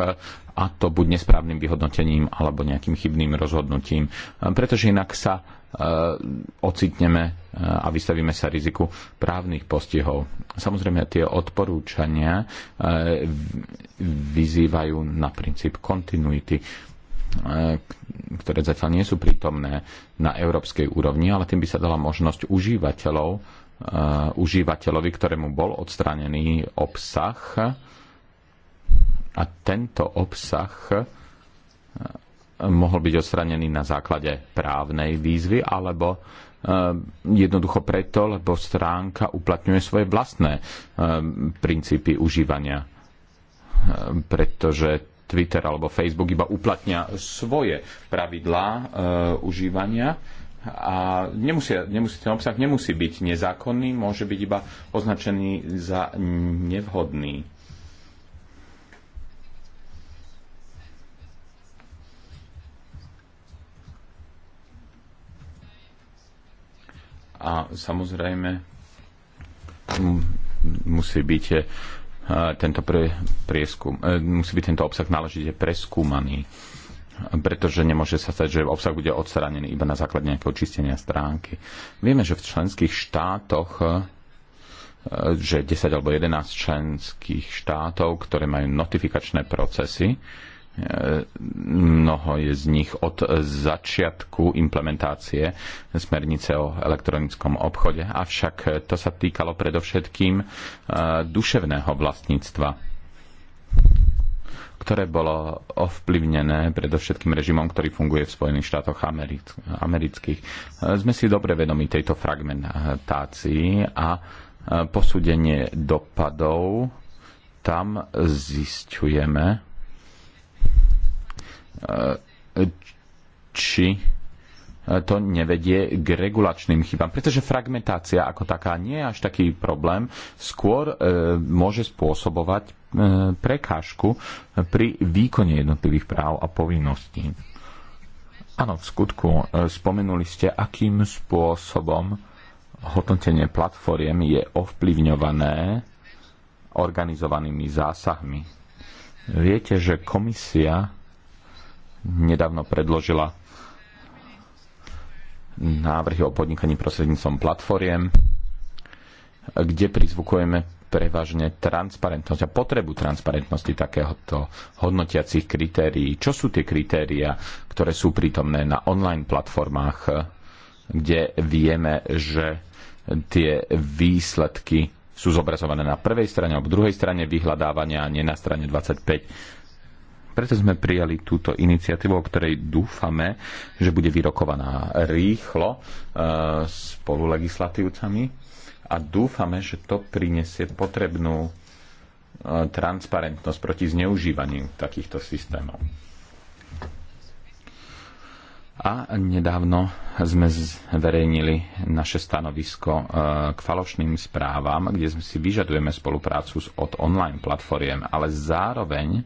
a to buď nesprávnym vyhodnotením alebo nejakým chybným rozhodnutím, e, pretože inak sa ocitneme a vystavíme sa riziku právnych postihov. Samozrejme, tie odporúčania vyzývajú na princíp kontinuity ktoré zatiaľ nie sú prítomné na európskej úrovni, ale tým by sa dala možnosť užívateľov Eh, užívateľovi, ktorému bol odstranený obsah. A tento obsah eh, mohol byť odstranený na základe právnej výzvy alebo eh, jednoducho preto, lebo stránka uplatňuje svoje vlastné princípy užívania. Pretože Twitter alebo Facebook iba uplatňa svoje pravidlá užívania a nemusia, nemusí, ten obsah nemusí byť nezákonný, môže byť iba označený za nevhodný. A samozrejme musí byť e, tento prieskum, e, musí byť tento obsah náležite preskúmaný pretože nemôže sa stať, že obsah bude odstránený iba na základe nejakého čistenia stránky. Vieme, že v členských štátoch e, že 10 alebo 11 členských štátov, ktoré majú notifikačné procesy, e, mnoho je z nich od začiatku implementácie smernice o elektronickom obchode, avšak e, to sa týkalo predovšetkým duševného vlastníctva ktoré bolo ovplyvnené predovšetkým režimom, ktorý funguje v Spojených štátoch amerických. Sme si dobre vedomi tejto fragmentácii a e, posúdenie dopadov tam zistujeme, e, či E, to nevedie k regulačným chybám, pretože fragmentácia ako taká nie je až taký problém, skôr e, môže spôsobovať e, prekážku pri výkone jednotlivých práv a povinností. Áno, v skutku e, spomenuli ste, akým spôsobom hodnotenie platformiem je ovplyvňované organizovanými zásahmi. Viete, že komisia nedávno predložila návrhy o podnikaní prostredníctvom platformiem, kde prizvukujeme prevažne transparentnosť a potrebu transparentnosti takéhoto hodnotiacich kritérií. Čo sú tie kritéria, ktoré sú prítomné na online platformách, kde vieme, že tie výsledky sú zobrazované na prvej strane alebo druhej strane vyhľadávania a nie na strane 25 preto sme prijali túto iniciatívu, o ktorej dúfame, že bude vyrokovaná rýchlo e, spolu legislatívcami a dúfame, že to prinesie potrebnú e, transparentnosť proti zneužívaniu takýchto systémov. A nedávno sme zverejnili naše stanovisko e, k falošným správam, kde si vyžadujeme spoluprácu od online platformiem, ale zároveň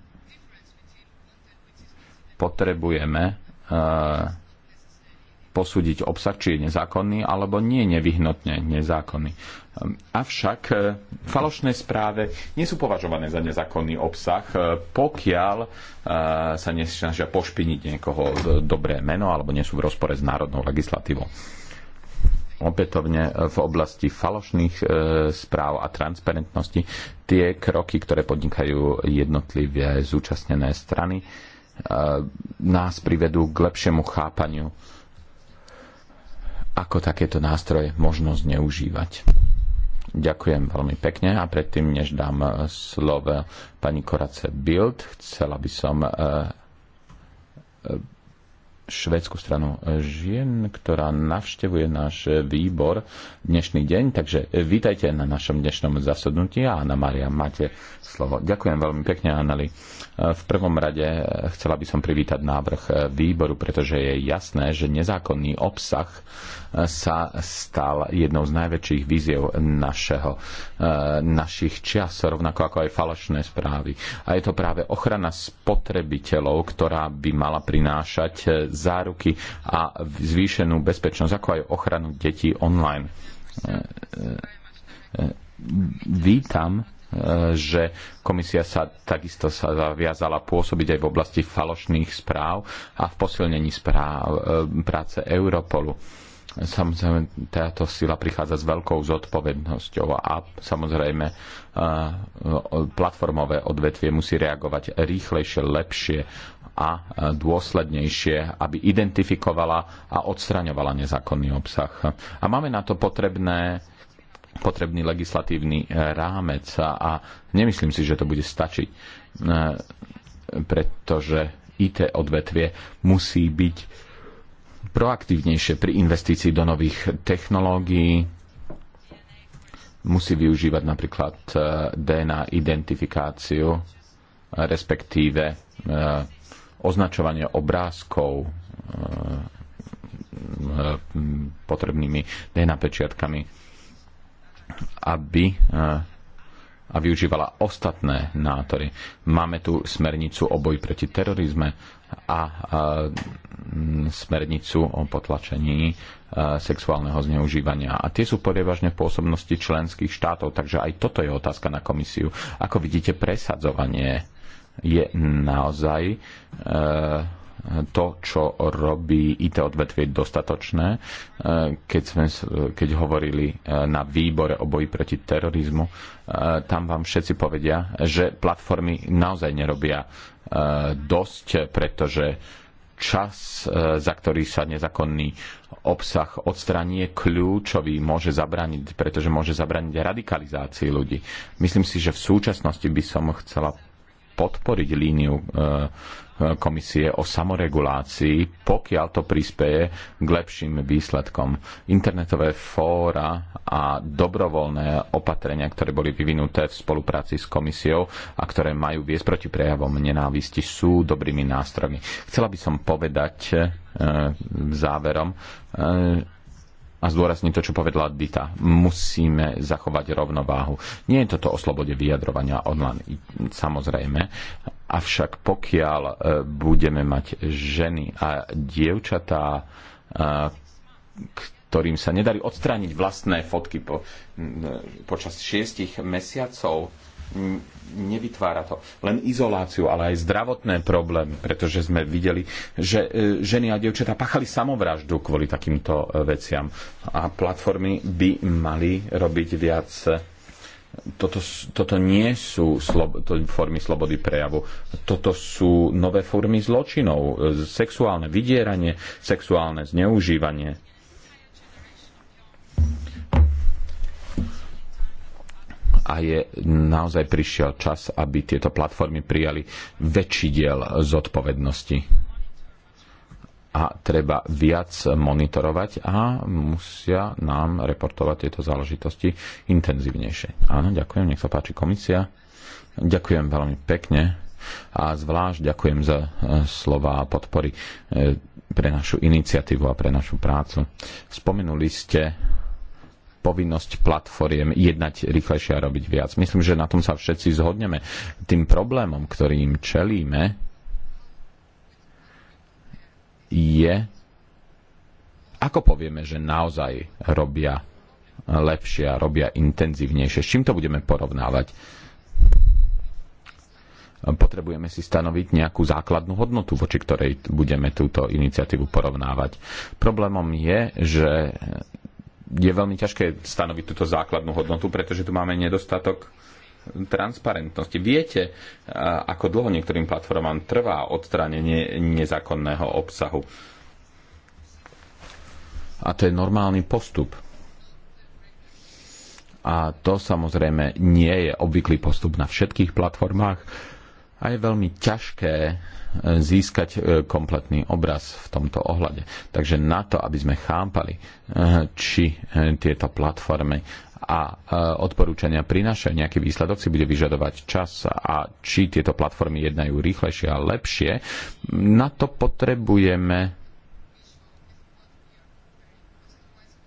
potrebujeme e, posúdiť obsah, či je nezákonný alebo nie nevyhnutne nezákonný. Avšak e, falošné správy nie sú považované za nezákonný obsah, e, pokiaľ sa nesnažia pošpiniť niekoho dobré meno alebo nie sú v rozpore s národnou legislatívou. Opätovne v oblasti falošných správ a transparentnosti tie kroky, ktoré podnikajú jednotlivé zúčastnené strany, nás privedú k lepšiemu chápaniu, ako takéto nástroje možno zneužívať. Ďakujem veľmi pekne a predtým, než dám eh, slovo pani Korace Bild, chcela by som eh, eh, švedskú stranu žien, ktorá navštevuje náš výbor dnešný deň. Takže vítajte na našom dnešnom zasadnutí. Anna Maria, máte slovo. Ďakujem veľmi pekne, Anali. V prvom rade chcela by som privítať návrh výboru, pretože je jasné, že nezákonný obsah sa stal jednou z najväčších víziev našeho, našich čias, rovnako ako aj falošné správy. A je to práve ochrana spotrebiteľov, ktorá by mala prinášať záruky a zvýšenú bezpečnosť, ako aj ochranu detí online. Vítam e, že komisia sa takisto sa zaviazala pôsobiť aj v oblasti falošných správ a v posilnení správ, e, práce Europolu. Samozrejme, táto sila prichádza s veľkou zodpovednosťou a samozrejme e, platformové odvetvie musí reagovať rýchlejšie, lepšie a e, dôslednejšie, aby identifikovala a odstraňovala nezákonný obsah. A máme na to potrebné potrebný legislatívny e, rámec a, a nemyslím si, že to bude stačiť, e, pretože IT odvetvie musí byť proaktívnejšie pri investícii do nových technológií, musí využívať napríklad DNA identifikáciu, respektíve označovanie obrázkov e, potrebnými DNA pečiatkami, aby e, a využívala ostatné nátory. Máme tu smernicu o boji proti terorizme a e, smernicu o potlačení sexuálneho zneužívania. A tie sú prevažne v pôsobnosti členských štátov, takže aj toto je otázka na komisiu. Ako vidíte presadzovanie je naozaj e, to, čo robí IT odvetvie dostatočné. E, keď, sme, keď hovorili e, na výbore o boji proti terorizmu, tam vám všetci povedia, že platformy naozaj nerobia dosť, pretože čas, za ktorý sa nezákonný obsah odstraní, je kľúčový, môže zabrániť, pretože môže zabrániť radikalizácii ľudí. Myslím si, že v súčasnosti by som chcela podporiť líniu e, komisie o samoregulácii, pokiaľ to prispieje k lepším výsledkom. Internetové fóra a dobrovoľné opatrenia, ktoré boli vyvinuté v spolupráci s komisiou a ktoré majú viesť proti prejavom nenávisti, sú dobrými nástrojmi. Chcela by som povedať e, záverom, e, a zdôrazním to, čo povedala Dita. Musíme zachovať rovnováhu. Nie je toto o slobode vyjadrovania online, samozrejme, avšak pokiaľ e, budeme mať ženy a dievčatá, e, ktorým sa nedarí odstrániť vlastné fotky po, e, počas šiestich mesiacov, nevytvára to len izoláciu, ale aj zdravotné problémy, pretože sme videli, že e, ženy a dievčatá pachali samovraždu kvôli takýmto e, veciam a platformy by mali robiť viac e, toto, toto nie sú slob, to formy slobody prejavu. Toto sú nové formy zločinov. Sexuálne vydieranie, sexuálne zneužívanie a je naozaj prišiel čas, aby tieto platformy prijali väčší diel zodpovednosti a treba viac monitorovať a musia nám reportovať tieto záležitosti intenzívnejšie. Áno, ďakujem, nech sa páči komisia. Ďakujem veľmi pekne a zvlášť ďakujem za e, slova a podpory e, pre našu iniciatívu a pre našu prácu. Spomenuli ste povinnosť platformiem jednať rýchlejšie a robiť viac. Myslím, že na tom sa všetci zhodneme. Tým problémom, ktorým čelíme, je, ako povieme, že naozaj robia lepšie a robia intenzívnejšie. S čím to budeme porovnávať? potrebujeme si stanoviť nejakú základnú hodnotu, voči ktorej budeme túto iniciatívu porovnávať. Problémom je, že je veľmi ťažké stanoviť túto základnú hodnotu, pretože tu máme nedostatok transparentnosti. Viete, ako dlho niektorým platformám trvá odstránenie nezákonného obsahu. A to je normálny postup. A to samozrejme nie je obvyklý postup na všetkých platformách a je veľmi ťažké získať e, kompletný obraz v tomto ohľade. Takže na to, aby sme chápali, e, či e, tieto platformy a odporúčania prinášajú nejaký výsledok, si bude vyžadovať čas a či tieto platformy jednajú rýchlejšie a lepšie, na to potrebujeme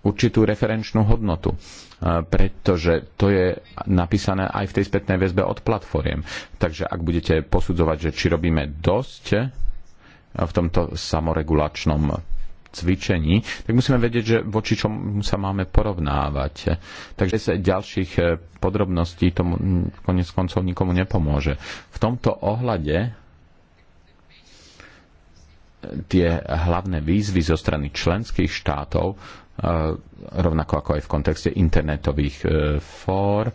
určitú referenčnú hodnotu pretože to je napísané aj v tej spätnej väzbe od platformiem. Takže ak budete posudzovať, že či robíme dosť e, v tomto samoregulačnom cvičení, tak musíme vedieť, že voči čomu sa máme porovnávať. Takže z ďalších e, podrobností tomu konec koncov nikomu nepomôže. V tomto ohľade e, tie hlavné výzvy zo strany členských štátov rovnako ako aj v kontexte internetových e, fór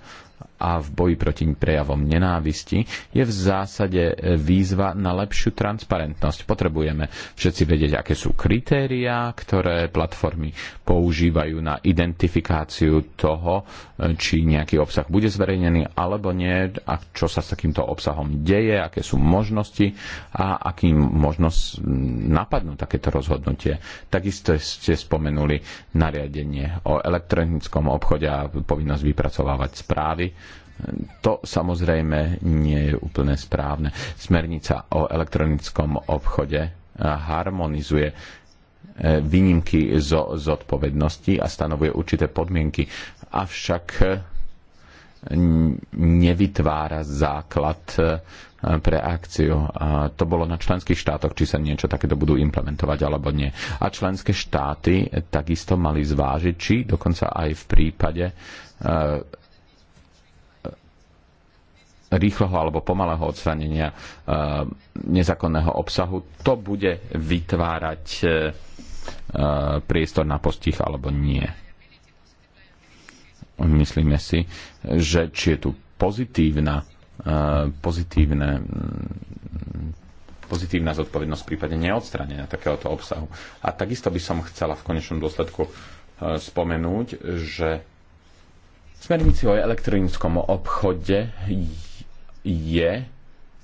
a v boji proti prejavom nenávisti je v zásade e, výzva na lepšiu transparentnosť. Potrebujeme všetci vedieť, aké sú kritériá, ktoré platformy používajú na identifikáciu toho, e, či nejaký obsah bude zverejnený alebo nie, a čo sa s takýmto obsahom deje, aké sú možnosti a akým možnosť napadnú takéto rozhodnutie. Takisto ste spomenuli nariadenie o elektronickom obchode a povinnosť vypracovávať správy to samozrejme nie je úplne správne. Smernica o elektronickom obchode eh, harmonizuje eh, výnimky zo zodpovednosti a stanovuje určité podmienky. Avšak eh, nevytvára základ pre akciu. A to bolo na členských štátoch, či sa niečo takéto budú implementovať alebo nie. A členské štáty takisto mali zvážiť, či dokonca aj v prípade rýchleho alebo pomalého odstranenia eh, nezákonného obsahu, to bude vytvárať eh, eh, priestor na postih alebo nie. Myslíme si, že či je tu pozitívna, pozitívne, mm, pozitívna zodpovednosť v prípade neodstranenia takéhoto obsahu. A takisto by som chcela v konečnom dôsledku spomenúť, že smernici o elektronickom obchode je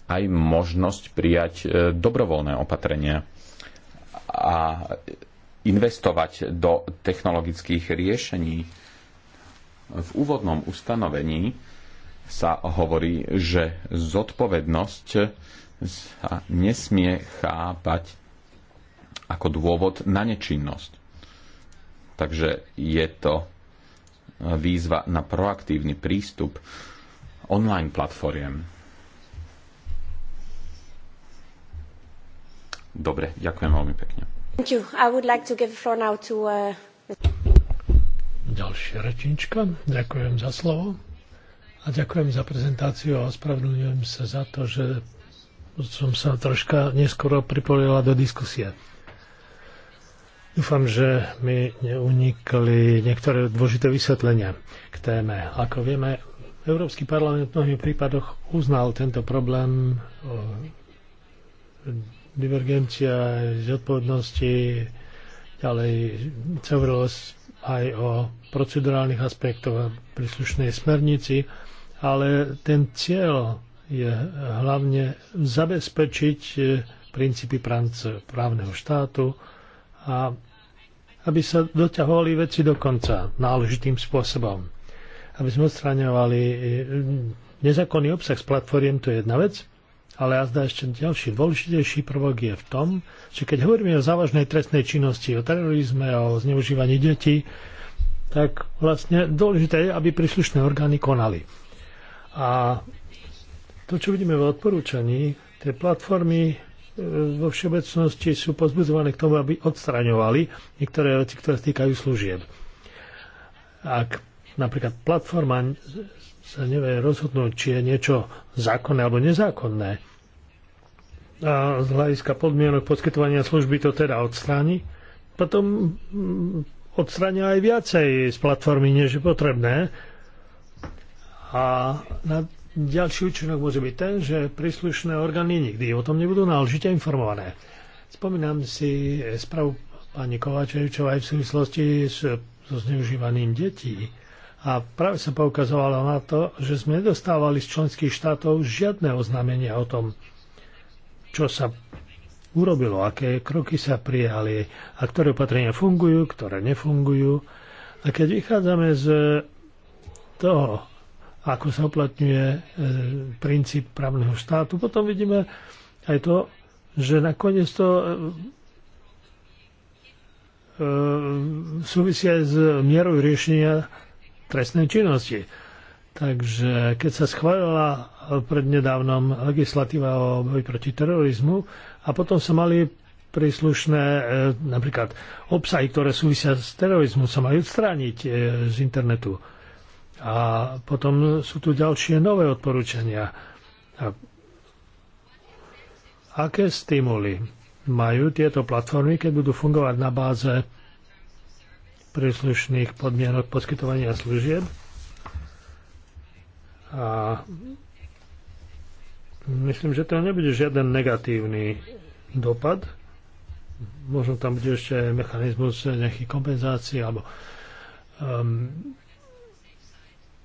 aj možnosť prijať e, dobrovoľné opatrenia a investovať do technologických riešení. V úvodnom ustanovení sa hovorí, že zodpovednosť sa nesmie chápať ako dôvod na nečinnosť. Takže je to výzva na proaktívny prístup online platformiem. Dobre, ďakujem veľmi pekne. Like to to, uh... Ďalšia rečnička. Ďakujem za slovo a ďakujem za prezentáciu a ospravedlňujem sa za to, že som sa troška neskoro pripojila do diskusie. Dúfam, že mi neunikli niektoré dôležité vysvetlenia k téme. Ako vieme, Európsky parlament v mnohých prípadoch uznal tento problém divergencia zodpovednosti, ďalej sa aj o procedurálnych aspektoch príslušnej smernici, ale ten cieľ je hlavne zabezpečiť e, princípy právneho štátu a aby sa doťahovali veci do konca náležitým spôsobom aby sme odstraňovali e, nezákonný obsah z platformiem, to je jedna vec, ale ja zdá ešte ďalší dôležitejší prvok je v tom, že keď hovoríme o závažnej trestnej činnosti, o terorizme, o zneužívaní detí, tak vlastne dôležité je, aby príslušné orgány konali. A to, čo vidíme v odporúčaní, tie platformy e, vo všeobecnosti sú pozbudzované k tomu, aby odstraňovali niektoré veci, ktoré sa týkajú služieb. Ak napríklad platforma sa nevie rozhodnúť, či je niečo zákonné alebo nezákonné. A z hľadiska podmienok poskytovania služby to teda odstráni. Potom mm, odstráňa aj viacej z platformy, než je potrebné. A na ďalší účinok môže byť ten, že príslušné orgány nikdy o tom nebudú náležite informované. Spomínam si správu pani Kovačevičová aj v súvislosti s so zneužívaním detí. A práve som poukazovala na to, že sme nedostávali z členských štátov žiadne oznámenia o tom, čo sa urobilo, aké kroky sa prijali a ktoré opatrenia fungujú, ktoré nefungujú. A keď vychádzame z toho, ako sa uplatňuje e, princíp právneho štátu, potom vidíme aj to, že nakoniec to e, e, súvisia s mierou riešenia trestnej činnosti. Takže keď sa schválila prednedávnom legislatíva o boji proti terorizmu a potom sa mali príslušné e, napríklad obsahy, ktoré súvisia s terorizmom, sa majú odstrániť e, z internetu. A potom sú tu ďalšie nové odporúčania. A aké stimuly majú tieto platformy, keď budú fungovať na báze príslušných podmienok poskytovania služieb. A myslím, že tam nebude žiaden negatívny dopad. Možno tam bude ešte mechanizmus nejakých kompenzácií alebo um,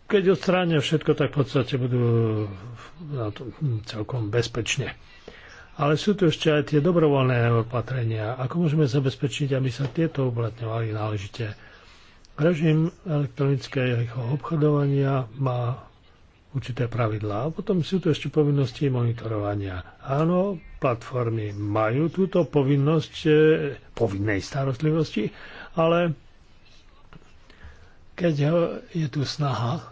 keď odstránia všetko, tak v podstate budú na to celkom bezpečne. Ale sú tu ešte aj tie dobrovoľné opatrenia. Ako môžeme zabezpečiť, aby sa tieto uplatňovali náležite? Režim elektronického obchodovania má určité pravidlá. A potom sú tu ešte povinnosti monitorovania. Áno, platformy majú túto povinnosť e, povinnej starostlivosti, ale keď je tu snaha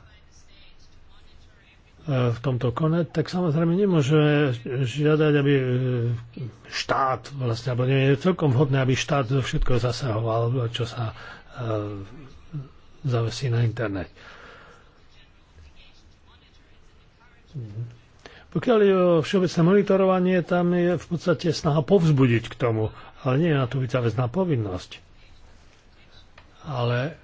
E, v tomto konať, tak samozrejme nemôžeme žiadať, aby e, štát, vlastne, alebo nie je celkom vhodné, aby štát do všetko zasahoval, čo sa e, zavesí na internet. Pokiaľ je o všeobecné monitorovanie, tam je v podstate snaha povzbudiť k tomu, ale nie je na to vycavezná povinnosť. Ale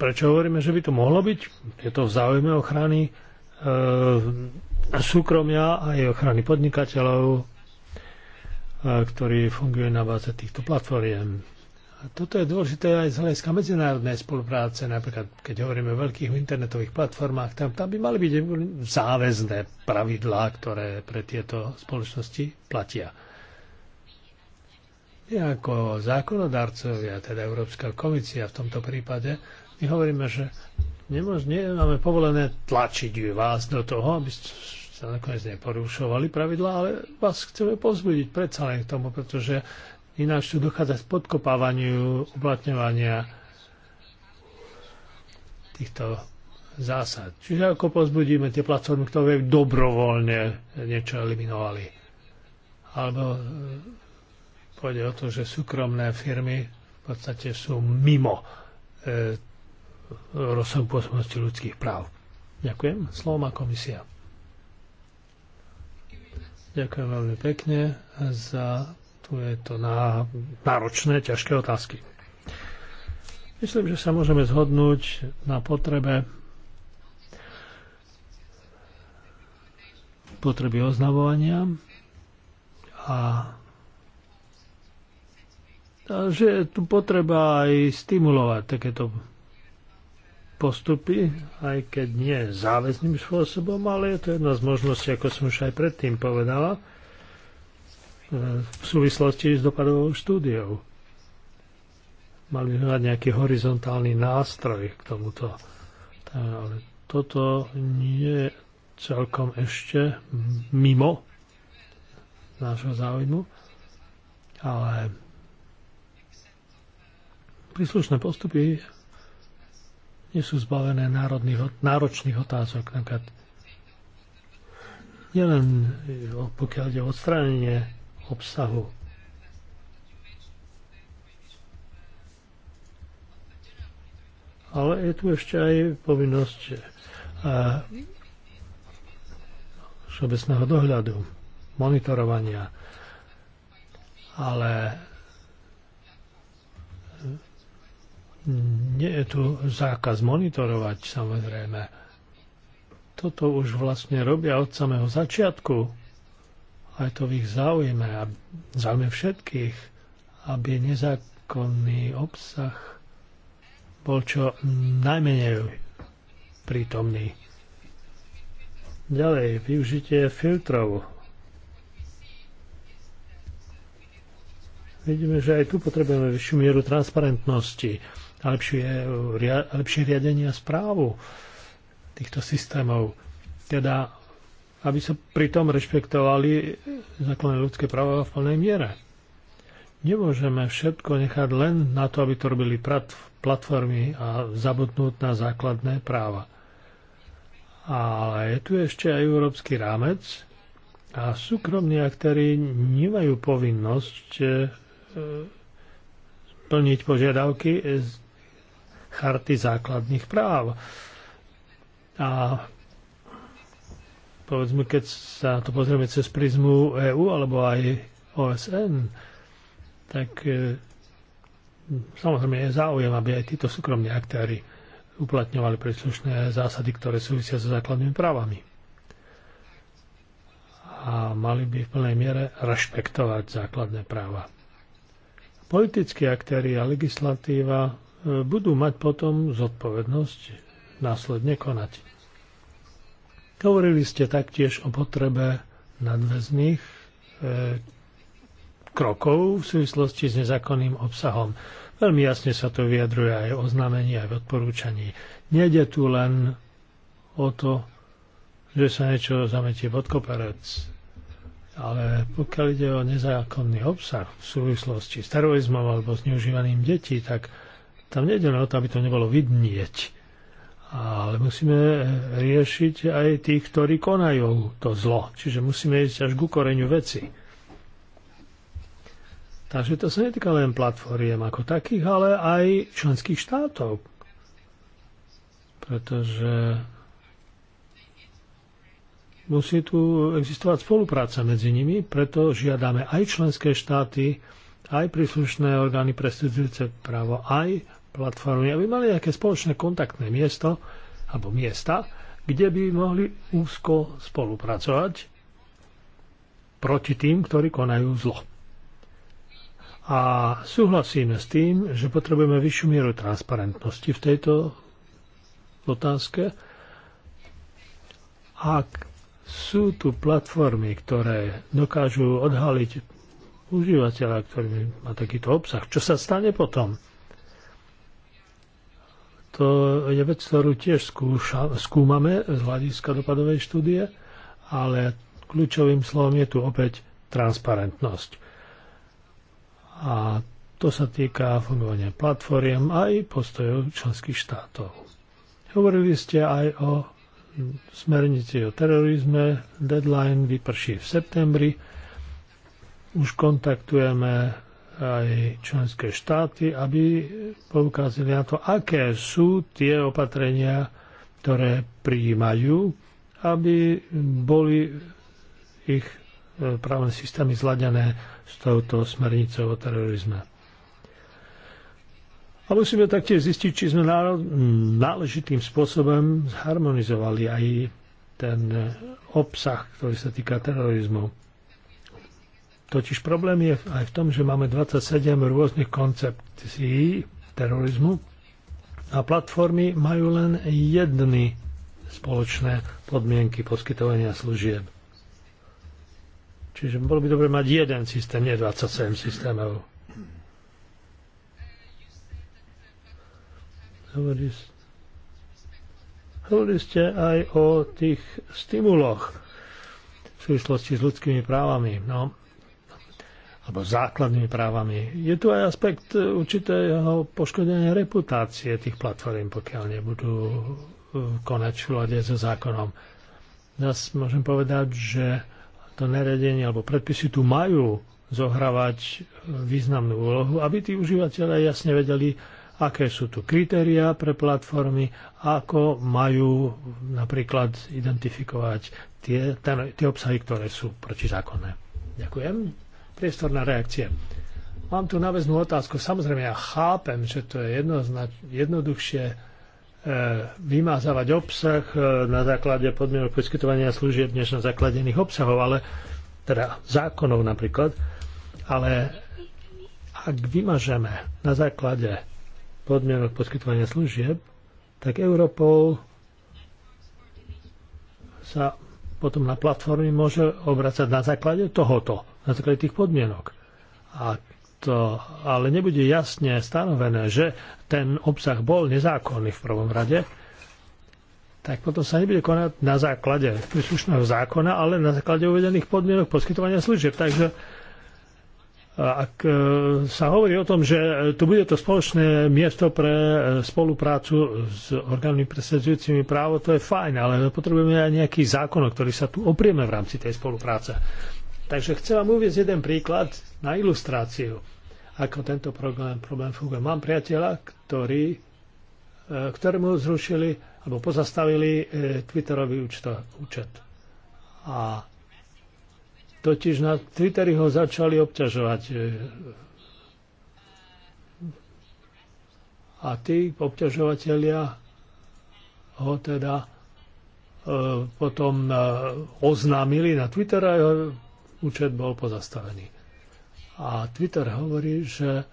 prečo hovoríme, že by to mohlo byť? Je to v záujme ochrany E, súkromia a aj ochrany podnikateľov, e, ktorí funguje na báze týchto platformiem. toto je dôležité aj z hľadiska medzinárodnej spolupráce, napríklad keď hovoríme o veľkých internetových platformách, tam, tam by mali byť záväzné pravidlá, ktoré pre tieto spoločnosti platia. My ako zákonodarcovia, teda Európska komisia v tomto prípade, my hovoríme, že nemôž, nemáme povolené tlačiť vás do toho, aby ste nakoniec neporušovali pravidla, ale vás chceme pozbudiť predsa len k tomu, pretože ináč tu dochádza k podkopávaniu uplatňovania týchto zásad. Čiže ako pozbudíme tie platformy, ktoré dobrovoľne niečo eliminovali. Alebo e, pôjde o to, že súkromné firmy v podstate sú mimo e, rozsahu pôsobnosti ľudských práv. Ďakujem. Slovo má komisia. Ďakujem veľmi pekne za tieto na náročné, ťažké otázky. Myslím, že sa môžeme zhodnúť na potrebe potreby oznamovania a že je tu potreba aj stimulovať takéto postupy, aj keď nie záväzným spôsobom, ale je to jedna z možností, ako som už aj predtým povedala, e, v súvislosti s dopadovou štúdiou. Mali sme mať nejaký horizontálny nástroj k tomuto. E, ale toto nie je celkom ešte mimo nášho záujmu, ale príslušné postupy nie sú zbavené národných, náročných otázok. Napríklad nielen e, pokiaľ ide o odstránenie obsahu. Ale je tu ešte aj povinnosť e, všeobecného dohľadu, monitorovania. Ale nie je tu zákaz monitorovať samozrejme. Toto už vlastne robia od samého začiatku. Aj to v ich záujme a záujme všetkých, aby nezákonný obsah bol čo najmenej prítomný. Ďalej, využitie filtrov. Vidíme, že aj tu potrebujeme vyššiu mieru transparentnosti a lepšie, lepšie riadenie a správu týchto systémov. Teda, aby sa pritom rešpektovali základné ľudské práva v plnej miere. Nemôžeme všetko nechať len na to, aby to robili platformy a zabudnúť na základné práva. Ale je tu ešte aj európsky rámec a súkromní aktéry nemajú povinnosť e, e, plniť požiadavky z charty základných práv. A povedzme, keď sa to pozrieme cez prizmu EÚ alebo aj OSN, tak e, samozrejme je záujem, aby aj títo súkromní aktéry uplatňovali príslušné zásady, ktoré súvisia so základnými právami. A mali by v plnej miere rešpektovať základné práva. Politickí aktéry a legislatíva budú mať potom zodpovednosť následne konať. Hovorili ste taktiež o potrebe nadväzných e, krokov v súvislosti s nezákonným obsahom. Veľmi jasne sa to vyjadruje aj v oznámení, aj v odporúčaní. Nede tu len o to, že sa niečo zametie pod koperec. Ale pokiaľ ide o nezákonný obsah v súvislosti s terorizmom alebo s neužívaním detí, tak tam nejde na o to, aby to nebolo vidnieť, ale musíme riešiť aj tých, ktorí konajú to zlo. Čiže musíme ísť až ku koreňu veci. Takže to sa netýka len platformiem ako takých, ale aj členských štátov. Pretože musí tu existovať spolupráca medzi nimi, preto žiadame aj členské štáty, aj príslušné orgány presadzujúce právo, aj platformy, aby mali nejaké spoločné kontaktné miesto alebo miesta, kde by mohli úzko spolupracovať proti tým, ktorí konajú zlo. A súhlasíme s tým, že potrebujeme vyššiu mieru transparentnosti v tejto otázke. Ak sú tu platformy, ktoré dokážu odhaliť užívateľa, ktorý má takýto obsah, čo sa stane potom? To je vec, ktorú tiež skúša, skúmame z hľadiska dopadovej štúdie, ale kľúčovým slovom je tu opäť transparentnosť. A to sa týka fungovania platformiem aj postojov členských štátov. Hovorili ste aj o smernici o terorizme. Deadline vyprší v septembri. Už kontaktujeme aj členské štáty, aby poukázali na to, aké sú tie opatrenia, ktoré prijímajú, aby boli ich e, právne systémy zladené s touto smernicou o terorizme. A musíme taktiež zistiť, či sme náležitým spôsobom zharmonizovali aj ten obsah, ktorý sa týka terorizmu. Totiž problém je aj v tom, že máme 27 rôznych koncepcií terorizmu a platformy majú len jedny spoločné podmienky poskytovania služieb. Čiže bolo by dobre mať jeden systém, nie 27 systémov. hovorili ste aj o tých stimuloch v súvislosti s ľudskými právami. No, alebo základnými právami. Je tu aj aspekt e, určitého poškodenia reputácie tých platform, pokiaľ nebudú e, konať v súlade so zákonom. Zas môžem povedať, že to nariadenie alebo predpisy tu majú zohrávať e, významnú úlohu, aby tí užívateľe jasne vedeli, aké sú tu kritériá pre platformy, ako majú napríklad identifikovať tie, ten, tie obsahy, ktoré sú protizákonné. Ďakujem priestor na reakcie. Mám tu náväznú otázku. Samozrejme, ja chápem, že to je jednoduchšie e, vymazávať obsah e, na základe podmienok poskytovania služieb než na základe iných obsahov, ale teda zákonov napríklad. Ale ak vymažeme na základe podmienok poskytovania služieb, tak Europol sa potom na platformy môže obracať na základe tohoto na základe tých podmienok. A to ale nebude jasne stanovené, že ten obsah bol nezákonný v prvom rade, tak potom sa nebude konať na základe príslušného zákona, ale na základe uvedených podmienok poskytovania služieb. Takže ak e, sa hovorí o tom, že tu bude to spoločné miesto pre e, spoluprácu s orgánmi presadzujúcimi právo, to je fajn, ale potrebujeme aj nejaký zákon, ktorý sa tu oprieme v rámci tej spolupráce. Takže chcem vám uvieť jeden príklad na ilustráciu, ako tento problém, problém funguje. Mám priateľa, ktorý, e, ktorému zrušili alebo pozastavili e, Twitterový účto, účet. A totiž na Twitteri ho začali obťažovať. E, a tí obťažovateľia ho teda potom oznámili na Twitter a účet bol pozastavený. A Twitter hovorí, že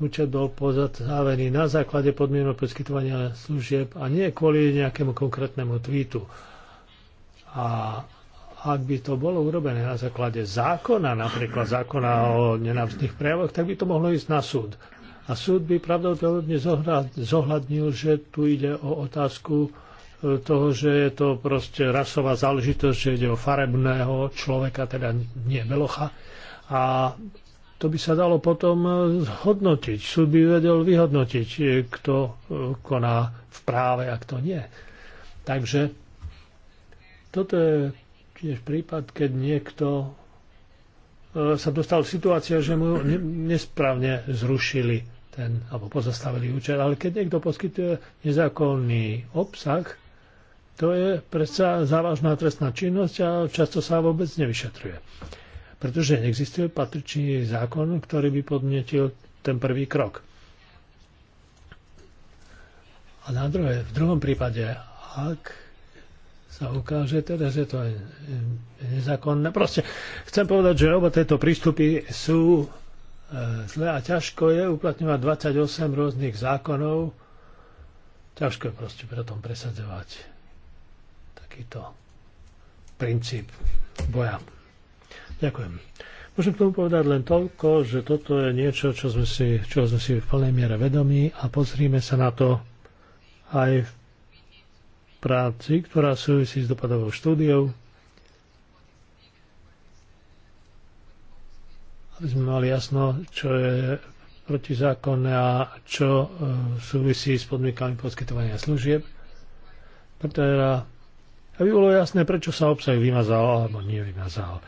účet bol pozastavený na základe podmienok poskytovania služieb a nie kvôli nejakému konkrétnemu tweetu. A ak by to bolo urobené na základe zákona, napríklad zákona o nenávistných prejavoch, tak by to mohlo ísť na súd. A súd by pravdepodobne zohľadnil, že tu ide o otázku toho, že je to proste rasová záležitosť, že ide o farebného človeka, teda nie belocha. A to by sa dalo potom zhodnotiť. Súd by vedel vyhodnotiť, kto e, koná v práve a kto nie. Takže toto je tiež prípad, keď niekto e, sa dostal v situácia, že mu nesprávne zrušili ten, alebo pozastavili účet. Ale keď niekto poskytuje nezákonný obsah, to je predsa závažná trestná činnosť a často sa vôbec nevyšetruje. Pretože neexistuje patričný zákon, ktorý by podnetil ten prvý krok. A na druhé, v druhom prípade, ak sa ukáže, teraz je to nezákonné. Proste chcem povedať, že oba tieto prístupy sú e, zle a ťažko je uplatňovať 28 rôznych zákonov. Ťažko je proste pre tom presadzovať takýto princíp boja. Ďakujem. Môžem k tomu povedať len toľko, že toto je niečo, čo sme si, čo sme si v plnej miere vedomí a pozrime sa na to aj v práci, ktorá súvisí s dopadovou štúdiou, aby sme mali jasno, čo je protizákonné a čo e, súvisí s podmienkami poskytovania služieb. Preto teda aby bolo jasné, prečo sa obsah vymazal alebo nevymazal.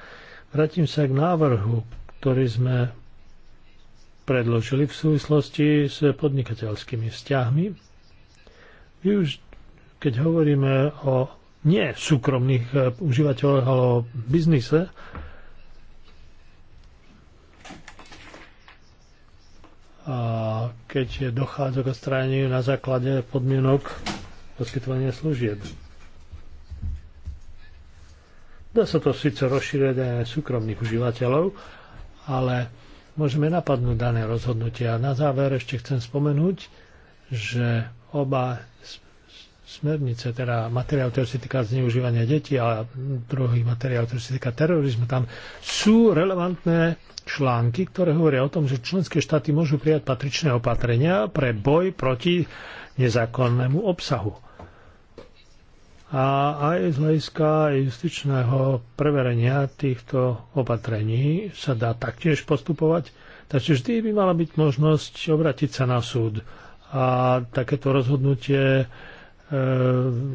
Vrátim sa k návrhu, ktorý sme predložili v súvislosti s podnikateľskými vzťahmi. Vy už, keď hovoríme o nie súkromných e, užívateľov alebo biznise, a keď dochádza k odstráneniu na základe podmienok poskytovania služieb. Dá sa to síce rozšíriť aj súkromných užívateľov, ale môžeme napadnúť dané rozhodnutia. Na záver ešte chcem spomenúť, že oba smernice, teda materiál, ktorý sa týka zneužívania detí a druhý materiál, ktorý sa týka terorizmu, tam sú relevantné články, ktoré hovoria o tom, že členské štáty môžu prijať patričné opatrenia pre boj proti nezákonnému obsahu a aj z hľadiska justičného preverenia týchto opatrení sa dá taktiež postupovať. Takže vždy by mala byť možnosť obratiť sa na súd a takéto rozhodnutie e,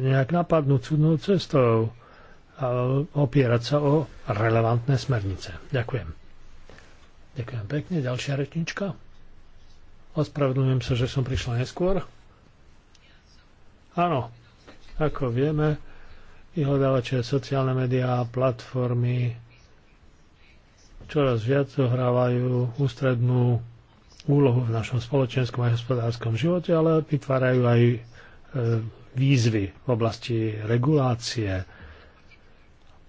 nejak napadnúť súdnou cestou a opierať sa o relevantné smernice. Ďakujem. Ďakujem pekne. Ďalšia rečnička. Ospravedlňujem sa, že som prišla neskôr. Áno, ako vieme, vyhľadávače sociálne médiá a platformy čoraz viac zohrávajú ústrednú úlohu v našom spoločenskom a hospodárskom živote, ale vytvárajú aj e, výzvy v oblasti regulácie.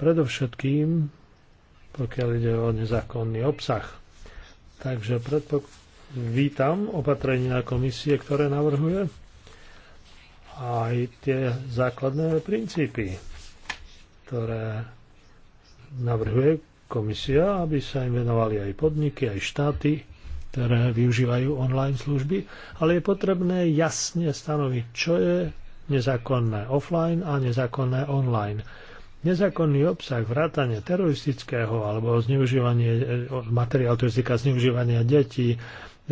Predovšetkým, pokiaľ ide o nezákonný obsah. Takže predpok- vítam opatrenia komisie, ktoré navrhuje aj tie základné princípy, ktoré navrhuje komisia, aby sa im venovali aj podniky, aj štáty, ktoré využívajú online služby, ale je potrebné jasne stanoviť, čo je nezákonné offline a nezákonné online. Nezákonný obsah, vrátanie teroristického alebo zneužívanie materiál, ktorý týka zneužívania detí,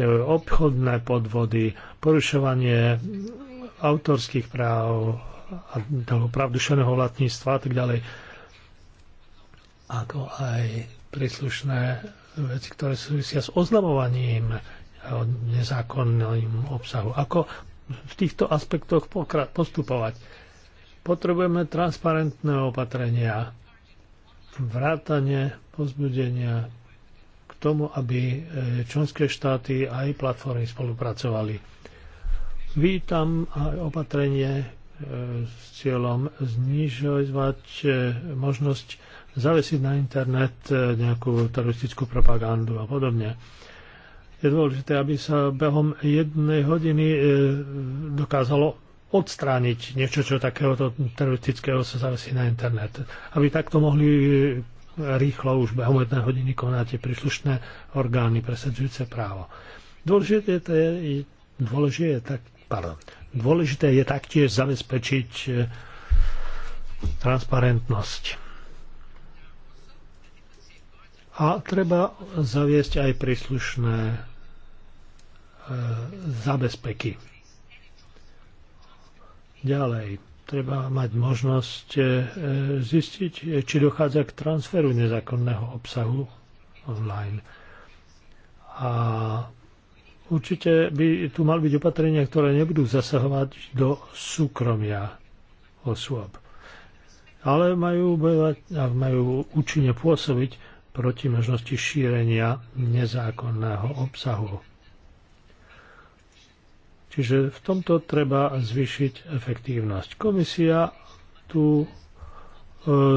obchodné podvody, porušovanie autorských práv a toho pravdušeného vlastníctva a tak ďalej, ako aj príslušné veci, ktoré súvisia s oznamovaním nezákonným obsahu. Ako v týchto aspektoch postupovať? Potrebujeme transparentné opatrenia, vrátanie pozbudenia k tomu, aby e, členské štáty aj platformy spolupracovali Vítam aj opatrenie e, s cieľom znižovať e, možnosť zavesiť na internet e, nejakú teroristickú propagandu a podobne. Je dôležité, aby sa behom jednej hodiny dokázalo odstrániť niečo, čo takéhoto teroristického sa zavesí na internet. Aby takto mohli rýchlo už behom jednej hodiny tie príslušné orgány presadzujúce právo. Dôležité je, dôležité je tak, Pardon. Dôležité je taktiež zabezpečiť e, transparentnosť. A treba zaviesť aj príslušné e, zabezpeky. Ďalej, treba mať možnosť e, zistiť, e, či dochádza k transferu nezákonného obsahu online. A Určite by tu mali byť opatrenia, ktoré nebudú zasahovať do súkromia osôb. Ale majú, majú účinne pôsobiť proti možnosti šírenia nezákonného obsahu. Čiže v tomto treba zvýšiť efektívnosť. Komisia tu e,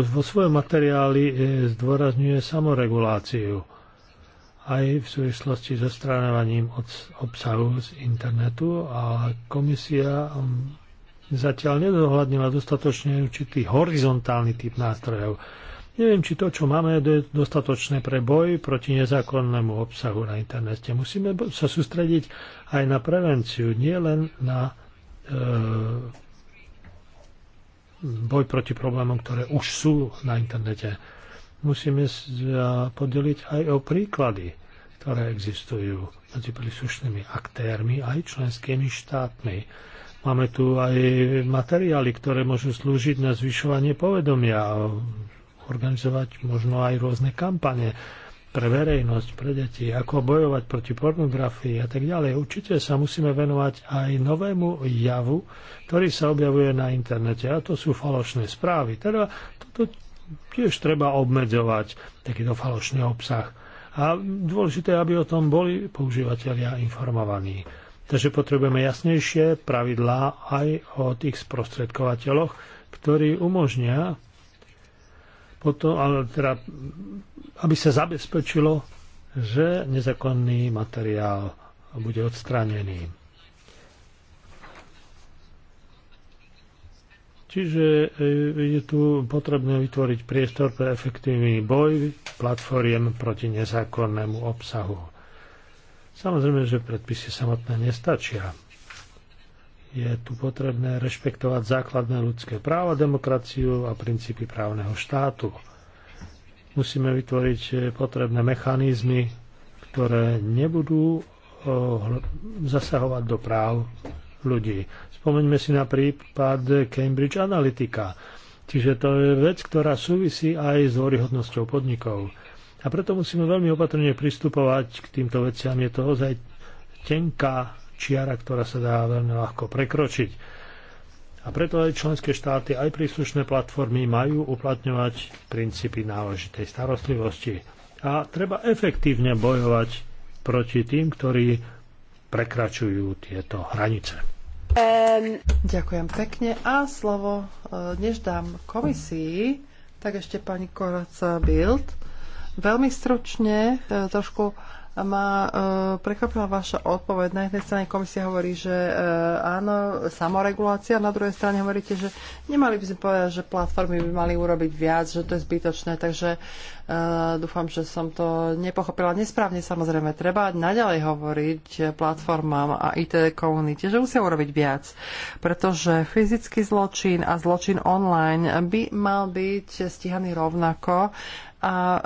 vo svojom materiáli e, zdôrazňuje samoreguláciu aj v súvislosti so stránovaním obsahu z internetu a komisia um, zatiaľ nedohľadnila dostatočne určitý horizontálny typ nástrojov. Neviem, či to, čo máme, je dostatočné pre boj proti nezákonnému obsahu na internete. Musíme sa sústrediť aj na prevenciu, nie len na e, boj proti problémom, ktoré už sú na internete musíme sa podeliť aj o príklady, ktoré existujú medzi príslušnými aktérmi aj členskými štátmi. Máme tu aj materiály, ktoré môžu slúžiť na zvyšovanie povedomia, organizovať možno aj rôzne kampane pre verejnosť, pre deti, ako bojovať proti pornografii a tak ďalej. Určite sa musíme venovať aj novému javu, ktorý sa objavuje na internete a to sú falošné správy. Teda toto tiež treba obmedzovať takýto falošný obsah. A dôležité, aby o tom boli používateľia informovaní. Takže potrebujeme jasnejšie pravidlá aj o tých sprostredkovateľoch, ktorí umožnia potom, ale teda, aby sa zabezpečilo, že nezákonný materiál bude odstranený. Čiže e, je tu potrebné vytvoriť priestor pre efektívny boj platformiem proti nezákonnému obsahu. Samozrejme, že predpisy samotné nestačia. Je tu potrebné rešpektovať základné ľudské práva, demokraciu a princípy právneho štátu. Musíme vytvoriť e, potrebné mechanizmy, ktoré nebudú e, zasahovať do práv ľudí. Spomeňme si na prípad Cambridge Analytica. Čiže to je vec, ktorá súvisí aj s dôryhodnosťou podnikov. A preto musíme veľmi opatrne pristupovať k týmto veciam. Je to ozaj tenká čiara, ktorá sa dá veľmi ľahko prekročiť. A preto aj členské štáty, aj príslušné platformy majú uplatňovať princípy náležitej starostlivosti. A treba efektívne bojovať proti tým, ktorí prekračujú tieto hranice. Um... Ďakujem pekne a slovo e, než dám komisii, tak ešte pani Koraca Bild. Veľmi stručne, e, trošku ma e, prekvapila vaša odpoveď. Na jednej strane komisia hovorí, že e, áno, samoregulácia, na druhej strane hovoríte, že nemali by sme povedať, že platformy by mali urobiť viac, že to je zbytočné, takže e, dúfam, že som to nepochopila nesprávne. Samozrejme, treba naďalej hovoriť platformám a IT komunite, že musia urobiť viac, pretože fyzický zločin a zločin online by mal byť stíhaný rovnako a e,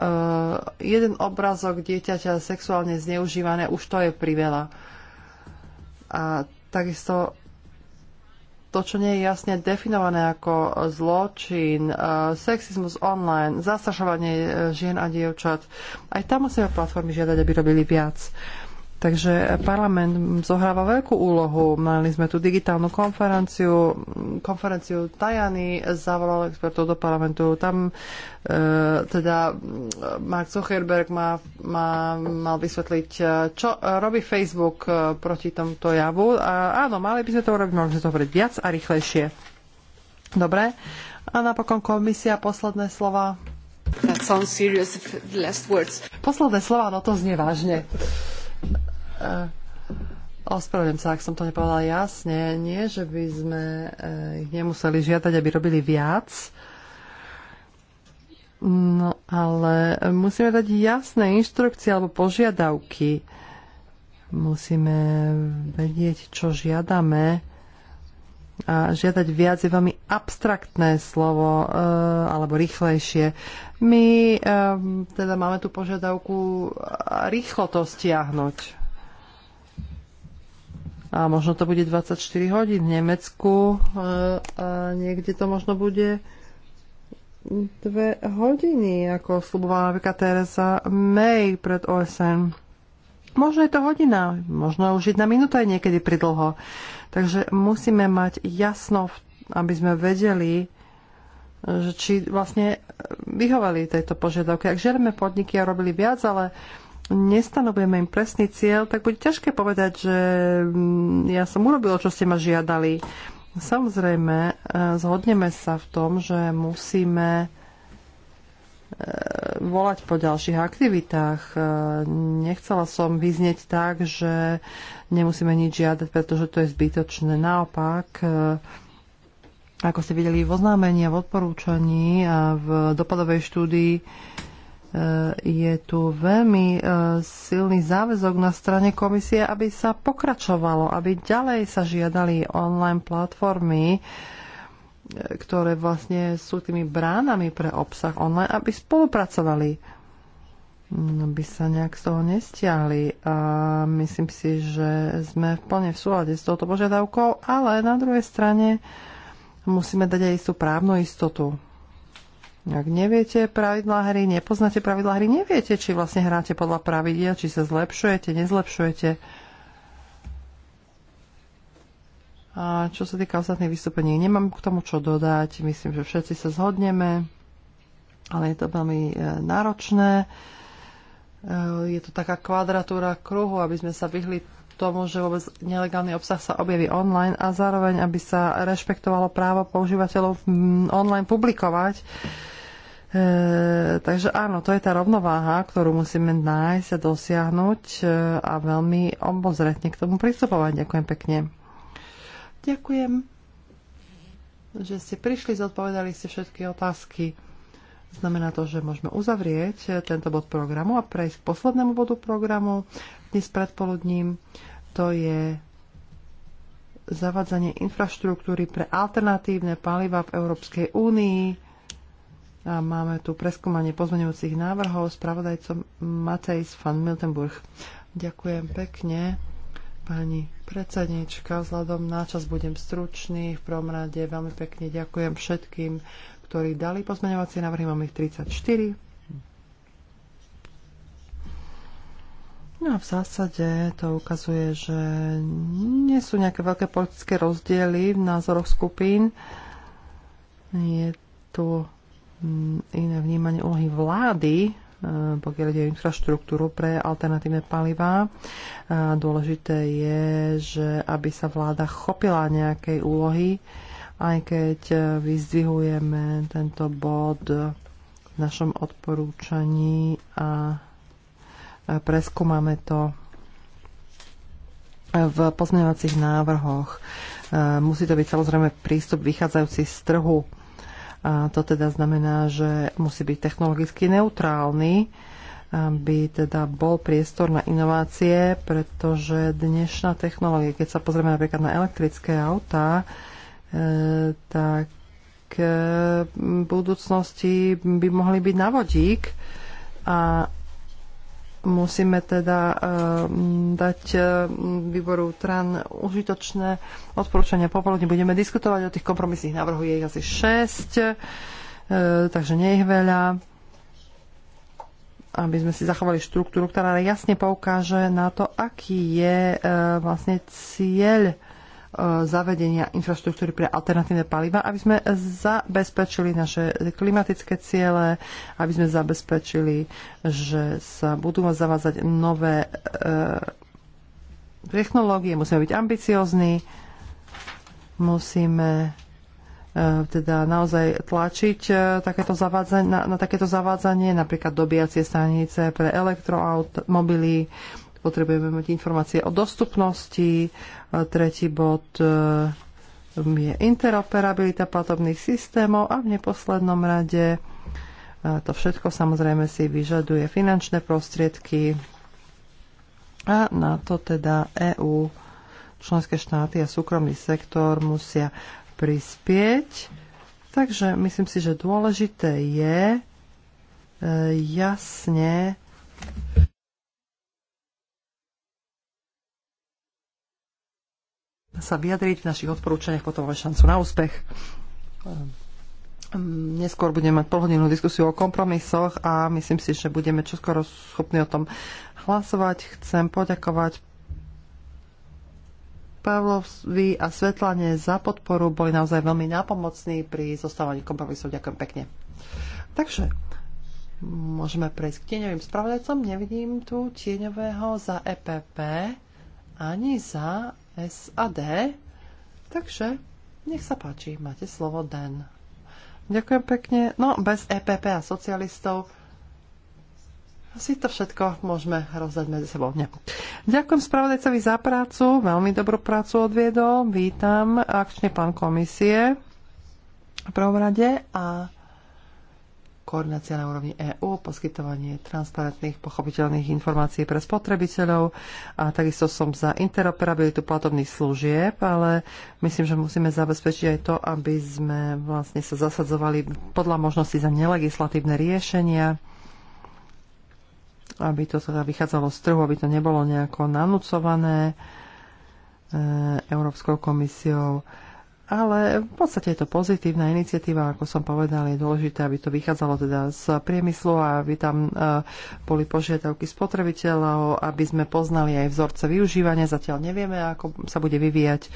jeden obrazok dieťaťa sexuálne zneužívané, už to je priveľa. A takisto to, čo nie je jasne definované ako zločin, e, sexizmus online, zastrašovanie e, žien a dievčat, aj tam musíme platformy žiadať, aby robili viac. E, Takže parlament zohráva veľkú úlohu. Mali sme tu digitálnu konferenciu, konferenciu Tajany zavolal expertov do parlamentu. Tam e, teda Mark Zuckerberg má, má, mal vysvetliť, e, čo robí Facebook e, proti tomuto javu. A áno, mali by sme to urobiť, mohli sme to urobiť viac a rýchlejšie. Dobre. A napokon komisia, posledné slova. That sounds serious, last words. Posledné slova, no to znie vážne. Eh, ospravedlňujem sa, ak som to nepovedala jasne. Nie, že by sme eh, ich nemuseli žiadať, aby robili viac, no ale musíme dať jasné inštrukcie alebo požiadavky. Musíme vedieť, čo žiadame. A žiadať viac je veľmi abstraktné slovo, eh, alebo rýchlejšie. My teda máme tú požiadavku rýchlo to stiahnuť a možno to bude 24 hodín v Nemecku e, a niekde to možno bude dve hodiny, ako slubovala napríklad Teresa May pred OSN. Možno je to hodina, možno už jedna minúta je niekedy pridlho. Takže musíme mať jasno, aby sme vedeli, že či vlastne vyhovali tejto požiadavke. Ak žiadame podniky a robili viac, ale nestanovujeme im presný cieľ, tak bude ťažké povedať, že mm, ja som urobila, čo ste ma žiadali. Samozrejme, e, zhodneme sa v tom, že musíme e, volať po ďalších aktivitách. E, nechcela som vyznieť tak, že nemusíme nič žiadať, pretože to je zbytočné. Naopak, ako ste videli v oznámení a v odporúčaní a v dopadovej štúdii, E, je tu veľmi e, silný záväzok na strane komisie, aby sa pokračovalo, aby ďalej sa žiadali online platformy, e, ktoré vlastne sú tými bránami pre obsah online, aby spolupracovali, no, By sa nejak z toho nestiahli. A myslím si, že sme plne v súlade s touto požiadavkou, ale na druhej strane musíme dať aj istú právnu istotu ak neviete pravidlá hry, nepoznáte pravidlá hry, neviete, či vlastne hráte podľa pravidiel, či sa zlepšujete, nezlepšujete. A čo sa týka ostatných vystúpení, nemám k tomu čo dodať. Myslím, že všetci sa zhodneme, ale je to veľmi e, náročné. E, je to taká kvadratúra kruhu, aby sme sa vyhli tomu, že vôbec nelegálny obsah sa objaví online a zároveň, aby sa rešpektovalo právo používateľov mm, online publikovať. E, takže áno, to je tá rovnováha, ktorú musíme nájsť a dosiahnuť e, a veľmi obozretne k tomu pristupovať. Ďakujem pekne. Ďakujem, že ste prišli, zodpovedali ste všetky otázky. Znamená to, že môžeme uzavrieť eh, tento bod programu a prejsť k poslednému bodu programu dnes predpoludním. To je zavadzanie infraštruktúry pre alternatívne paliva v Európskej únii. A máme tu preskúmanie pozmeňujúcich návrhov spravodajcom Matejs van Miltenburg. Ďakujem pekne, pani predsednička. Vzhľadom na čas budem stručný. V prvom rade veľmi pekne ďakujem všetkým ktorí dali pozmeňovacie návrhy. Máme ich 34. No a v zásade to ukazuje, že nie sú nejaké veľké politické rozdiely v názoroch skupín. Je tu mm, iné vnímanie úlohy vlády, e, pokiaľ ide o infraštruktúru pre alternatívne palivá. Dôležité je, že aby sa vláda chopila nejakej úlohy, aj keď e, vyzdvihujeme tento bod v našom odporúčaní a e, preskúmame to v pozmeňovacích návrhoch. E, musí to byť samozrejme prístup vychádzajúci z trhu. A to teda znamená, že musí byť technologicky neutrálny, aby teda bol priestor na inovácie, pretože dnešná technológia, keď sa pozrieme napríklad na elektrické autá, E, tak e, v budúcnosti by mohli byť na vodík a musíme teda e, dať výboru TRAN užitočné odporúčania. Popoludne budeme diskutovať o tých kompromisných návrhoch, je ich asi 6, takže nie ich veľa aby sme si zachovali štruktúru, ktorá jasne poukáže na to, aký je vlastne cieľ E, zavedenia infraštruktúry pre alternatívne paliva, aby sme zabezpečili naše klimatické ciele, aby sme zabezpečili, že sa budú môcť zavázať nové e, technológie, musíme byť ambiciozní, musíme e, teda naozaj tlačiť takéto zavádzanie, na, na takéto zavádzanie, napríklad dobíjacie stanice pre elektroautomobily, Potrebujeme mať informácie o dostupnosti. Tretí bod ehm, je interoperabilita platobných systémov a v neposlednom rade ehm, to všetko samozrejme si vyžaduje finančné prostriedky a na to teda EÚ, členské štáty a súkromný sektor musia prispieť. Takže myslím si, že dôležité je ehm, jasne sa vyjadriť v našich odporúčaniach, potom máme šancu na úspech. Ehm, neskôr budeme mať polhodinnú diskusiu o kompromisoch a myslím si, že budeme čoskoro schopní o tom hlasovať. Chcem poďakovať Pavlovi a Svetlane za podporu. Boli naozaj veľmi nápomocní pri zostávaní kompromisov. Ďakujem pekne. Takže môžeme prejsť k tieňovým spravodajcom. Nevidím tu tieňového za EPP ani za D. Takže nech sa páči, máte slovo Den. Ďakujem pekne. No, bez EPP a socialistov asi to všetko môžeme rozdať medzi sebou. Nie. Ďakujem spravodajcovi za prácu, veľmi dobrú prácu odviedol. Vítam akčne pán komisie v prvom rade a koordinácia na úrovni EÚ, poskytovanie transparentných, pochopiteľných informácií pre spotrebiteľov a takisto som za interoperabilitu platobných služieb, ale myslím, že musíme zabezpečiť aj to, aby sme vlastne sa zasadzovali podľa možnosti za nelegislatívne riešenia aby to teda vychádzalo z trhu, aby to nebolo nejako nanúcované e, Európskou komisiou. E, ale v podstate je to pozitívna iniciatíva, ako som povedal, je dôležité, aby to vychádzalo teda z priemyslu a aby tam e, boli požiadavky spotrebiteľov, aby sme poznali aj vzorce využívania. Zatiaľ nevieme, ako sa bude vyvíjať e,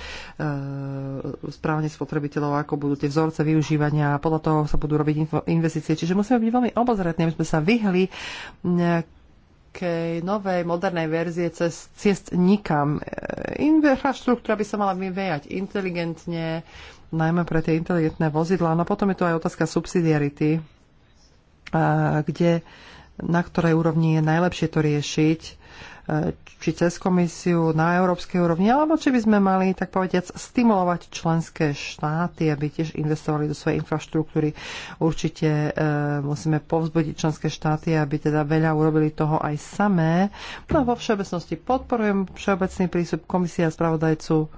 správne spotrebiteľov, ako budú tie vzorce využívania a podľa toho sa budú robiť investície. Čiže musíme byť veľmi obozretní, aby sme sa vyhli takej novej, modernej verzie cez ciest nikam. E, infraštruktúra by sa mala vyvejať inteligentne, najmä pre tie inteligentné vozidla, No potom je tu aj otázka subsidiarity, kde, na ktorej úrovni je najlepšie to riešiť či cez komisiu na európskej úrovni, alebo či by sme mali, tak povediac, stimulovať členské štáty, aby tiež investovali do svojej infraštruktúry. Určite e, musíme povzbudiť členské štáty, aby teda veľa urobili toho aj samé. No vo všeobecnosti podporujem všeobecný prístup komisia a spravodajcu.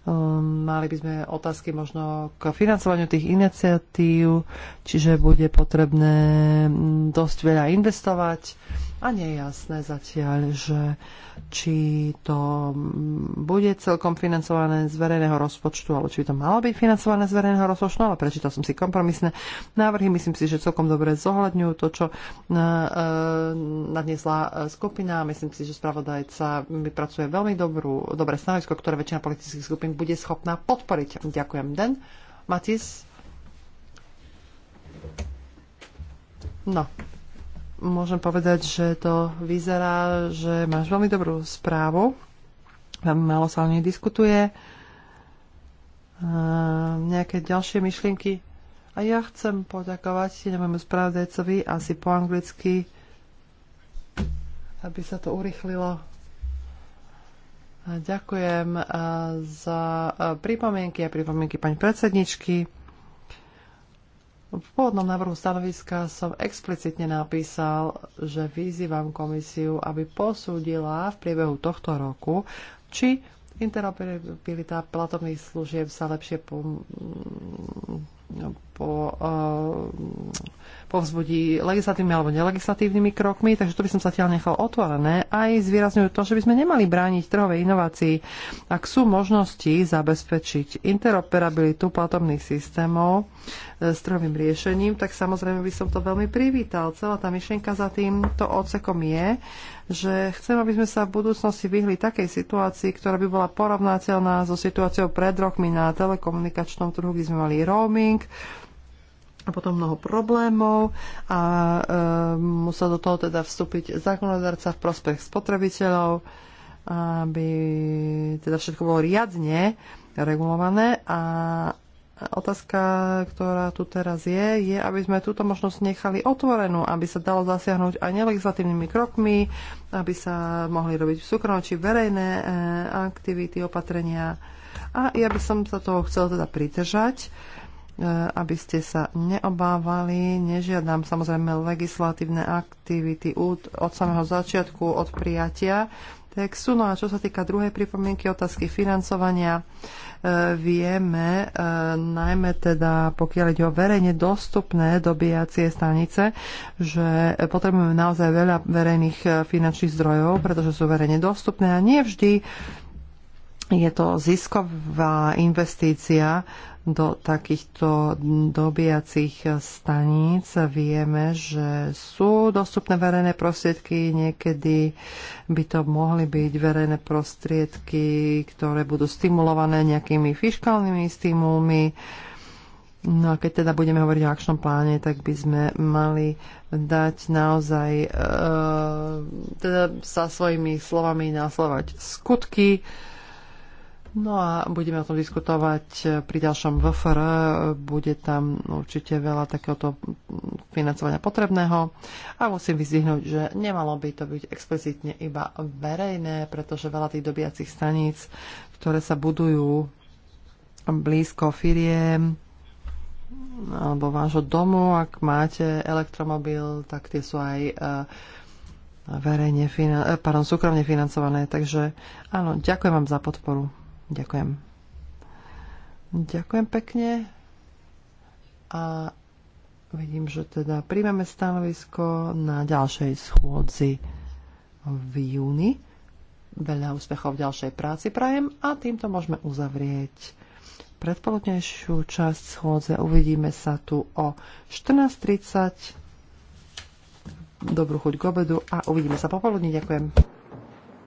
Um, mali by sme otázky možno k financovaniu tých iniciatív, čiže bude potrebné mm, dosť veľa investovať a nie je jasné zatiaľ, že či to bude celkom financované z verejného rozpočtu, alebo či by to malo byť financované z verejného rozpočtu, ale prečítal som si kompromisné návrhy. Myslím si, že celkom dobre zohľadňujú to, čo e, e, nadniesla e, skupina. Myslím si, že spravodajca vypracuje veľmi dobrú, dobré stanovisko, ktoré väčšina politických skupín bude schopná podporiť. Ďakujem, Den. Matis, No, môžem povedať, že to vyzerá, že máš veľmi dobrú správu. Veľmi málo sa o nej diskutuje. Ehm, nejaké ďalšie myšlienky? A ja chcem poďakovať nemému spravodajcovi asi po anglicky, aby sa to urychlilo. A ďakujem e, za e, pripomienky a pripomienky pani predsedničky. V pôvodnom návrhu stanoviska som explicitne napísal, že vyzývam komisiu, aby posúdila v priebehu tohto roku, či interoperabilita platobných služieb sa lepšie po, eh, povzbudí legislatívnymi alebo nelegislatívnymi krokmi, takže to by som zatiaľ nechal otvorené. Aj zvýrazňujú to, že by sme nemali brániť trhovej inovácii, ak sú možnosti zabezpečiť interoperabilitu platobných systémov eh, s trhovým riešením, tak samozrejme by som to veľmi privítal. Celá tá myšlienka za týmto odsekom je, že chcem, aby sme sa v budúcnosti vyhli takej situácii, ktorá by bola porovnateľná so situáciou pred rokmi na telekomunikačnom trhu, kde sme mali roaming a potom mnoho problémov a e, musel do toho teda vstúpiť zákonodarca v prospech spotrebiteľov, aby teda všetko bolo riadne regulované a Otázka, ktorá tu teraz je, je, aby sme túto možnosť nechali otvorenú, aby sa dalo zasiahnuť aj nelegislatívnymi krokmi, aby sa mohli robiť v či verejné eh, aktivity, opatrenia. A ja by som sa toho chcel teda pridržať, eh, aby ste sa neobávali. Nežiadam samozrejme legislatívne aktivity od, od samého začiatku, od prijatia textu. No a čo sa týka druhej pripomienky otázky financovania, e, vieme, e, najmä teda pokiaľ ide o verejne dostupné dobíjacie stanice, že potrebujeme naozaj veľa verejných e, finančných zdrojov, pretože sú verejne dostupné a nie vždy je to zisková investícia do takýchto dobiacich staníc. Vieme, že sú dostupné verejné prostriedky, niekedy by to mohli byť verejné prostriedky, ktoré budú stimulované nejakými fiskálnymi stimulmi. No a keď teda budeme hovoriť o akčnom pláne, tak by sme mali dať naozaj e, teda sa svojimi slovami naslovať skutky, e, No a budeme o tom diskutovať e, pri ďalšom VFR. Bude tam určite veľa takéhoto financovania potrebného. A musím vyzdihnúť, že nemalo by to byť explicitne iba verejné, pretože veľa tých dobiacich staníc, ktoré sa budujú blízko firiem alebo vášho domu, ak máte elektromobil, tak tie sú aj e, verejne, e, pardon, súkromne financované. Takže áno, ďakujem vám za podporu. Ďakujem. Ďakujem pekne. A vidím, že teda príjmeme stanovisko na ďalšej schôdzi v júni. Veľa úspechov v ďalšej práci prajem a týmto môžeme uzavrieť predpoludnejšiu časť schôdze. Uvidíme sa tu o 14.30. Dobrú chuť k obedu a uvidíme sa popoludní. Ďakujem.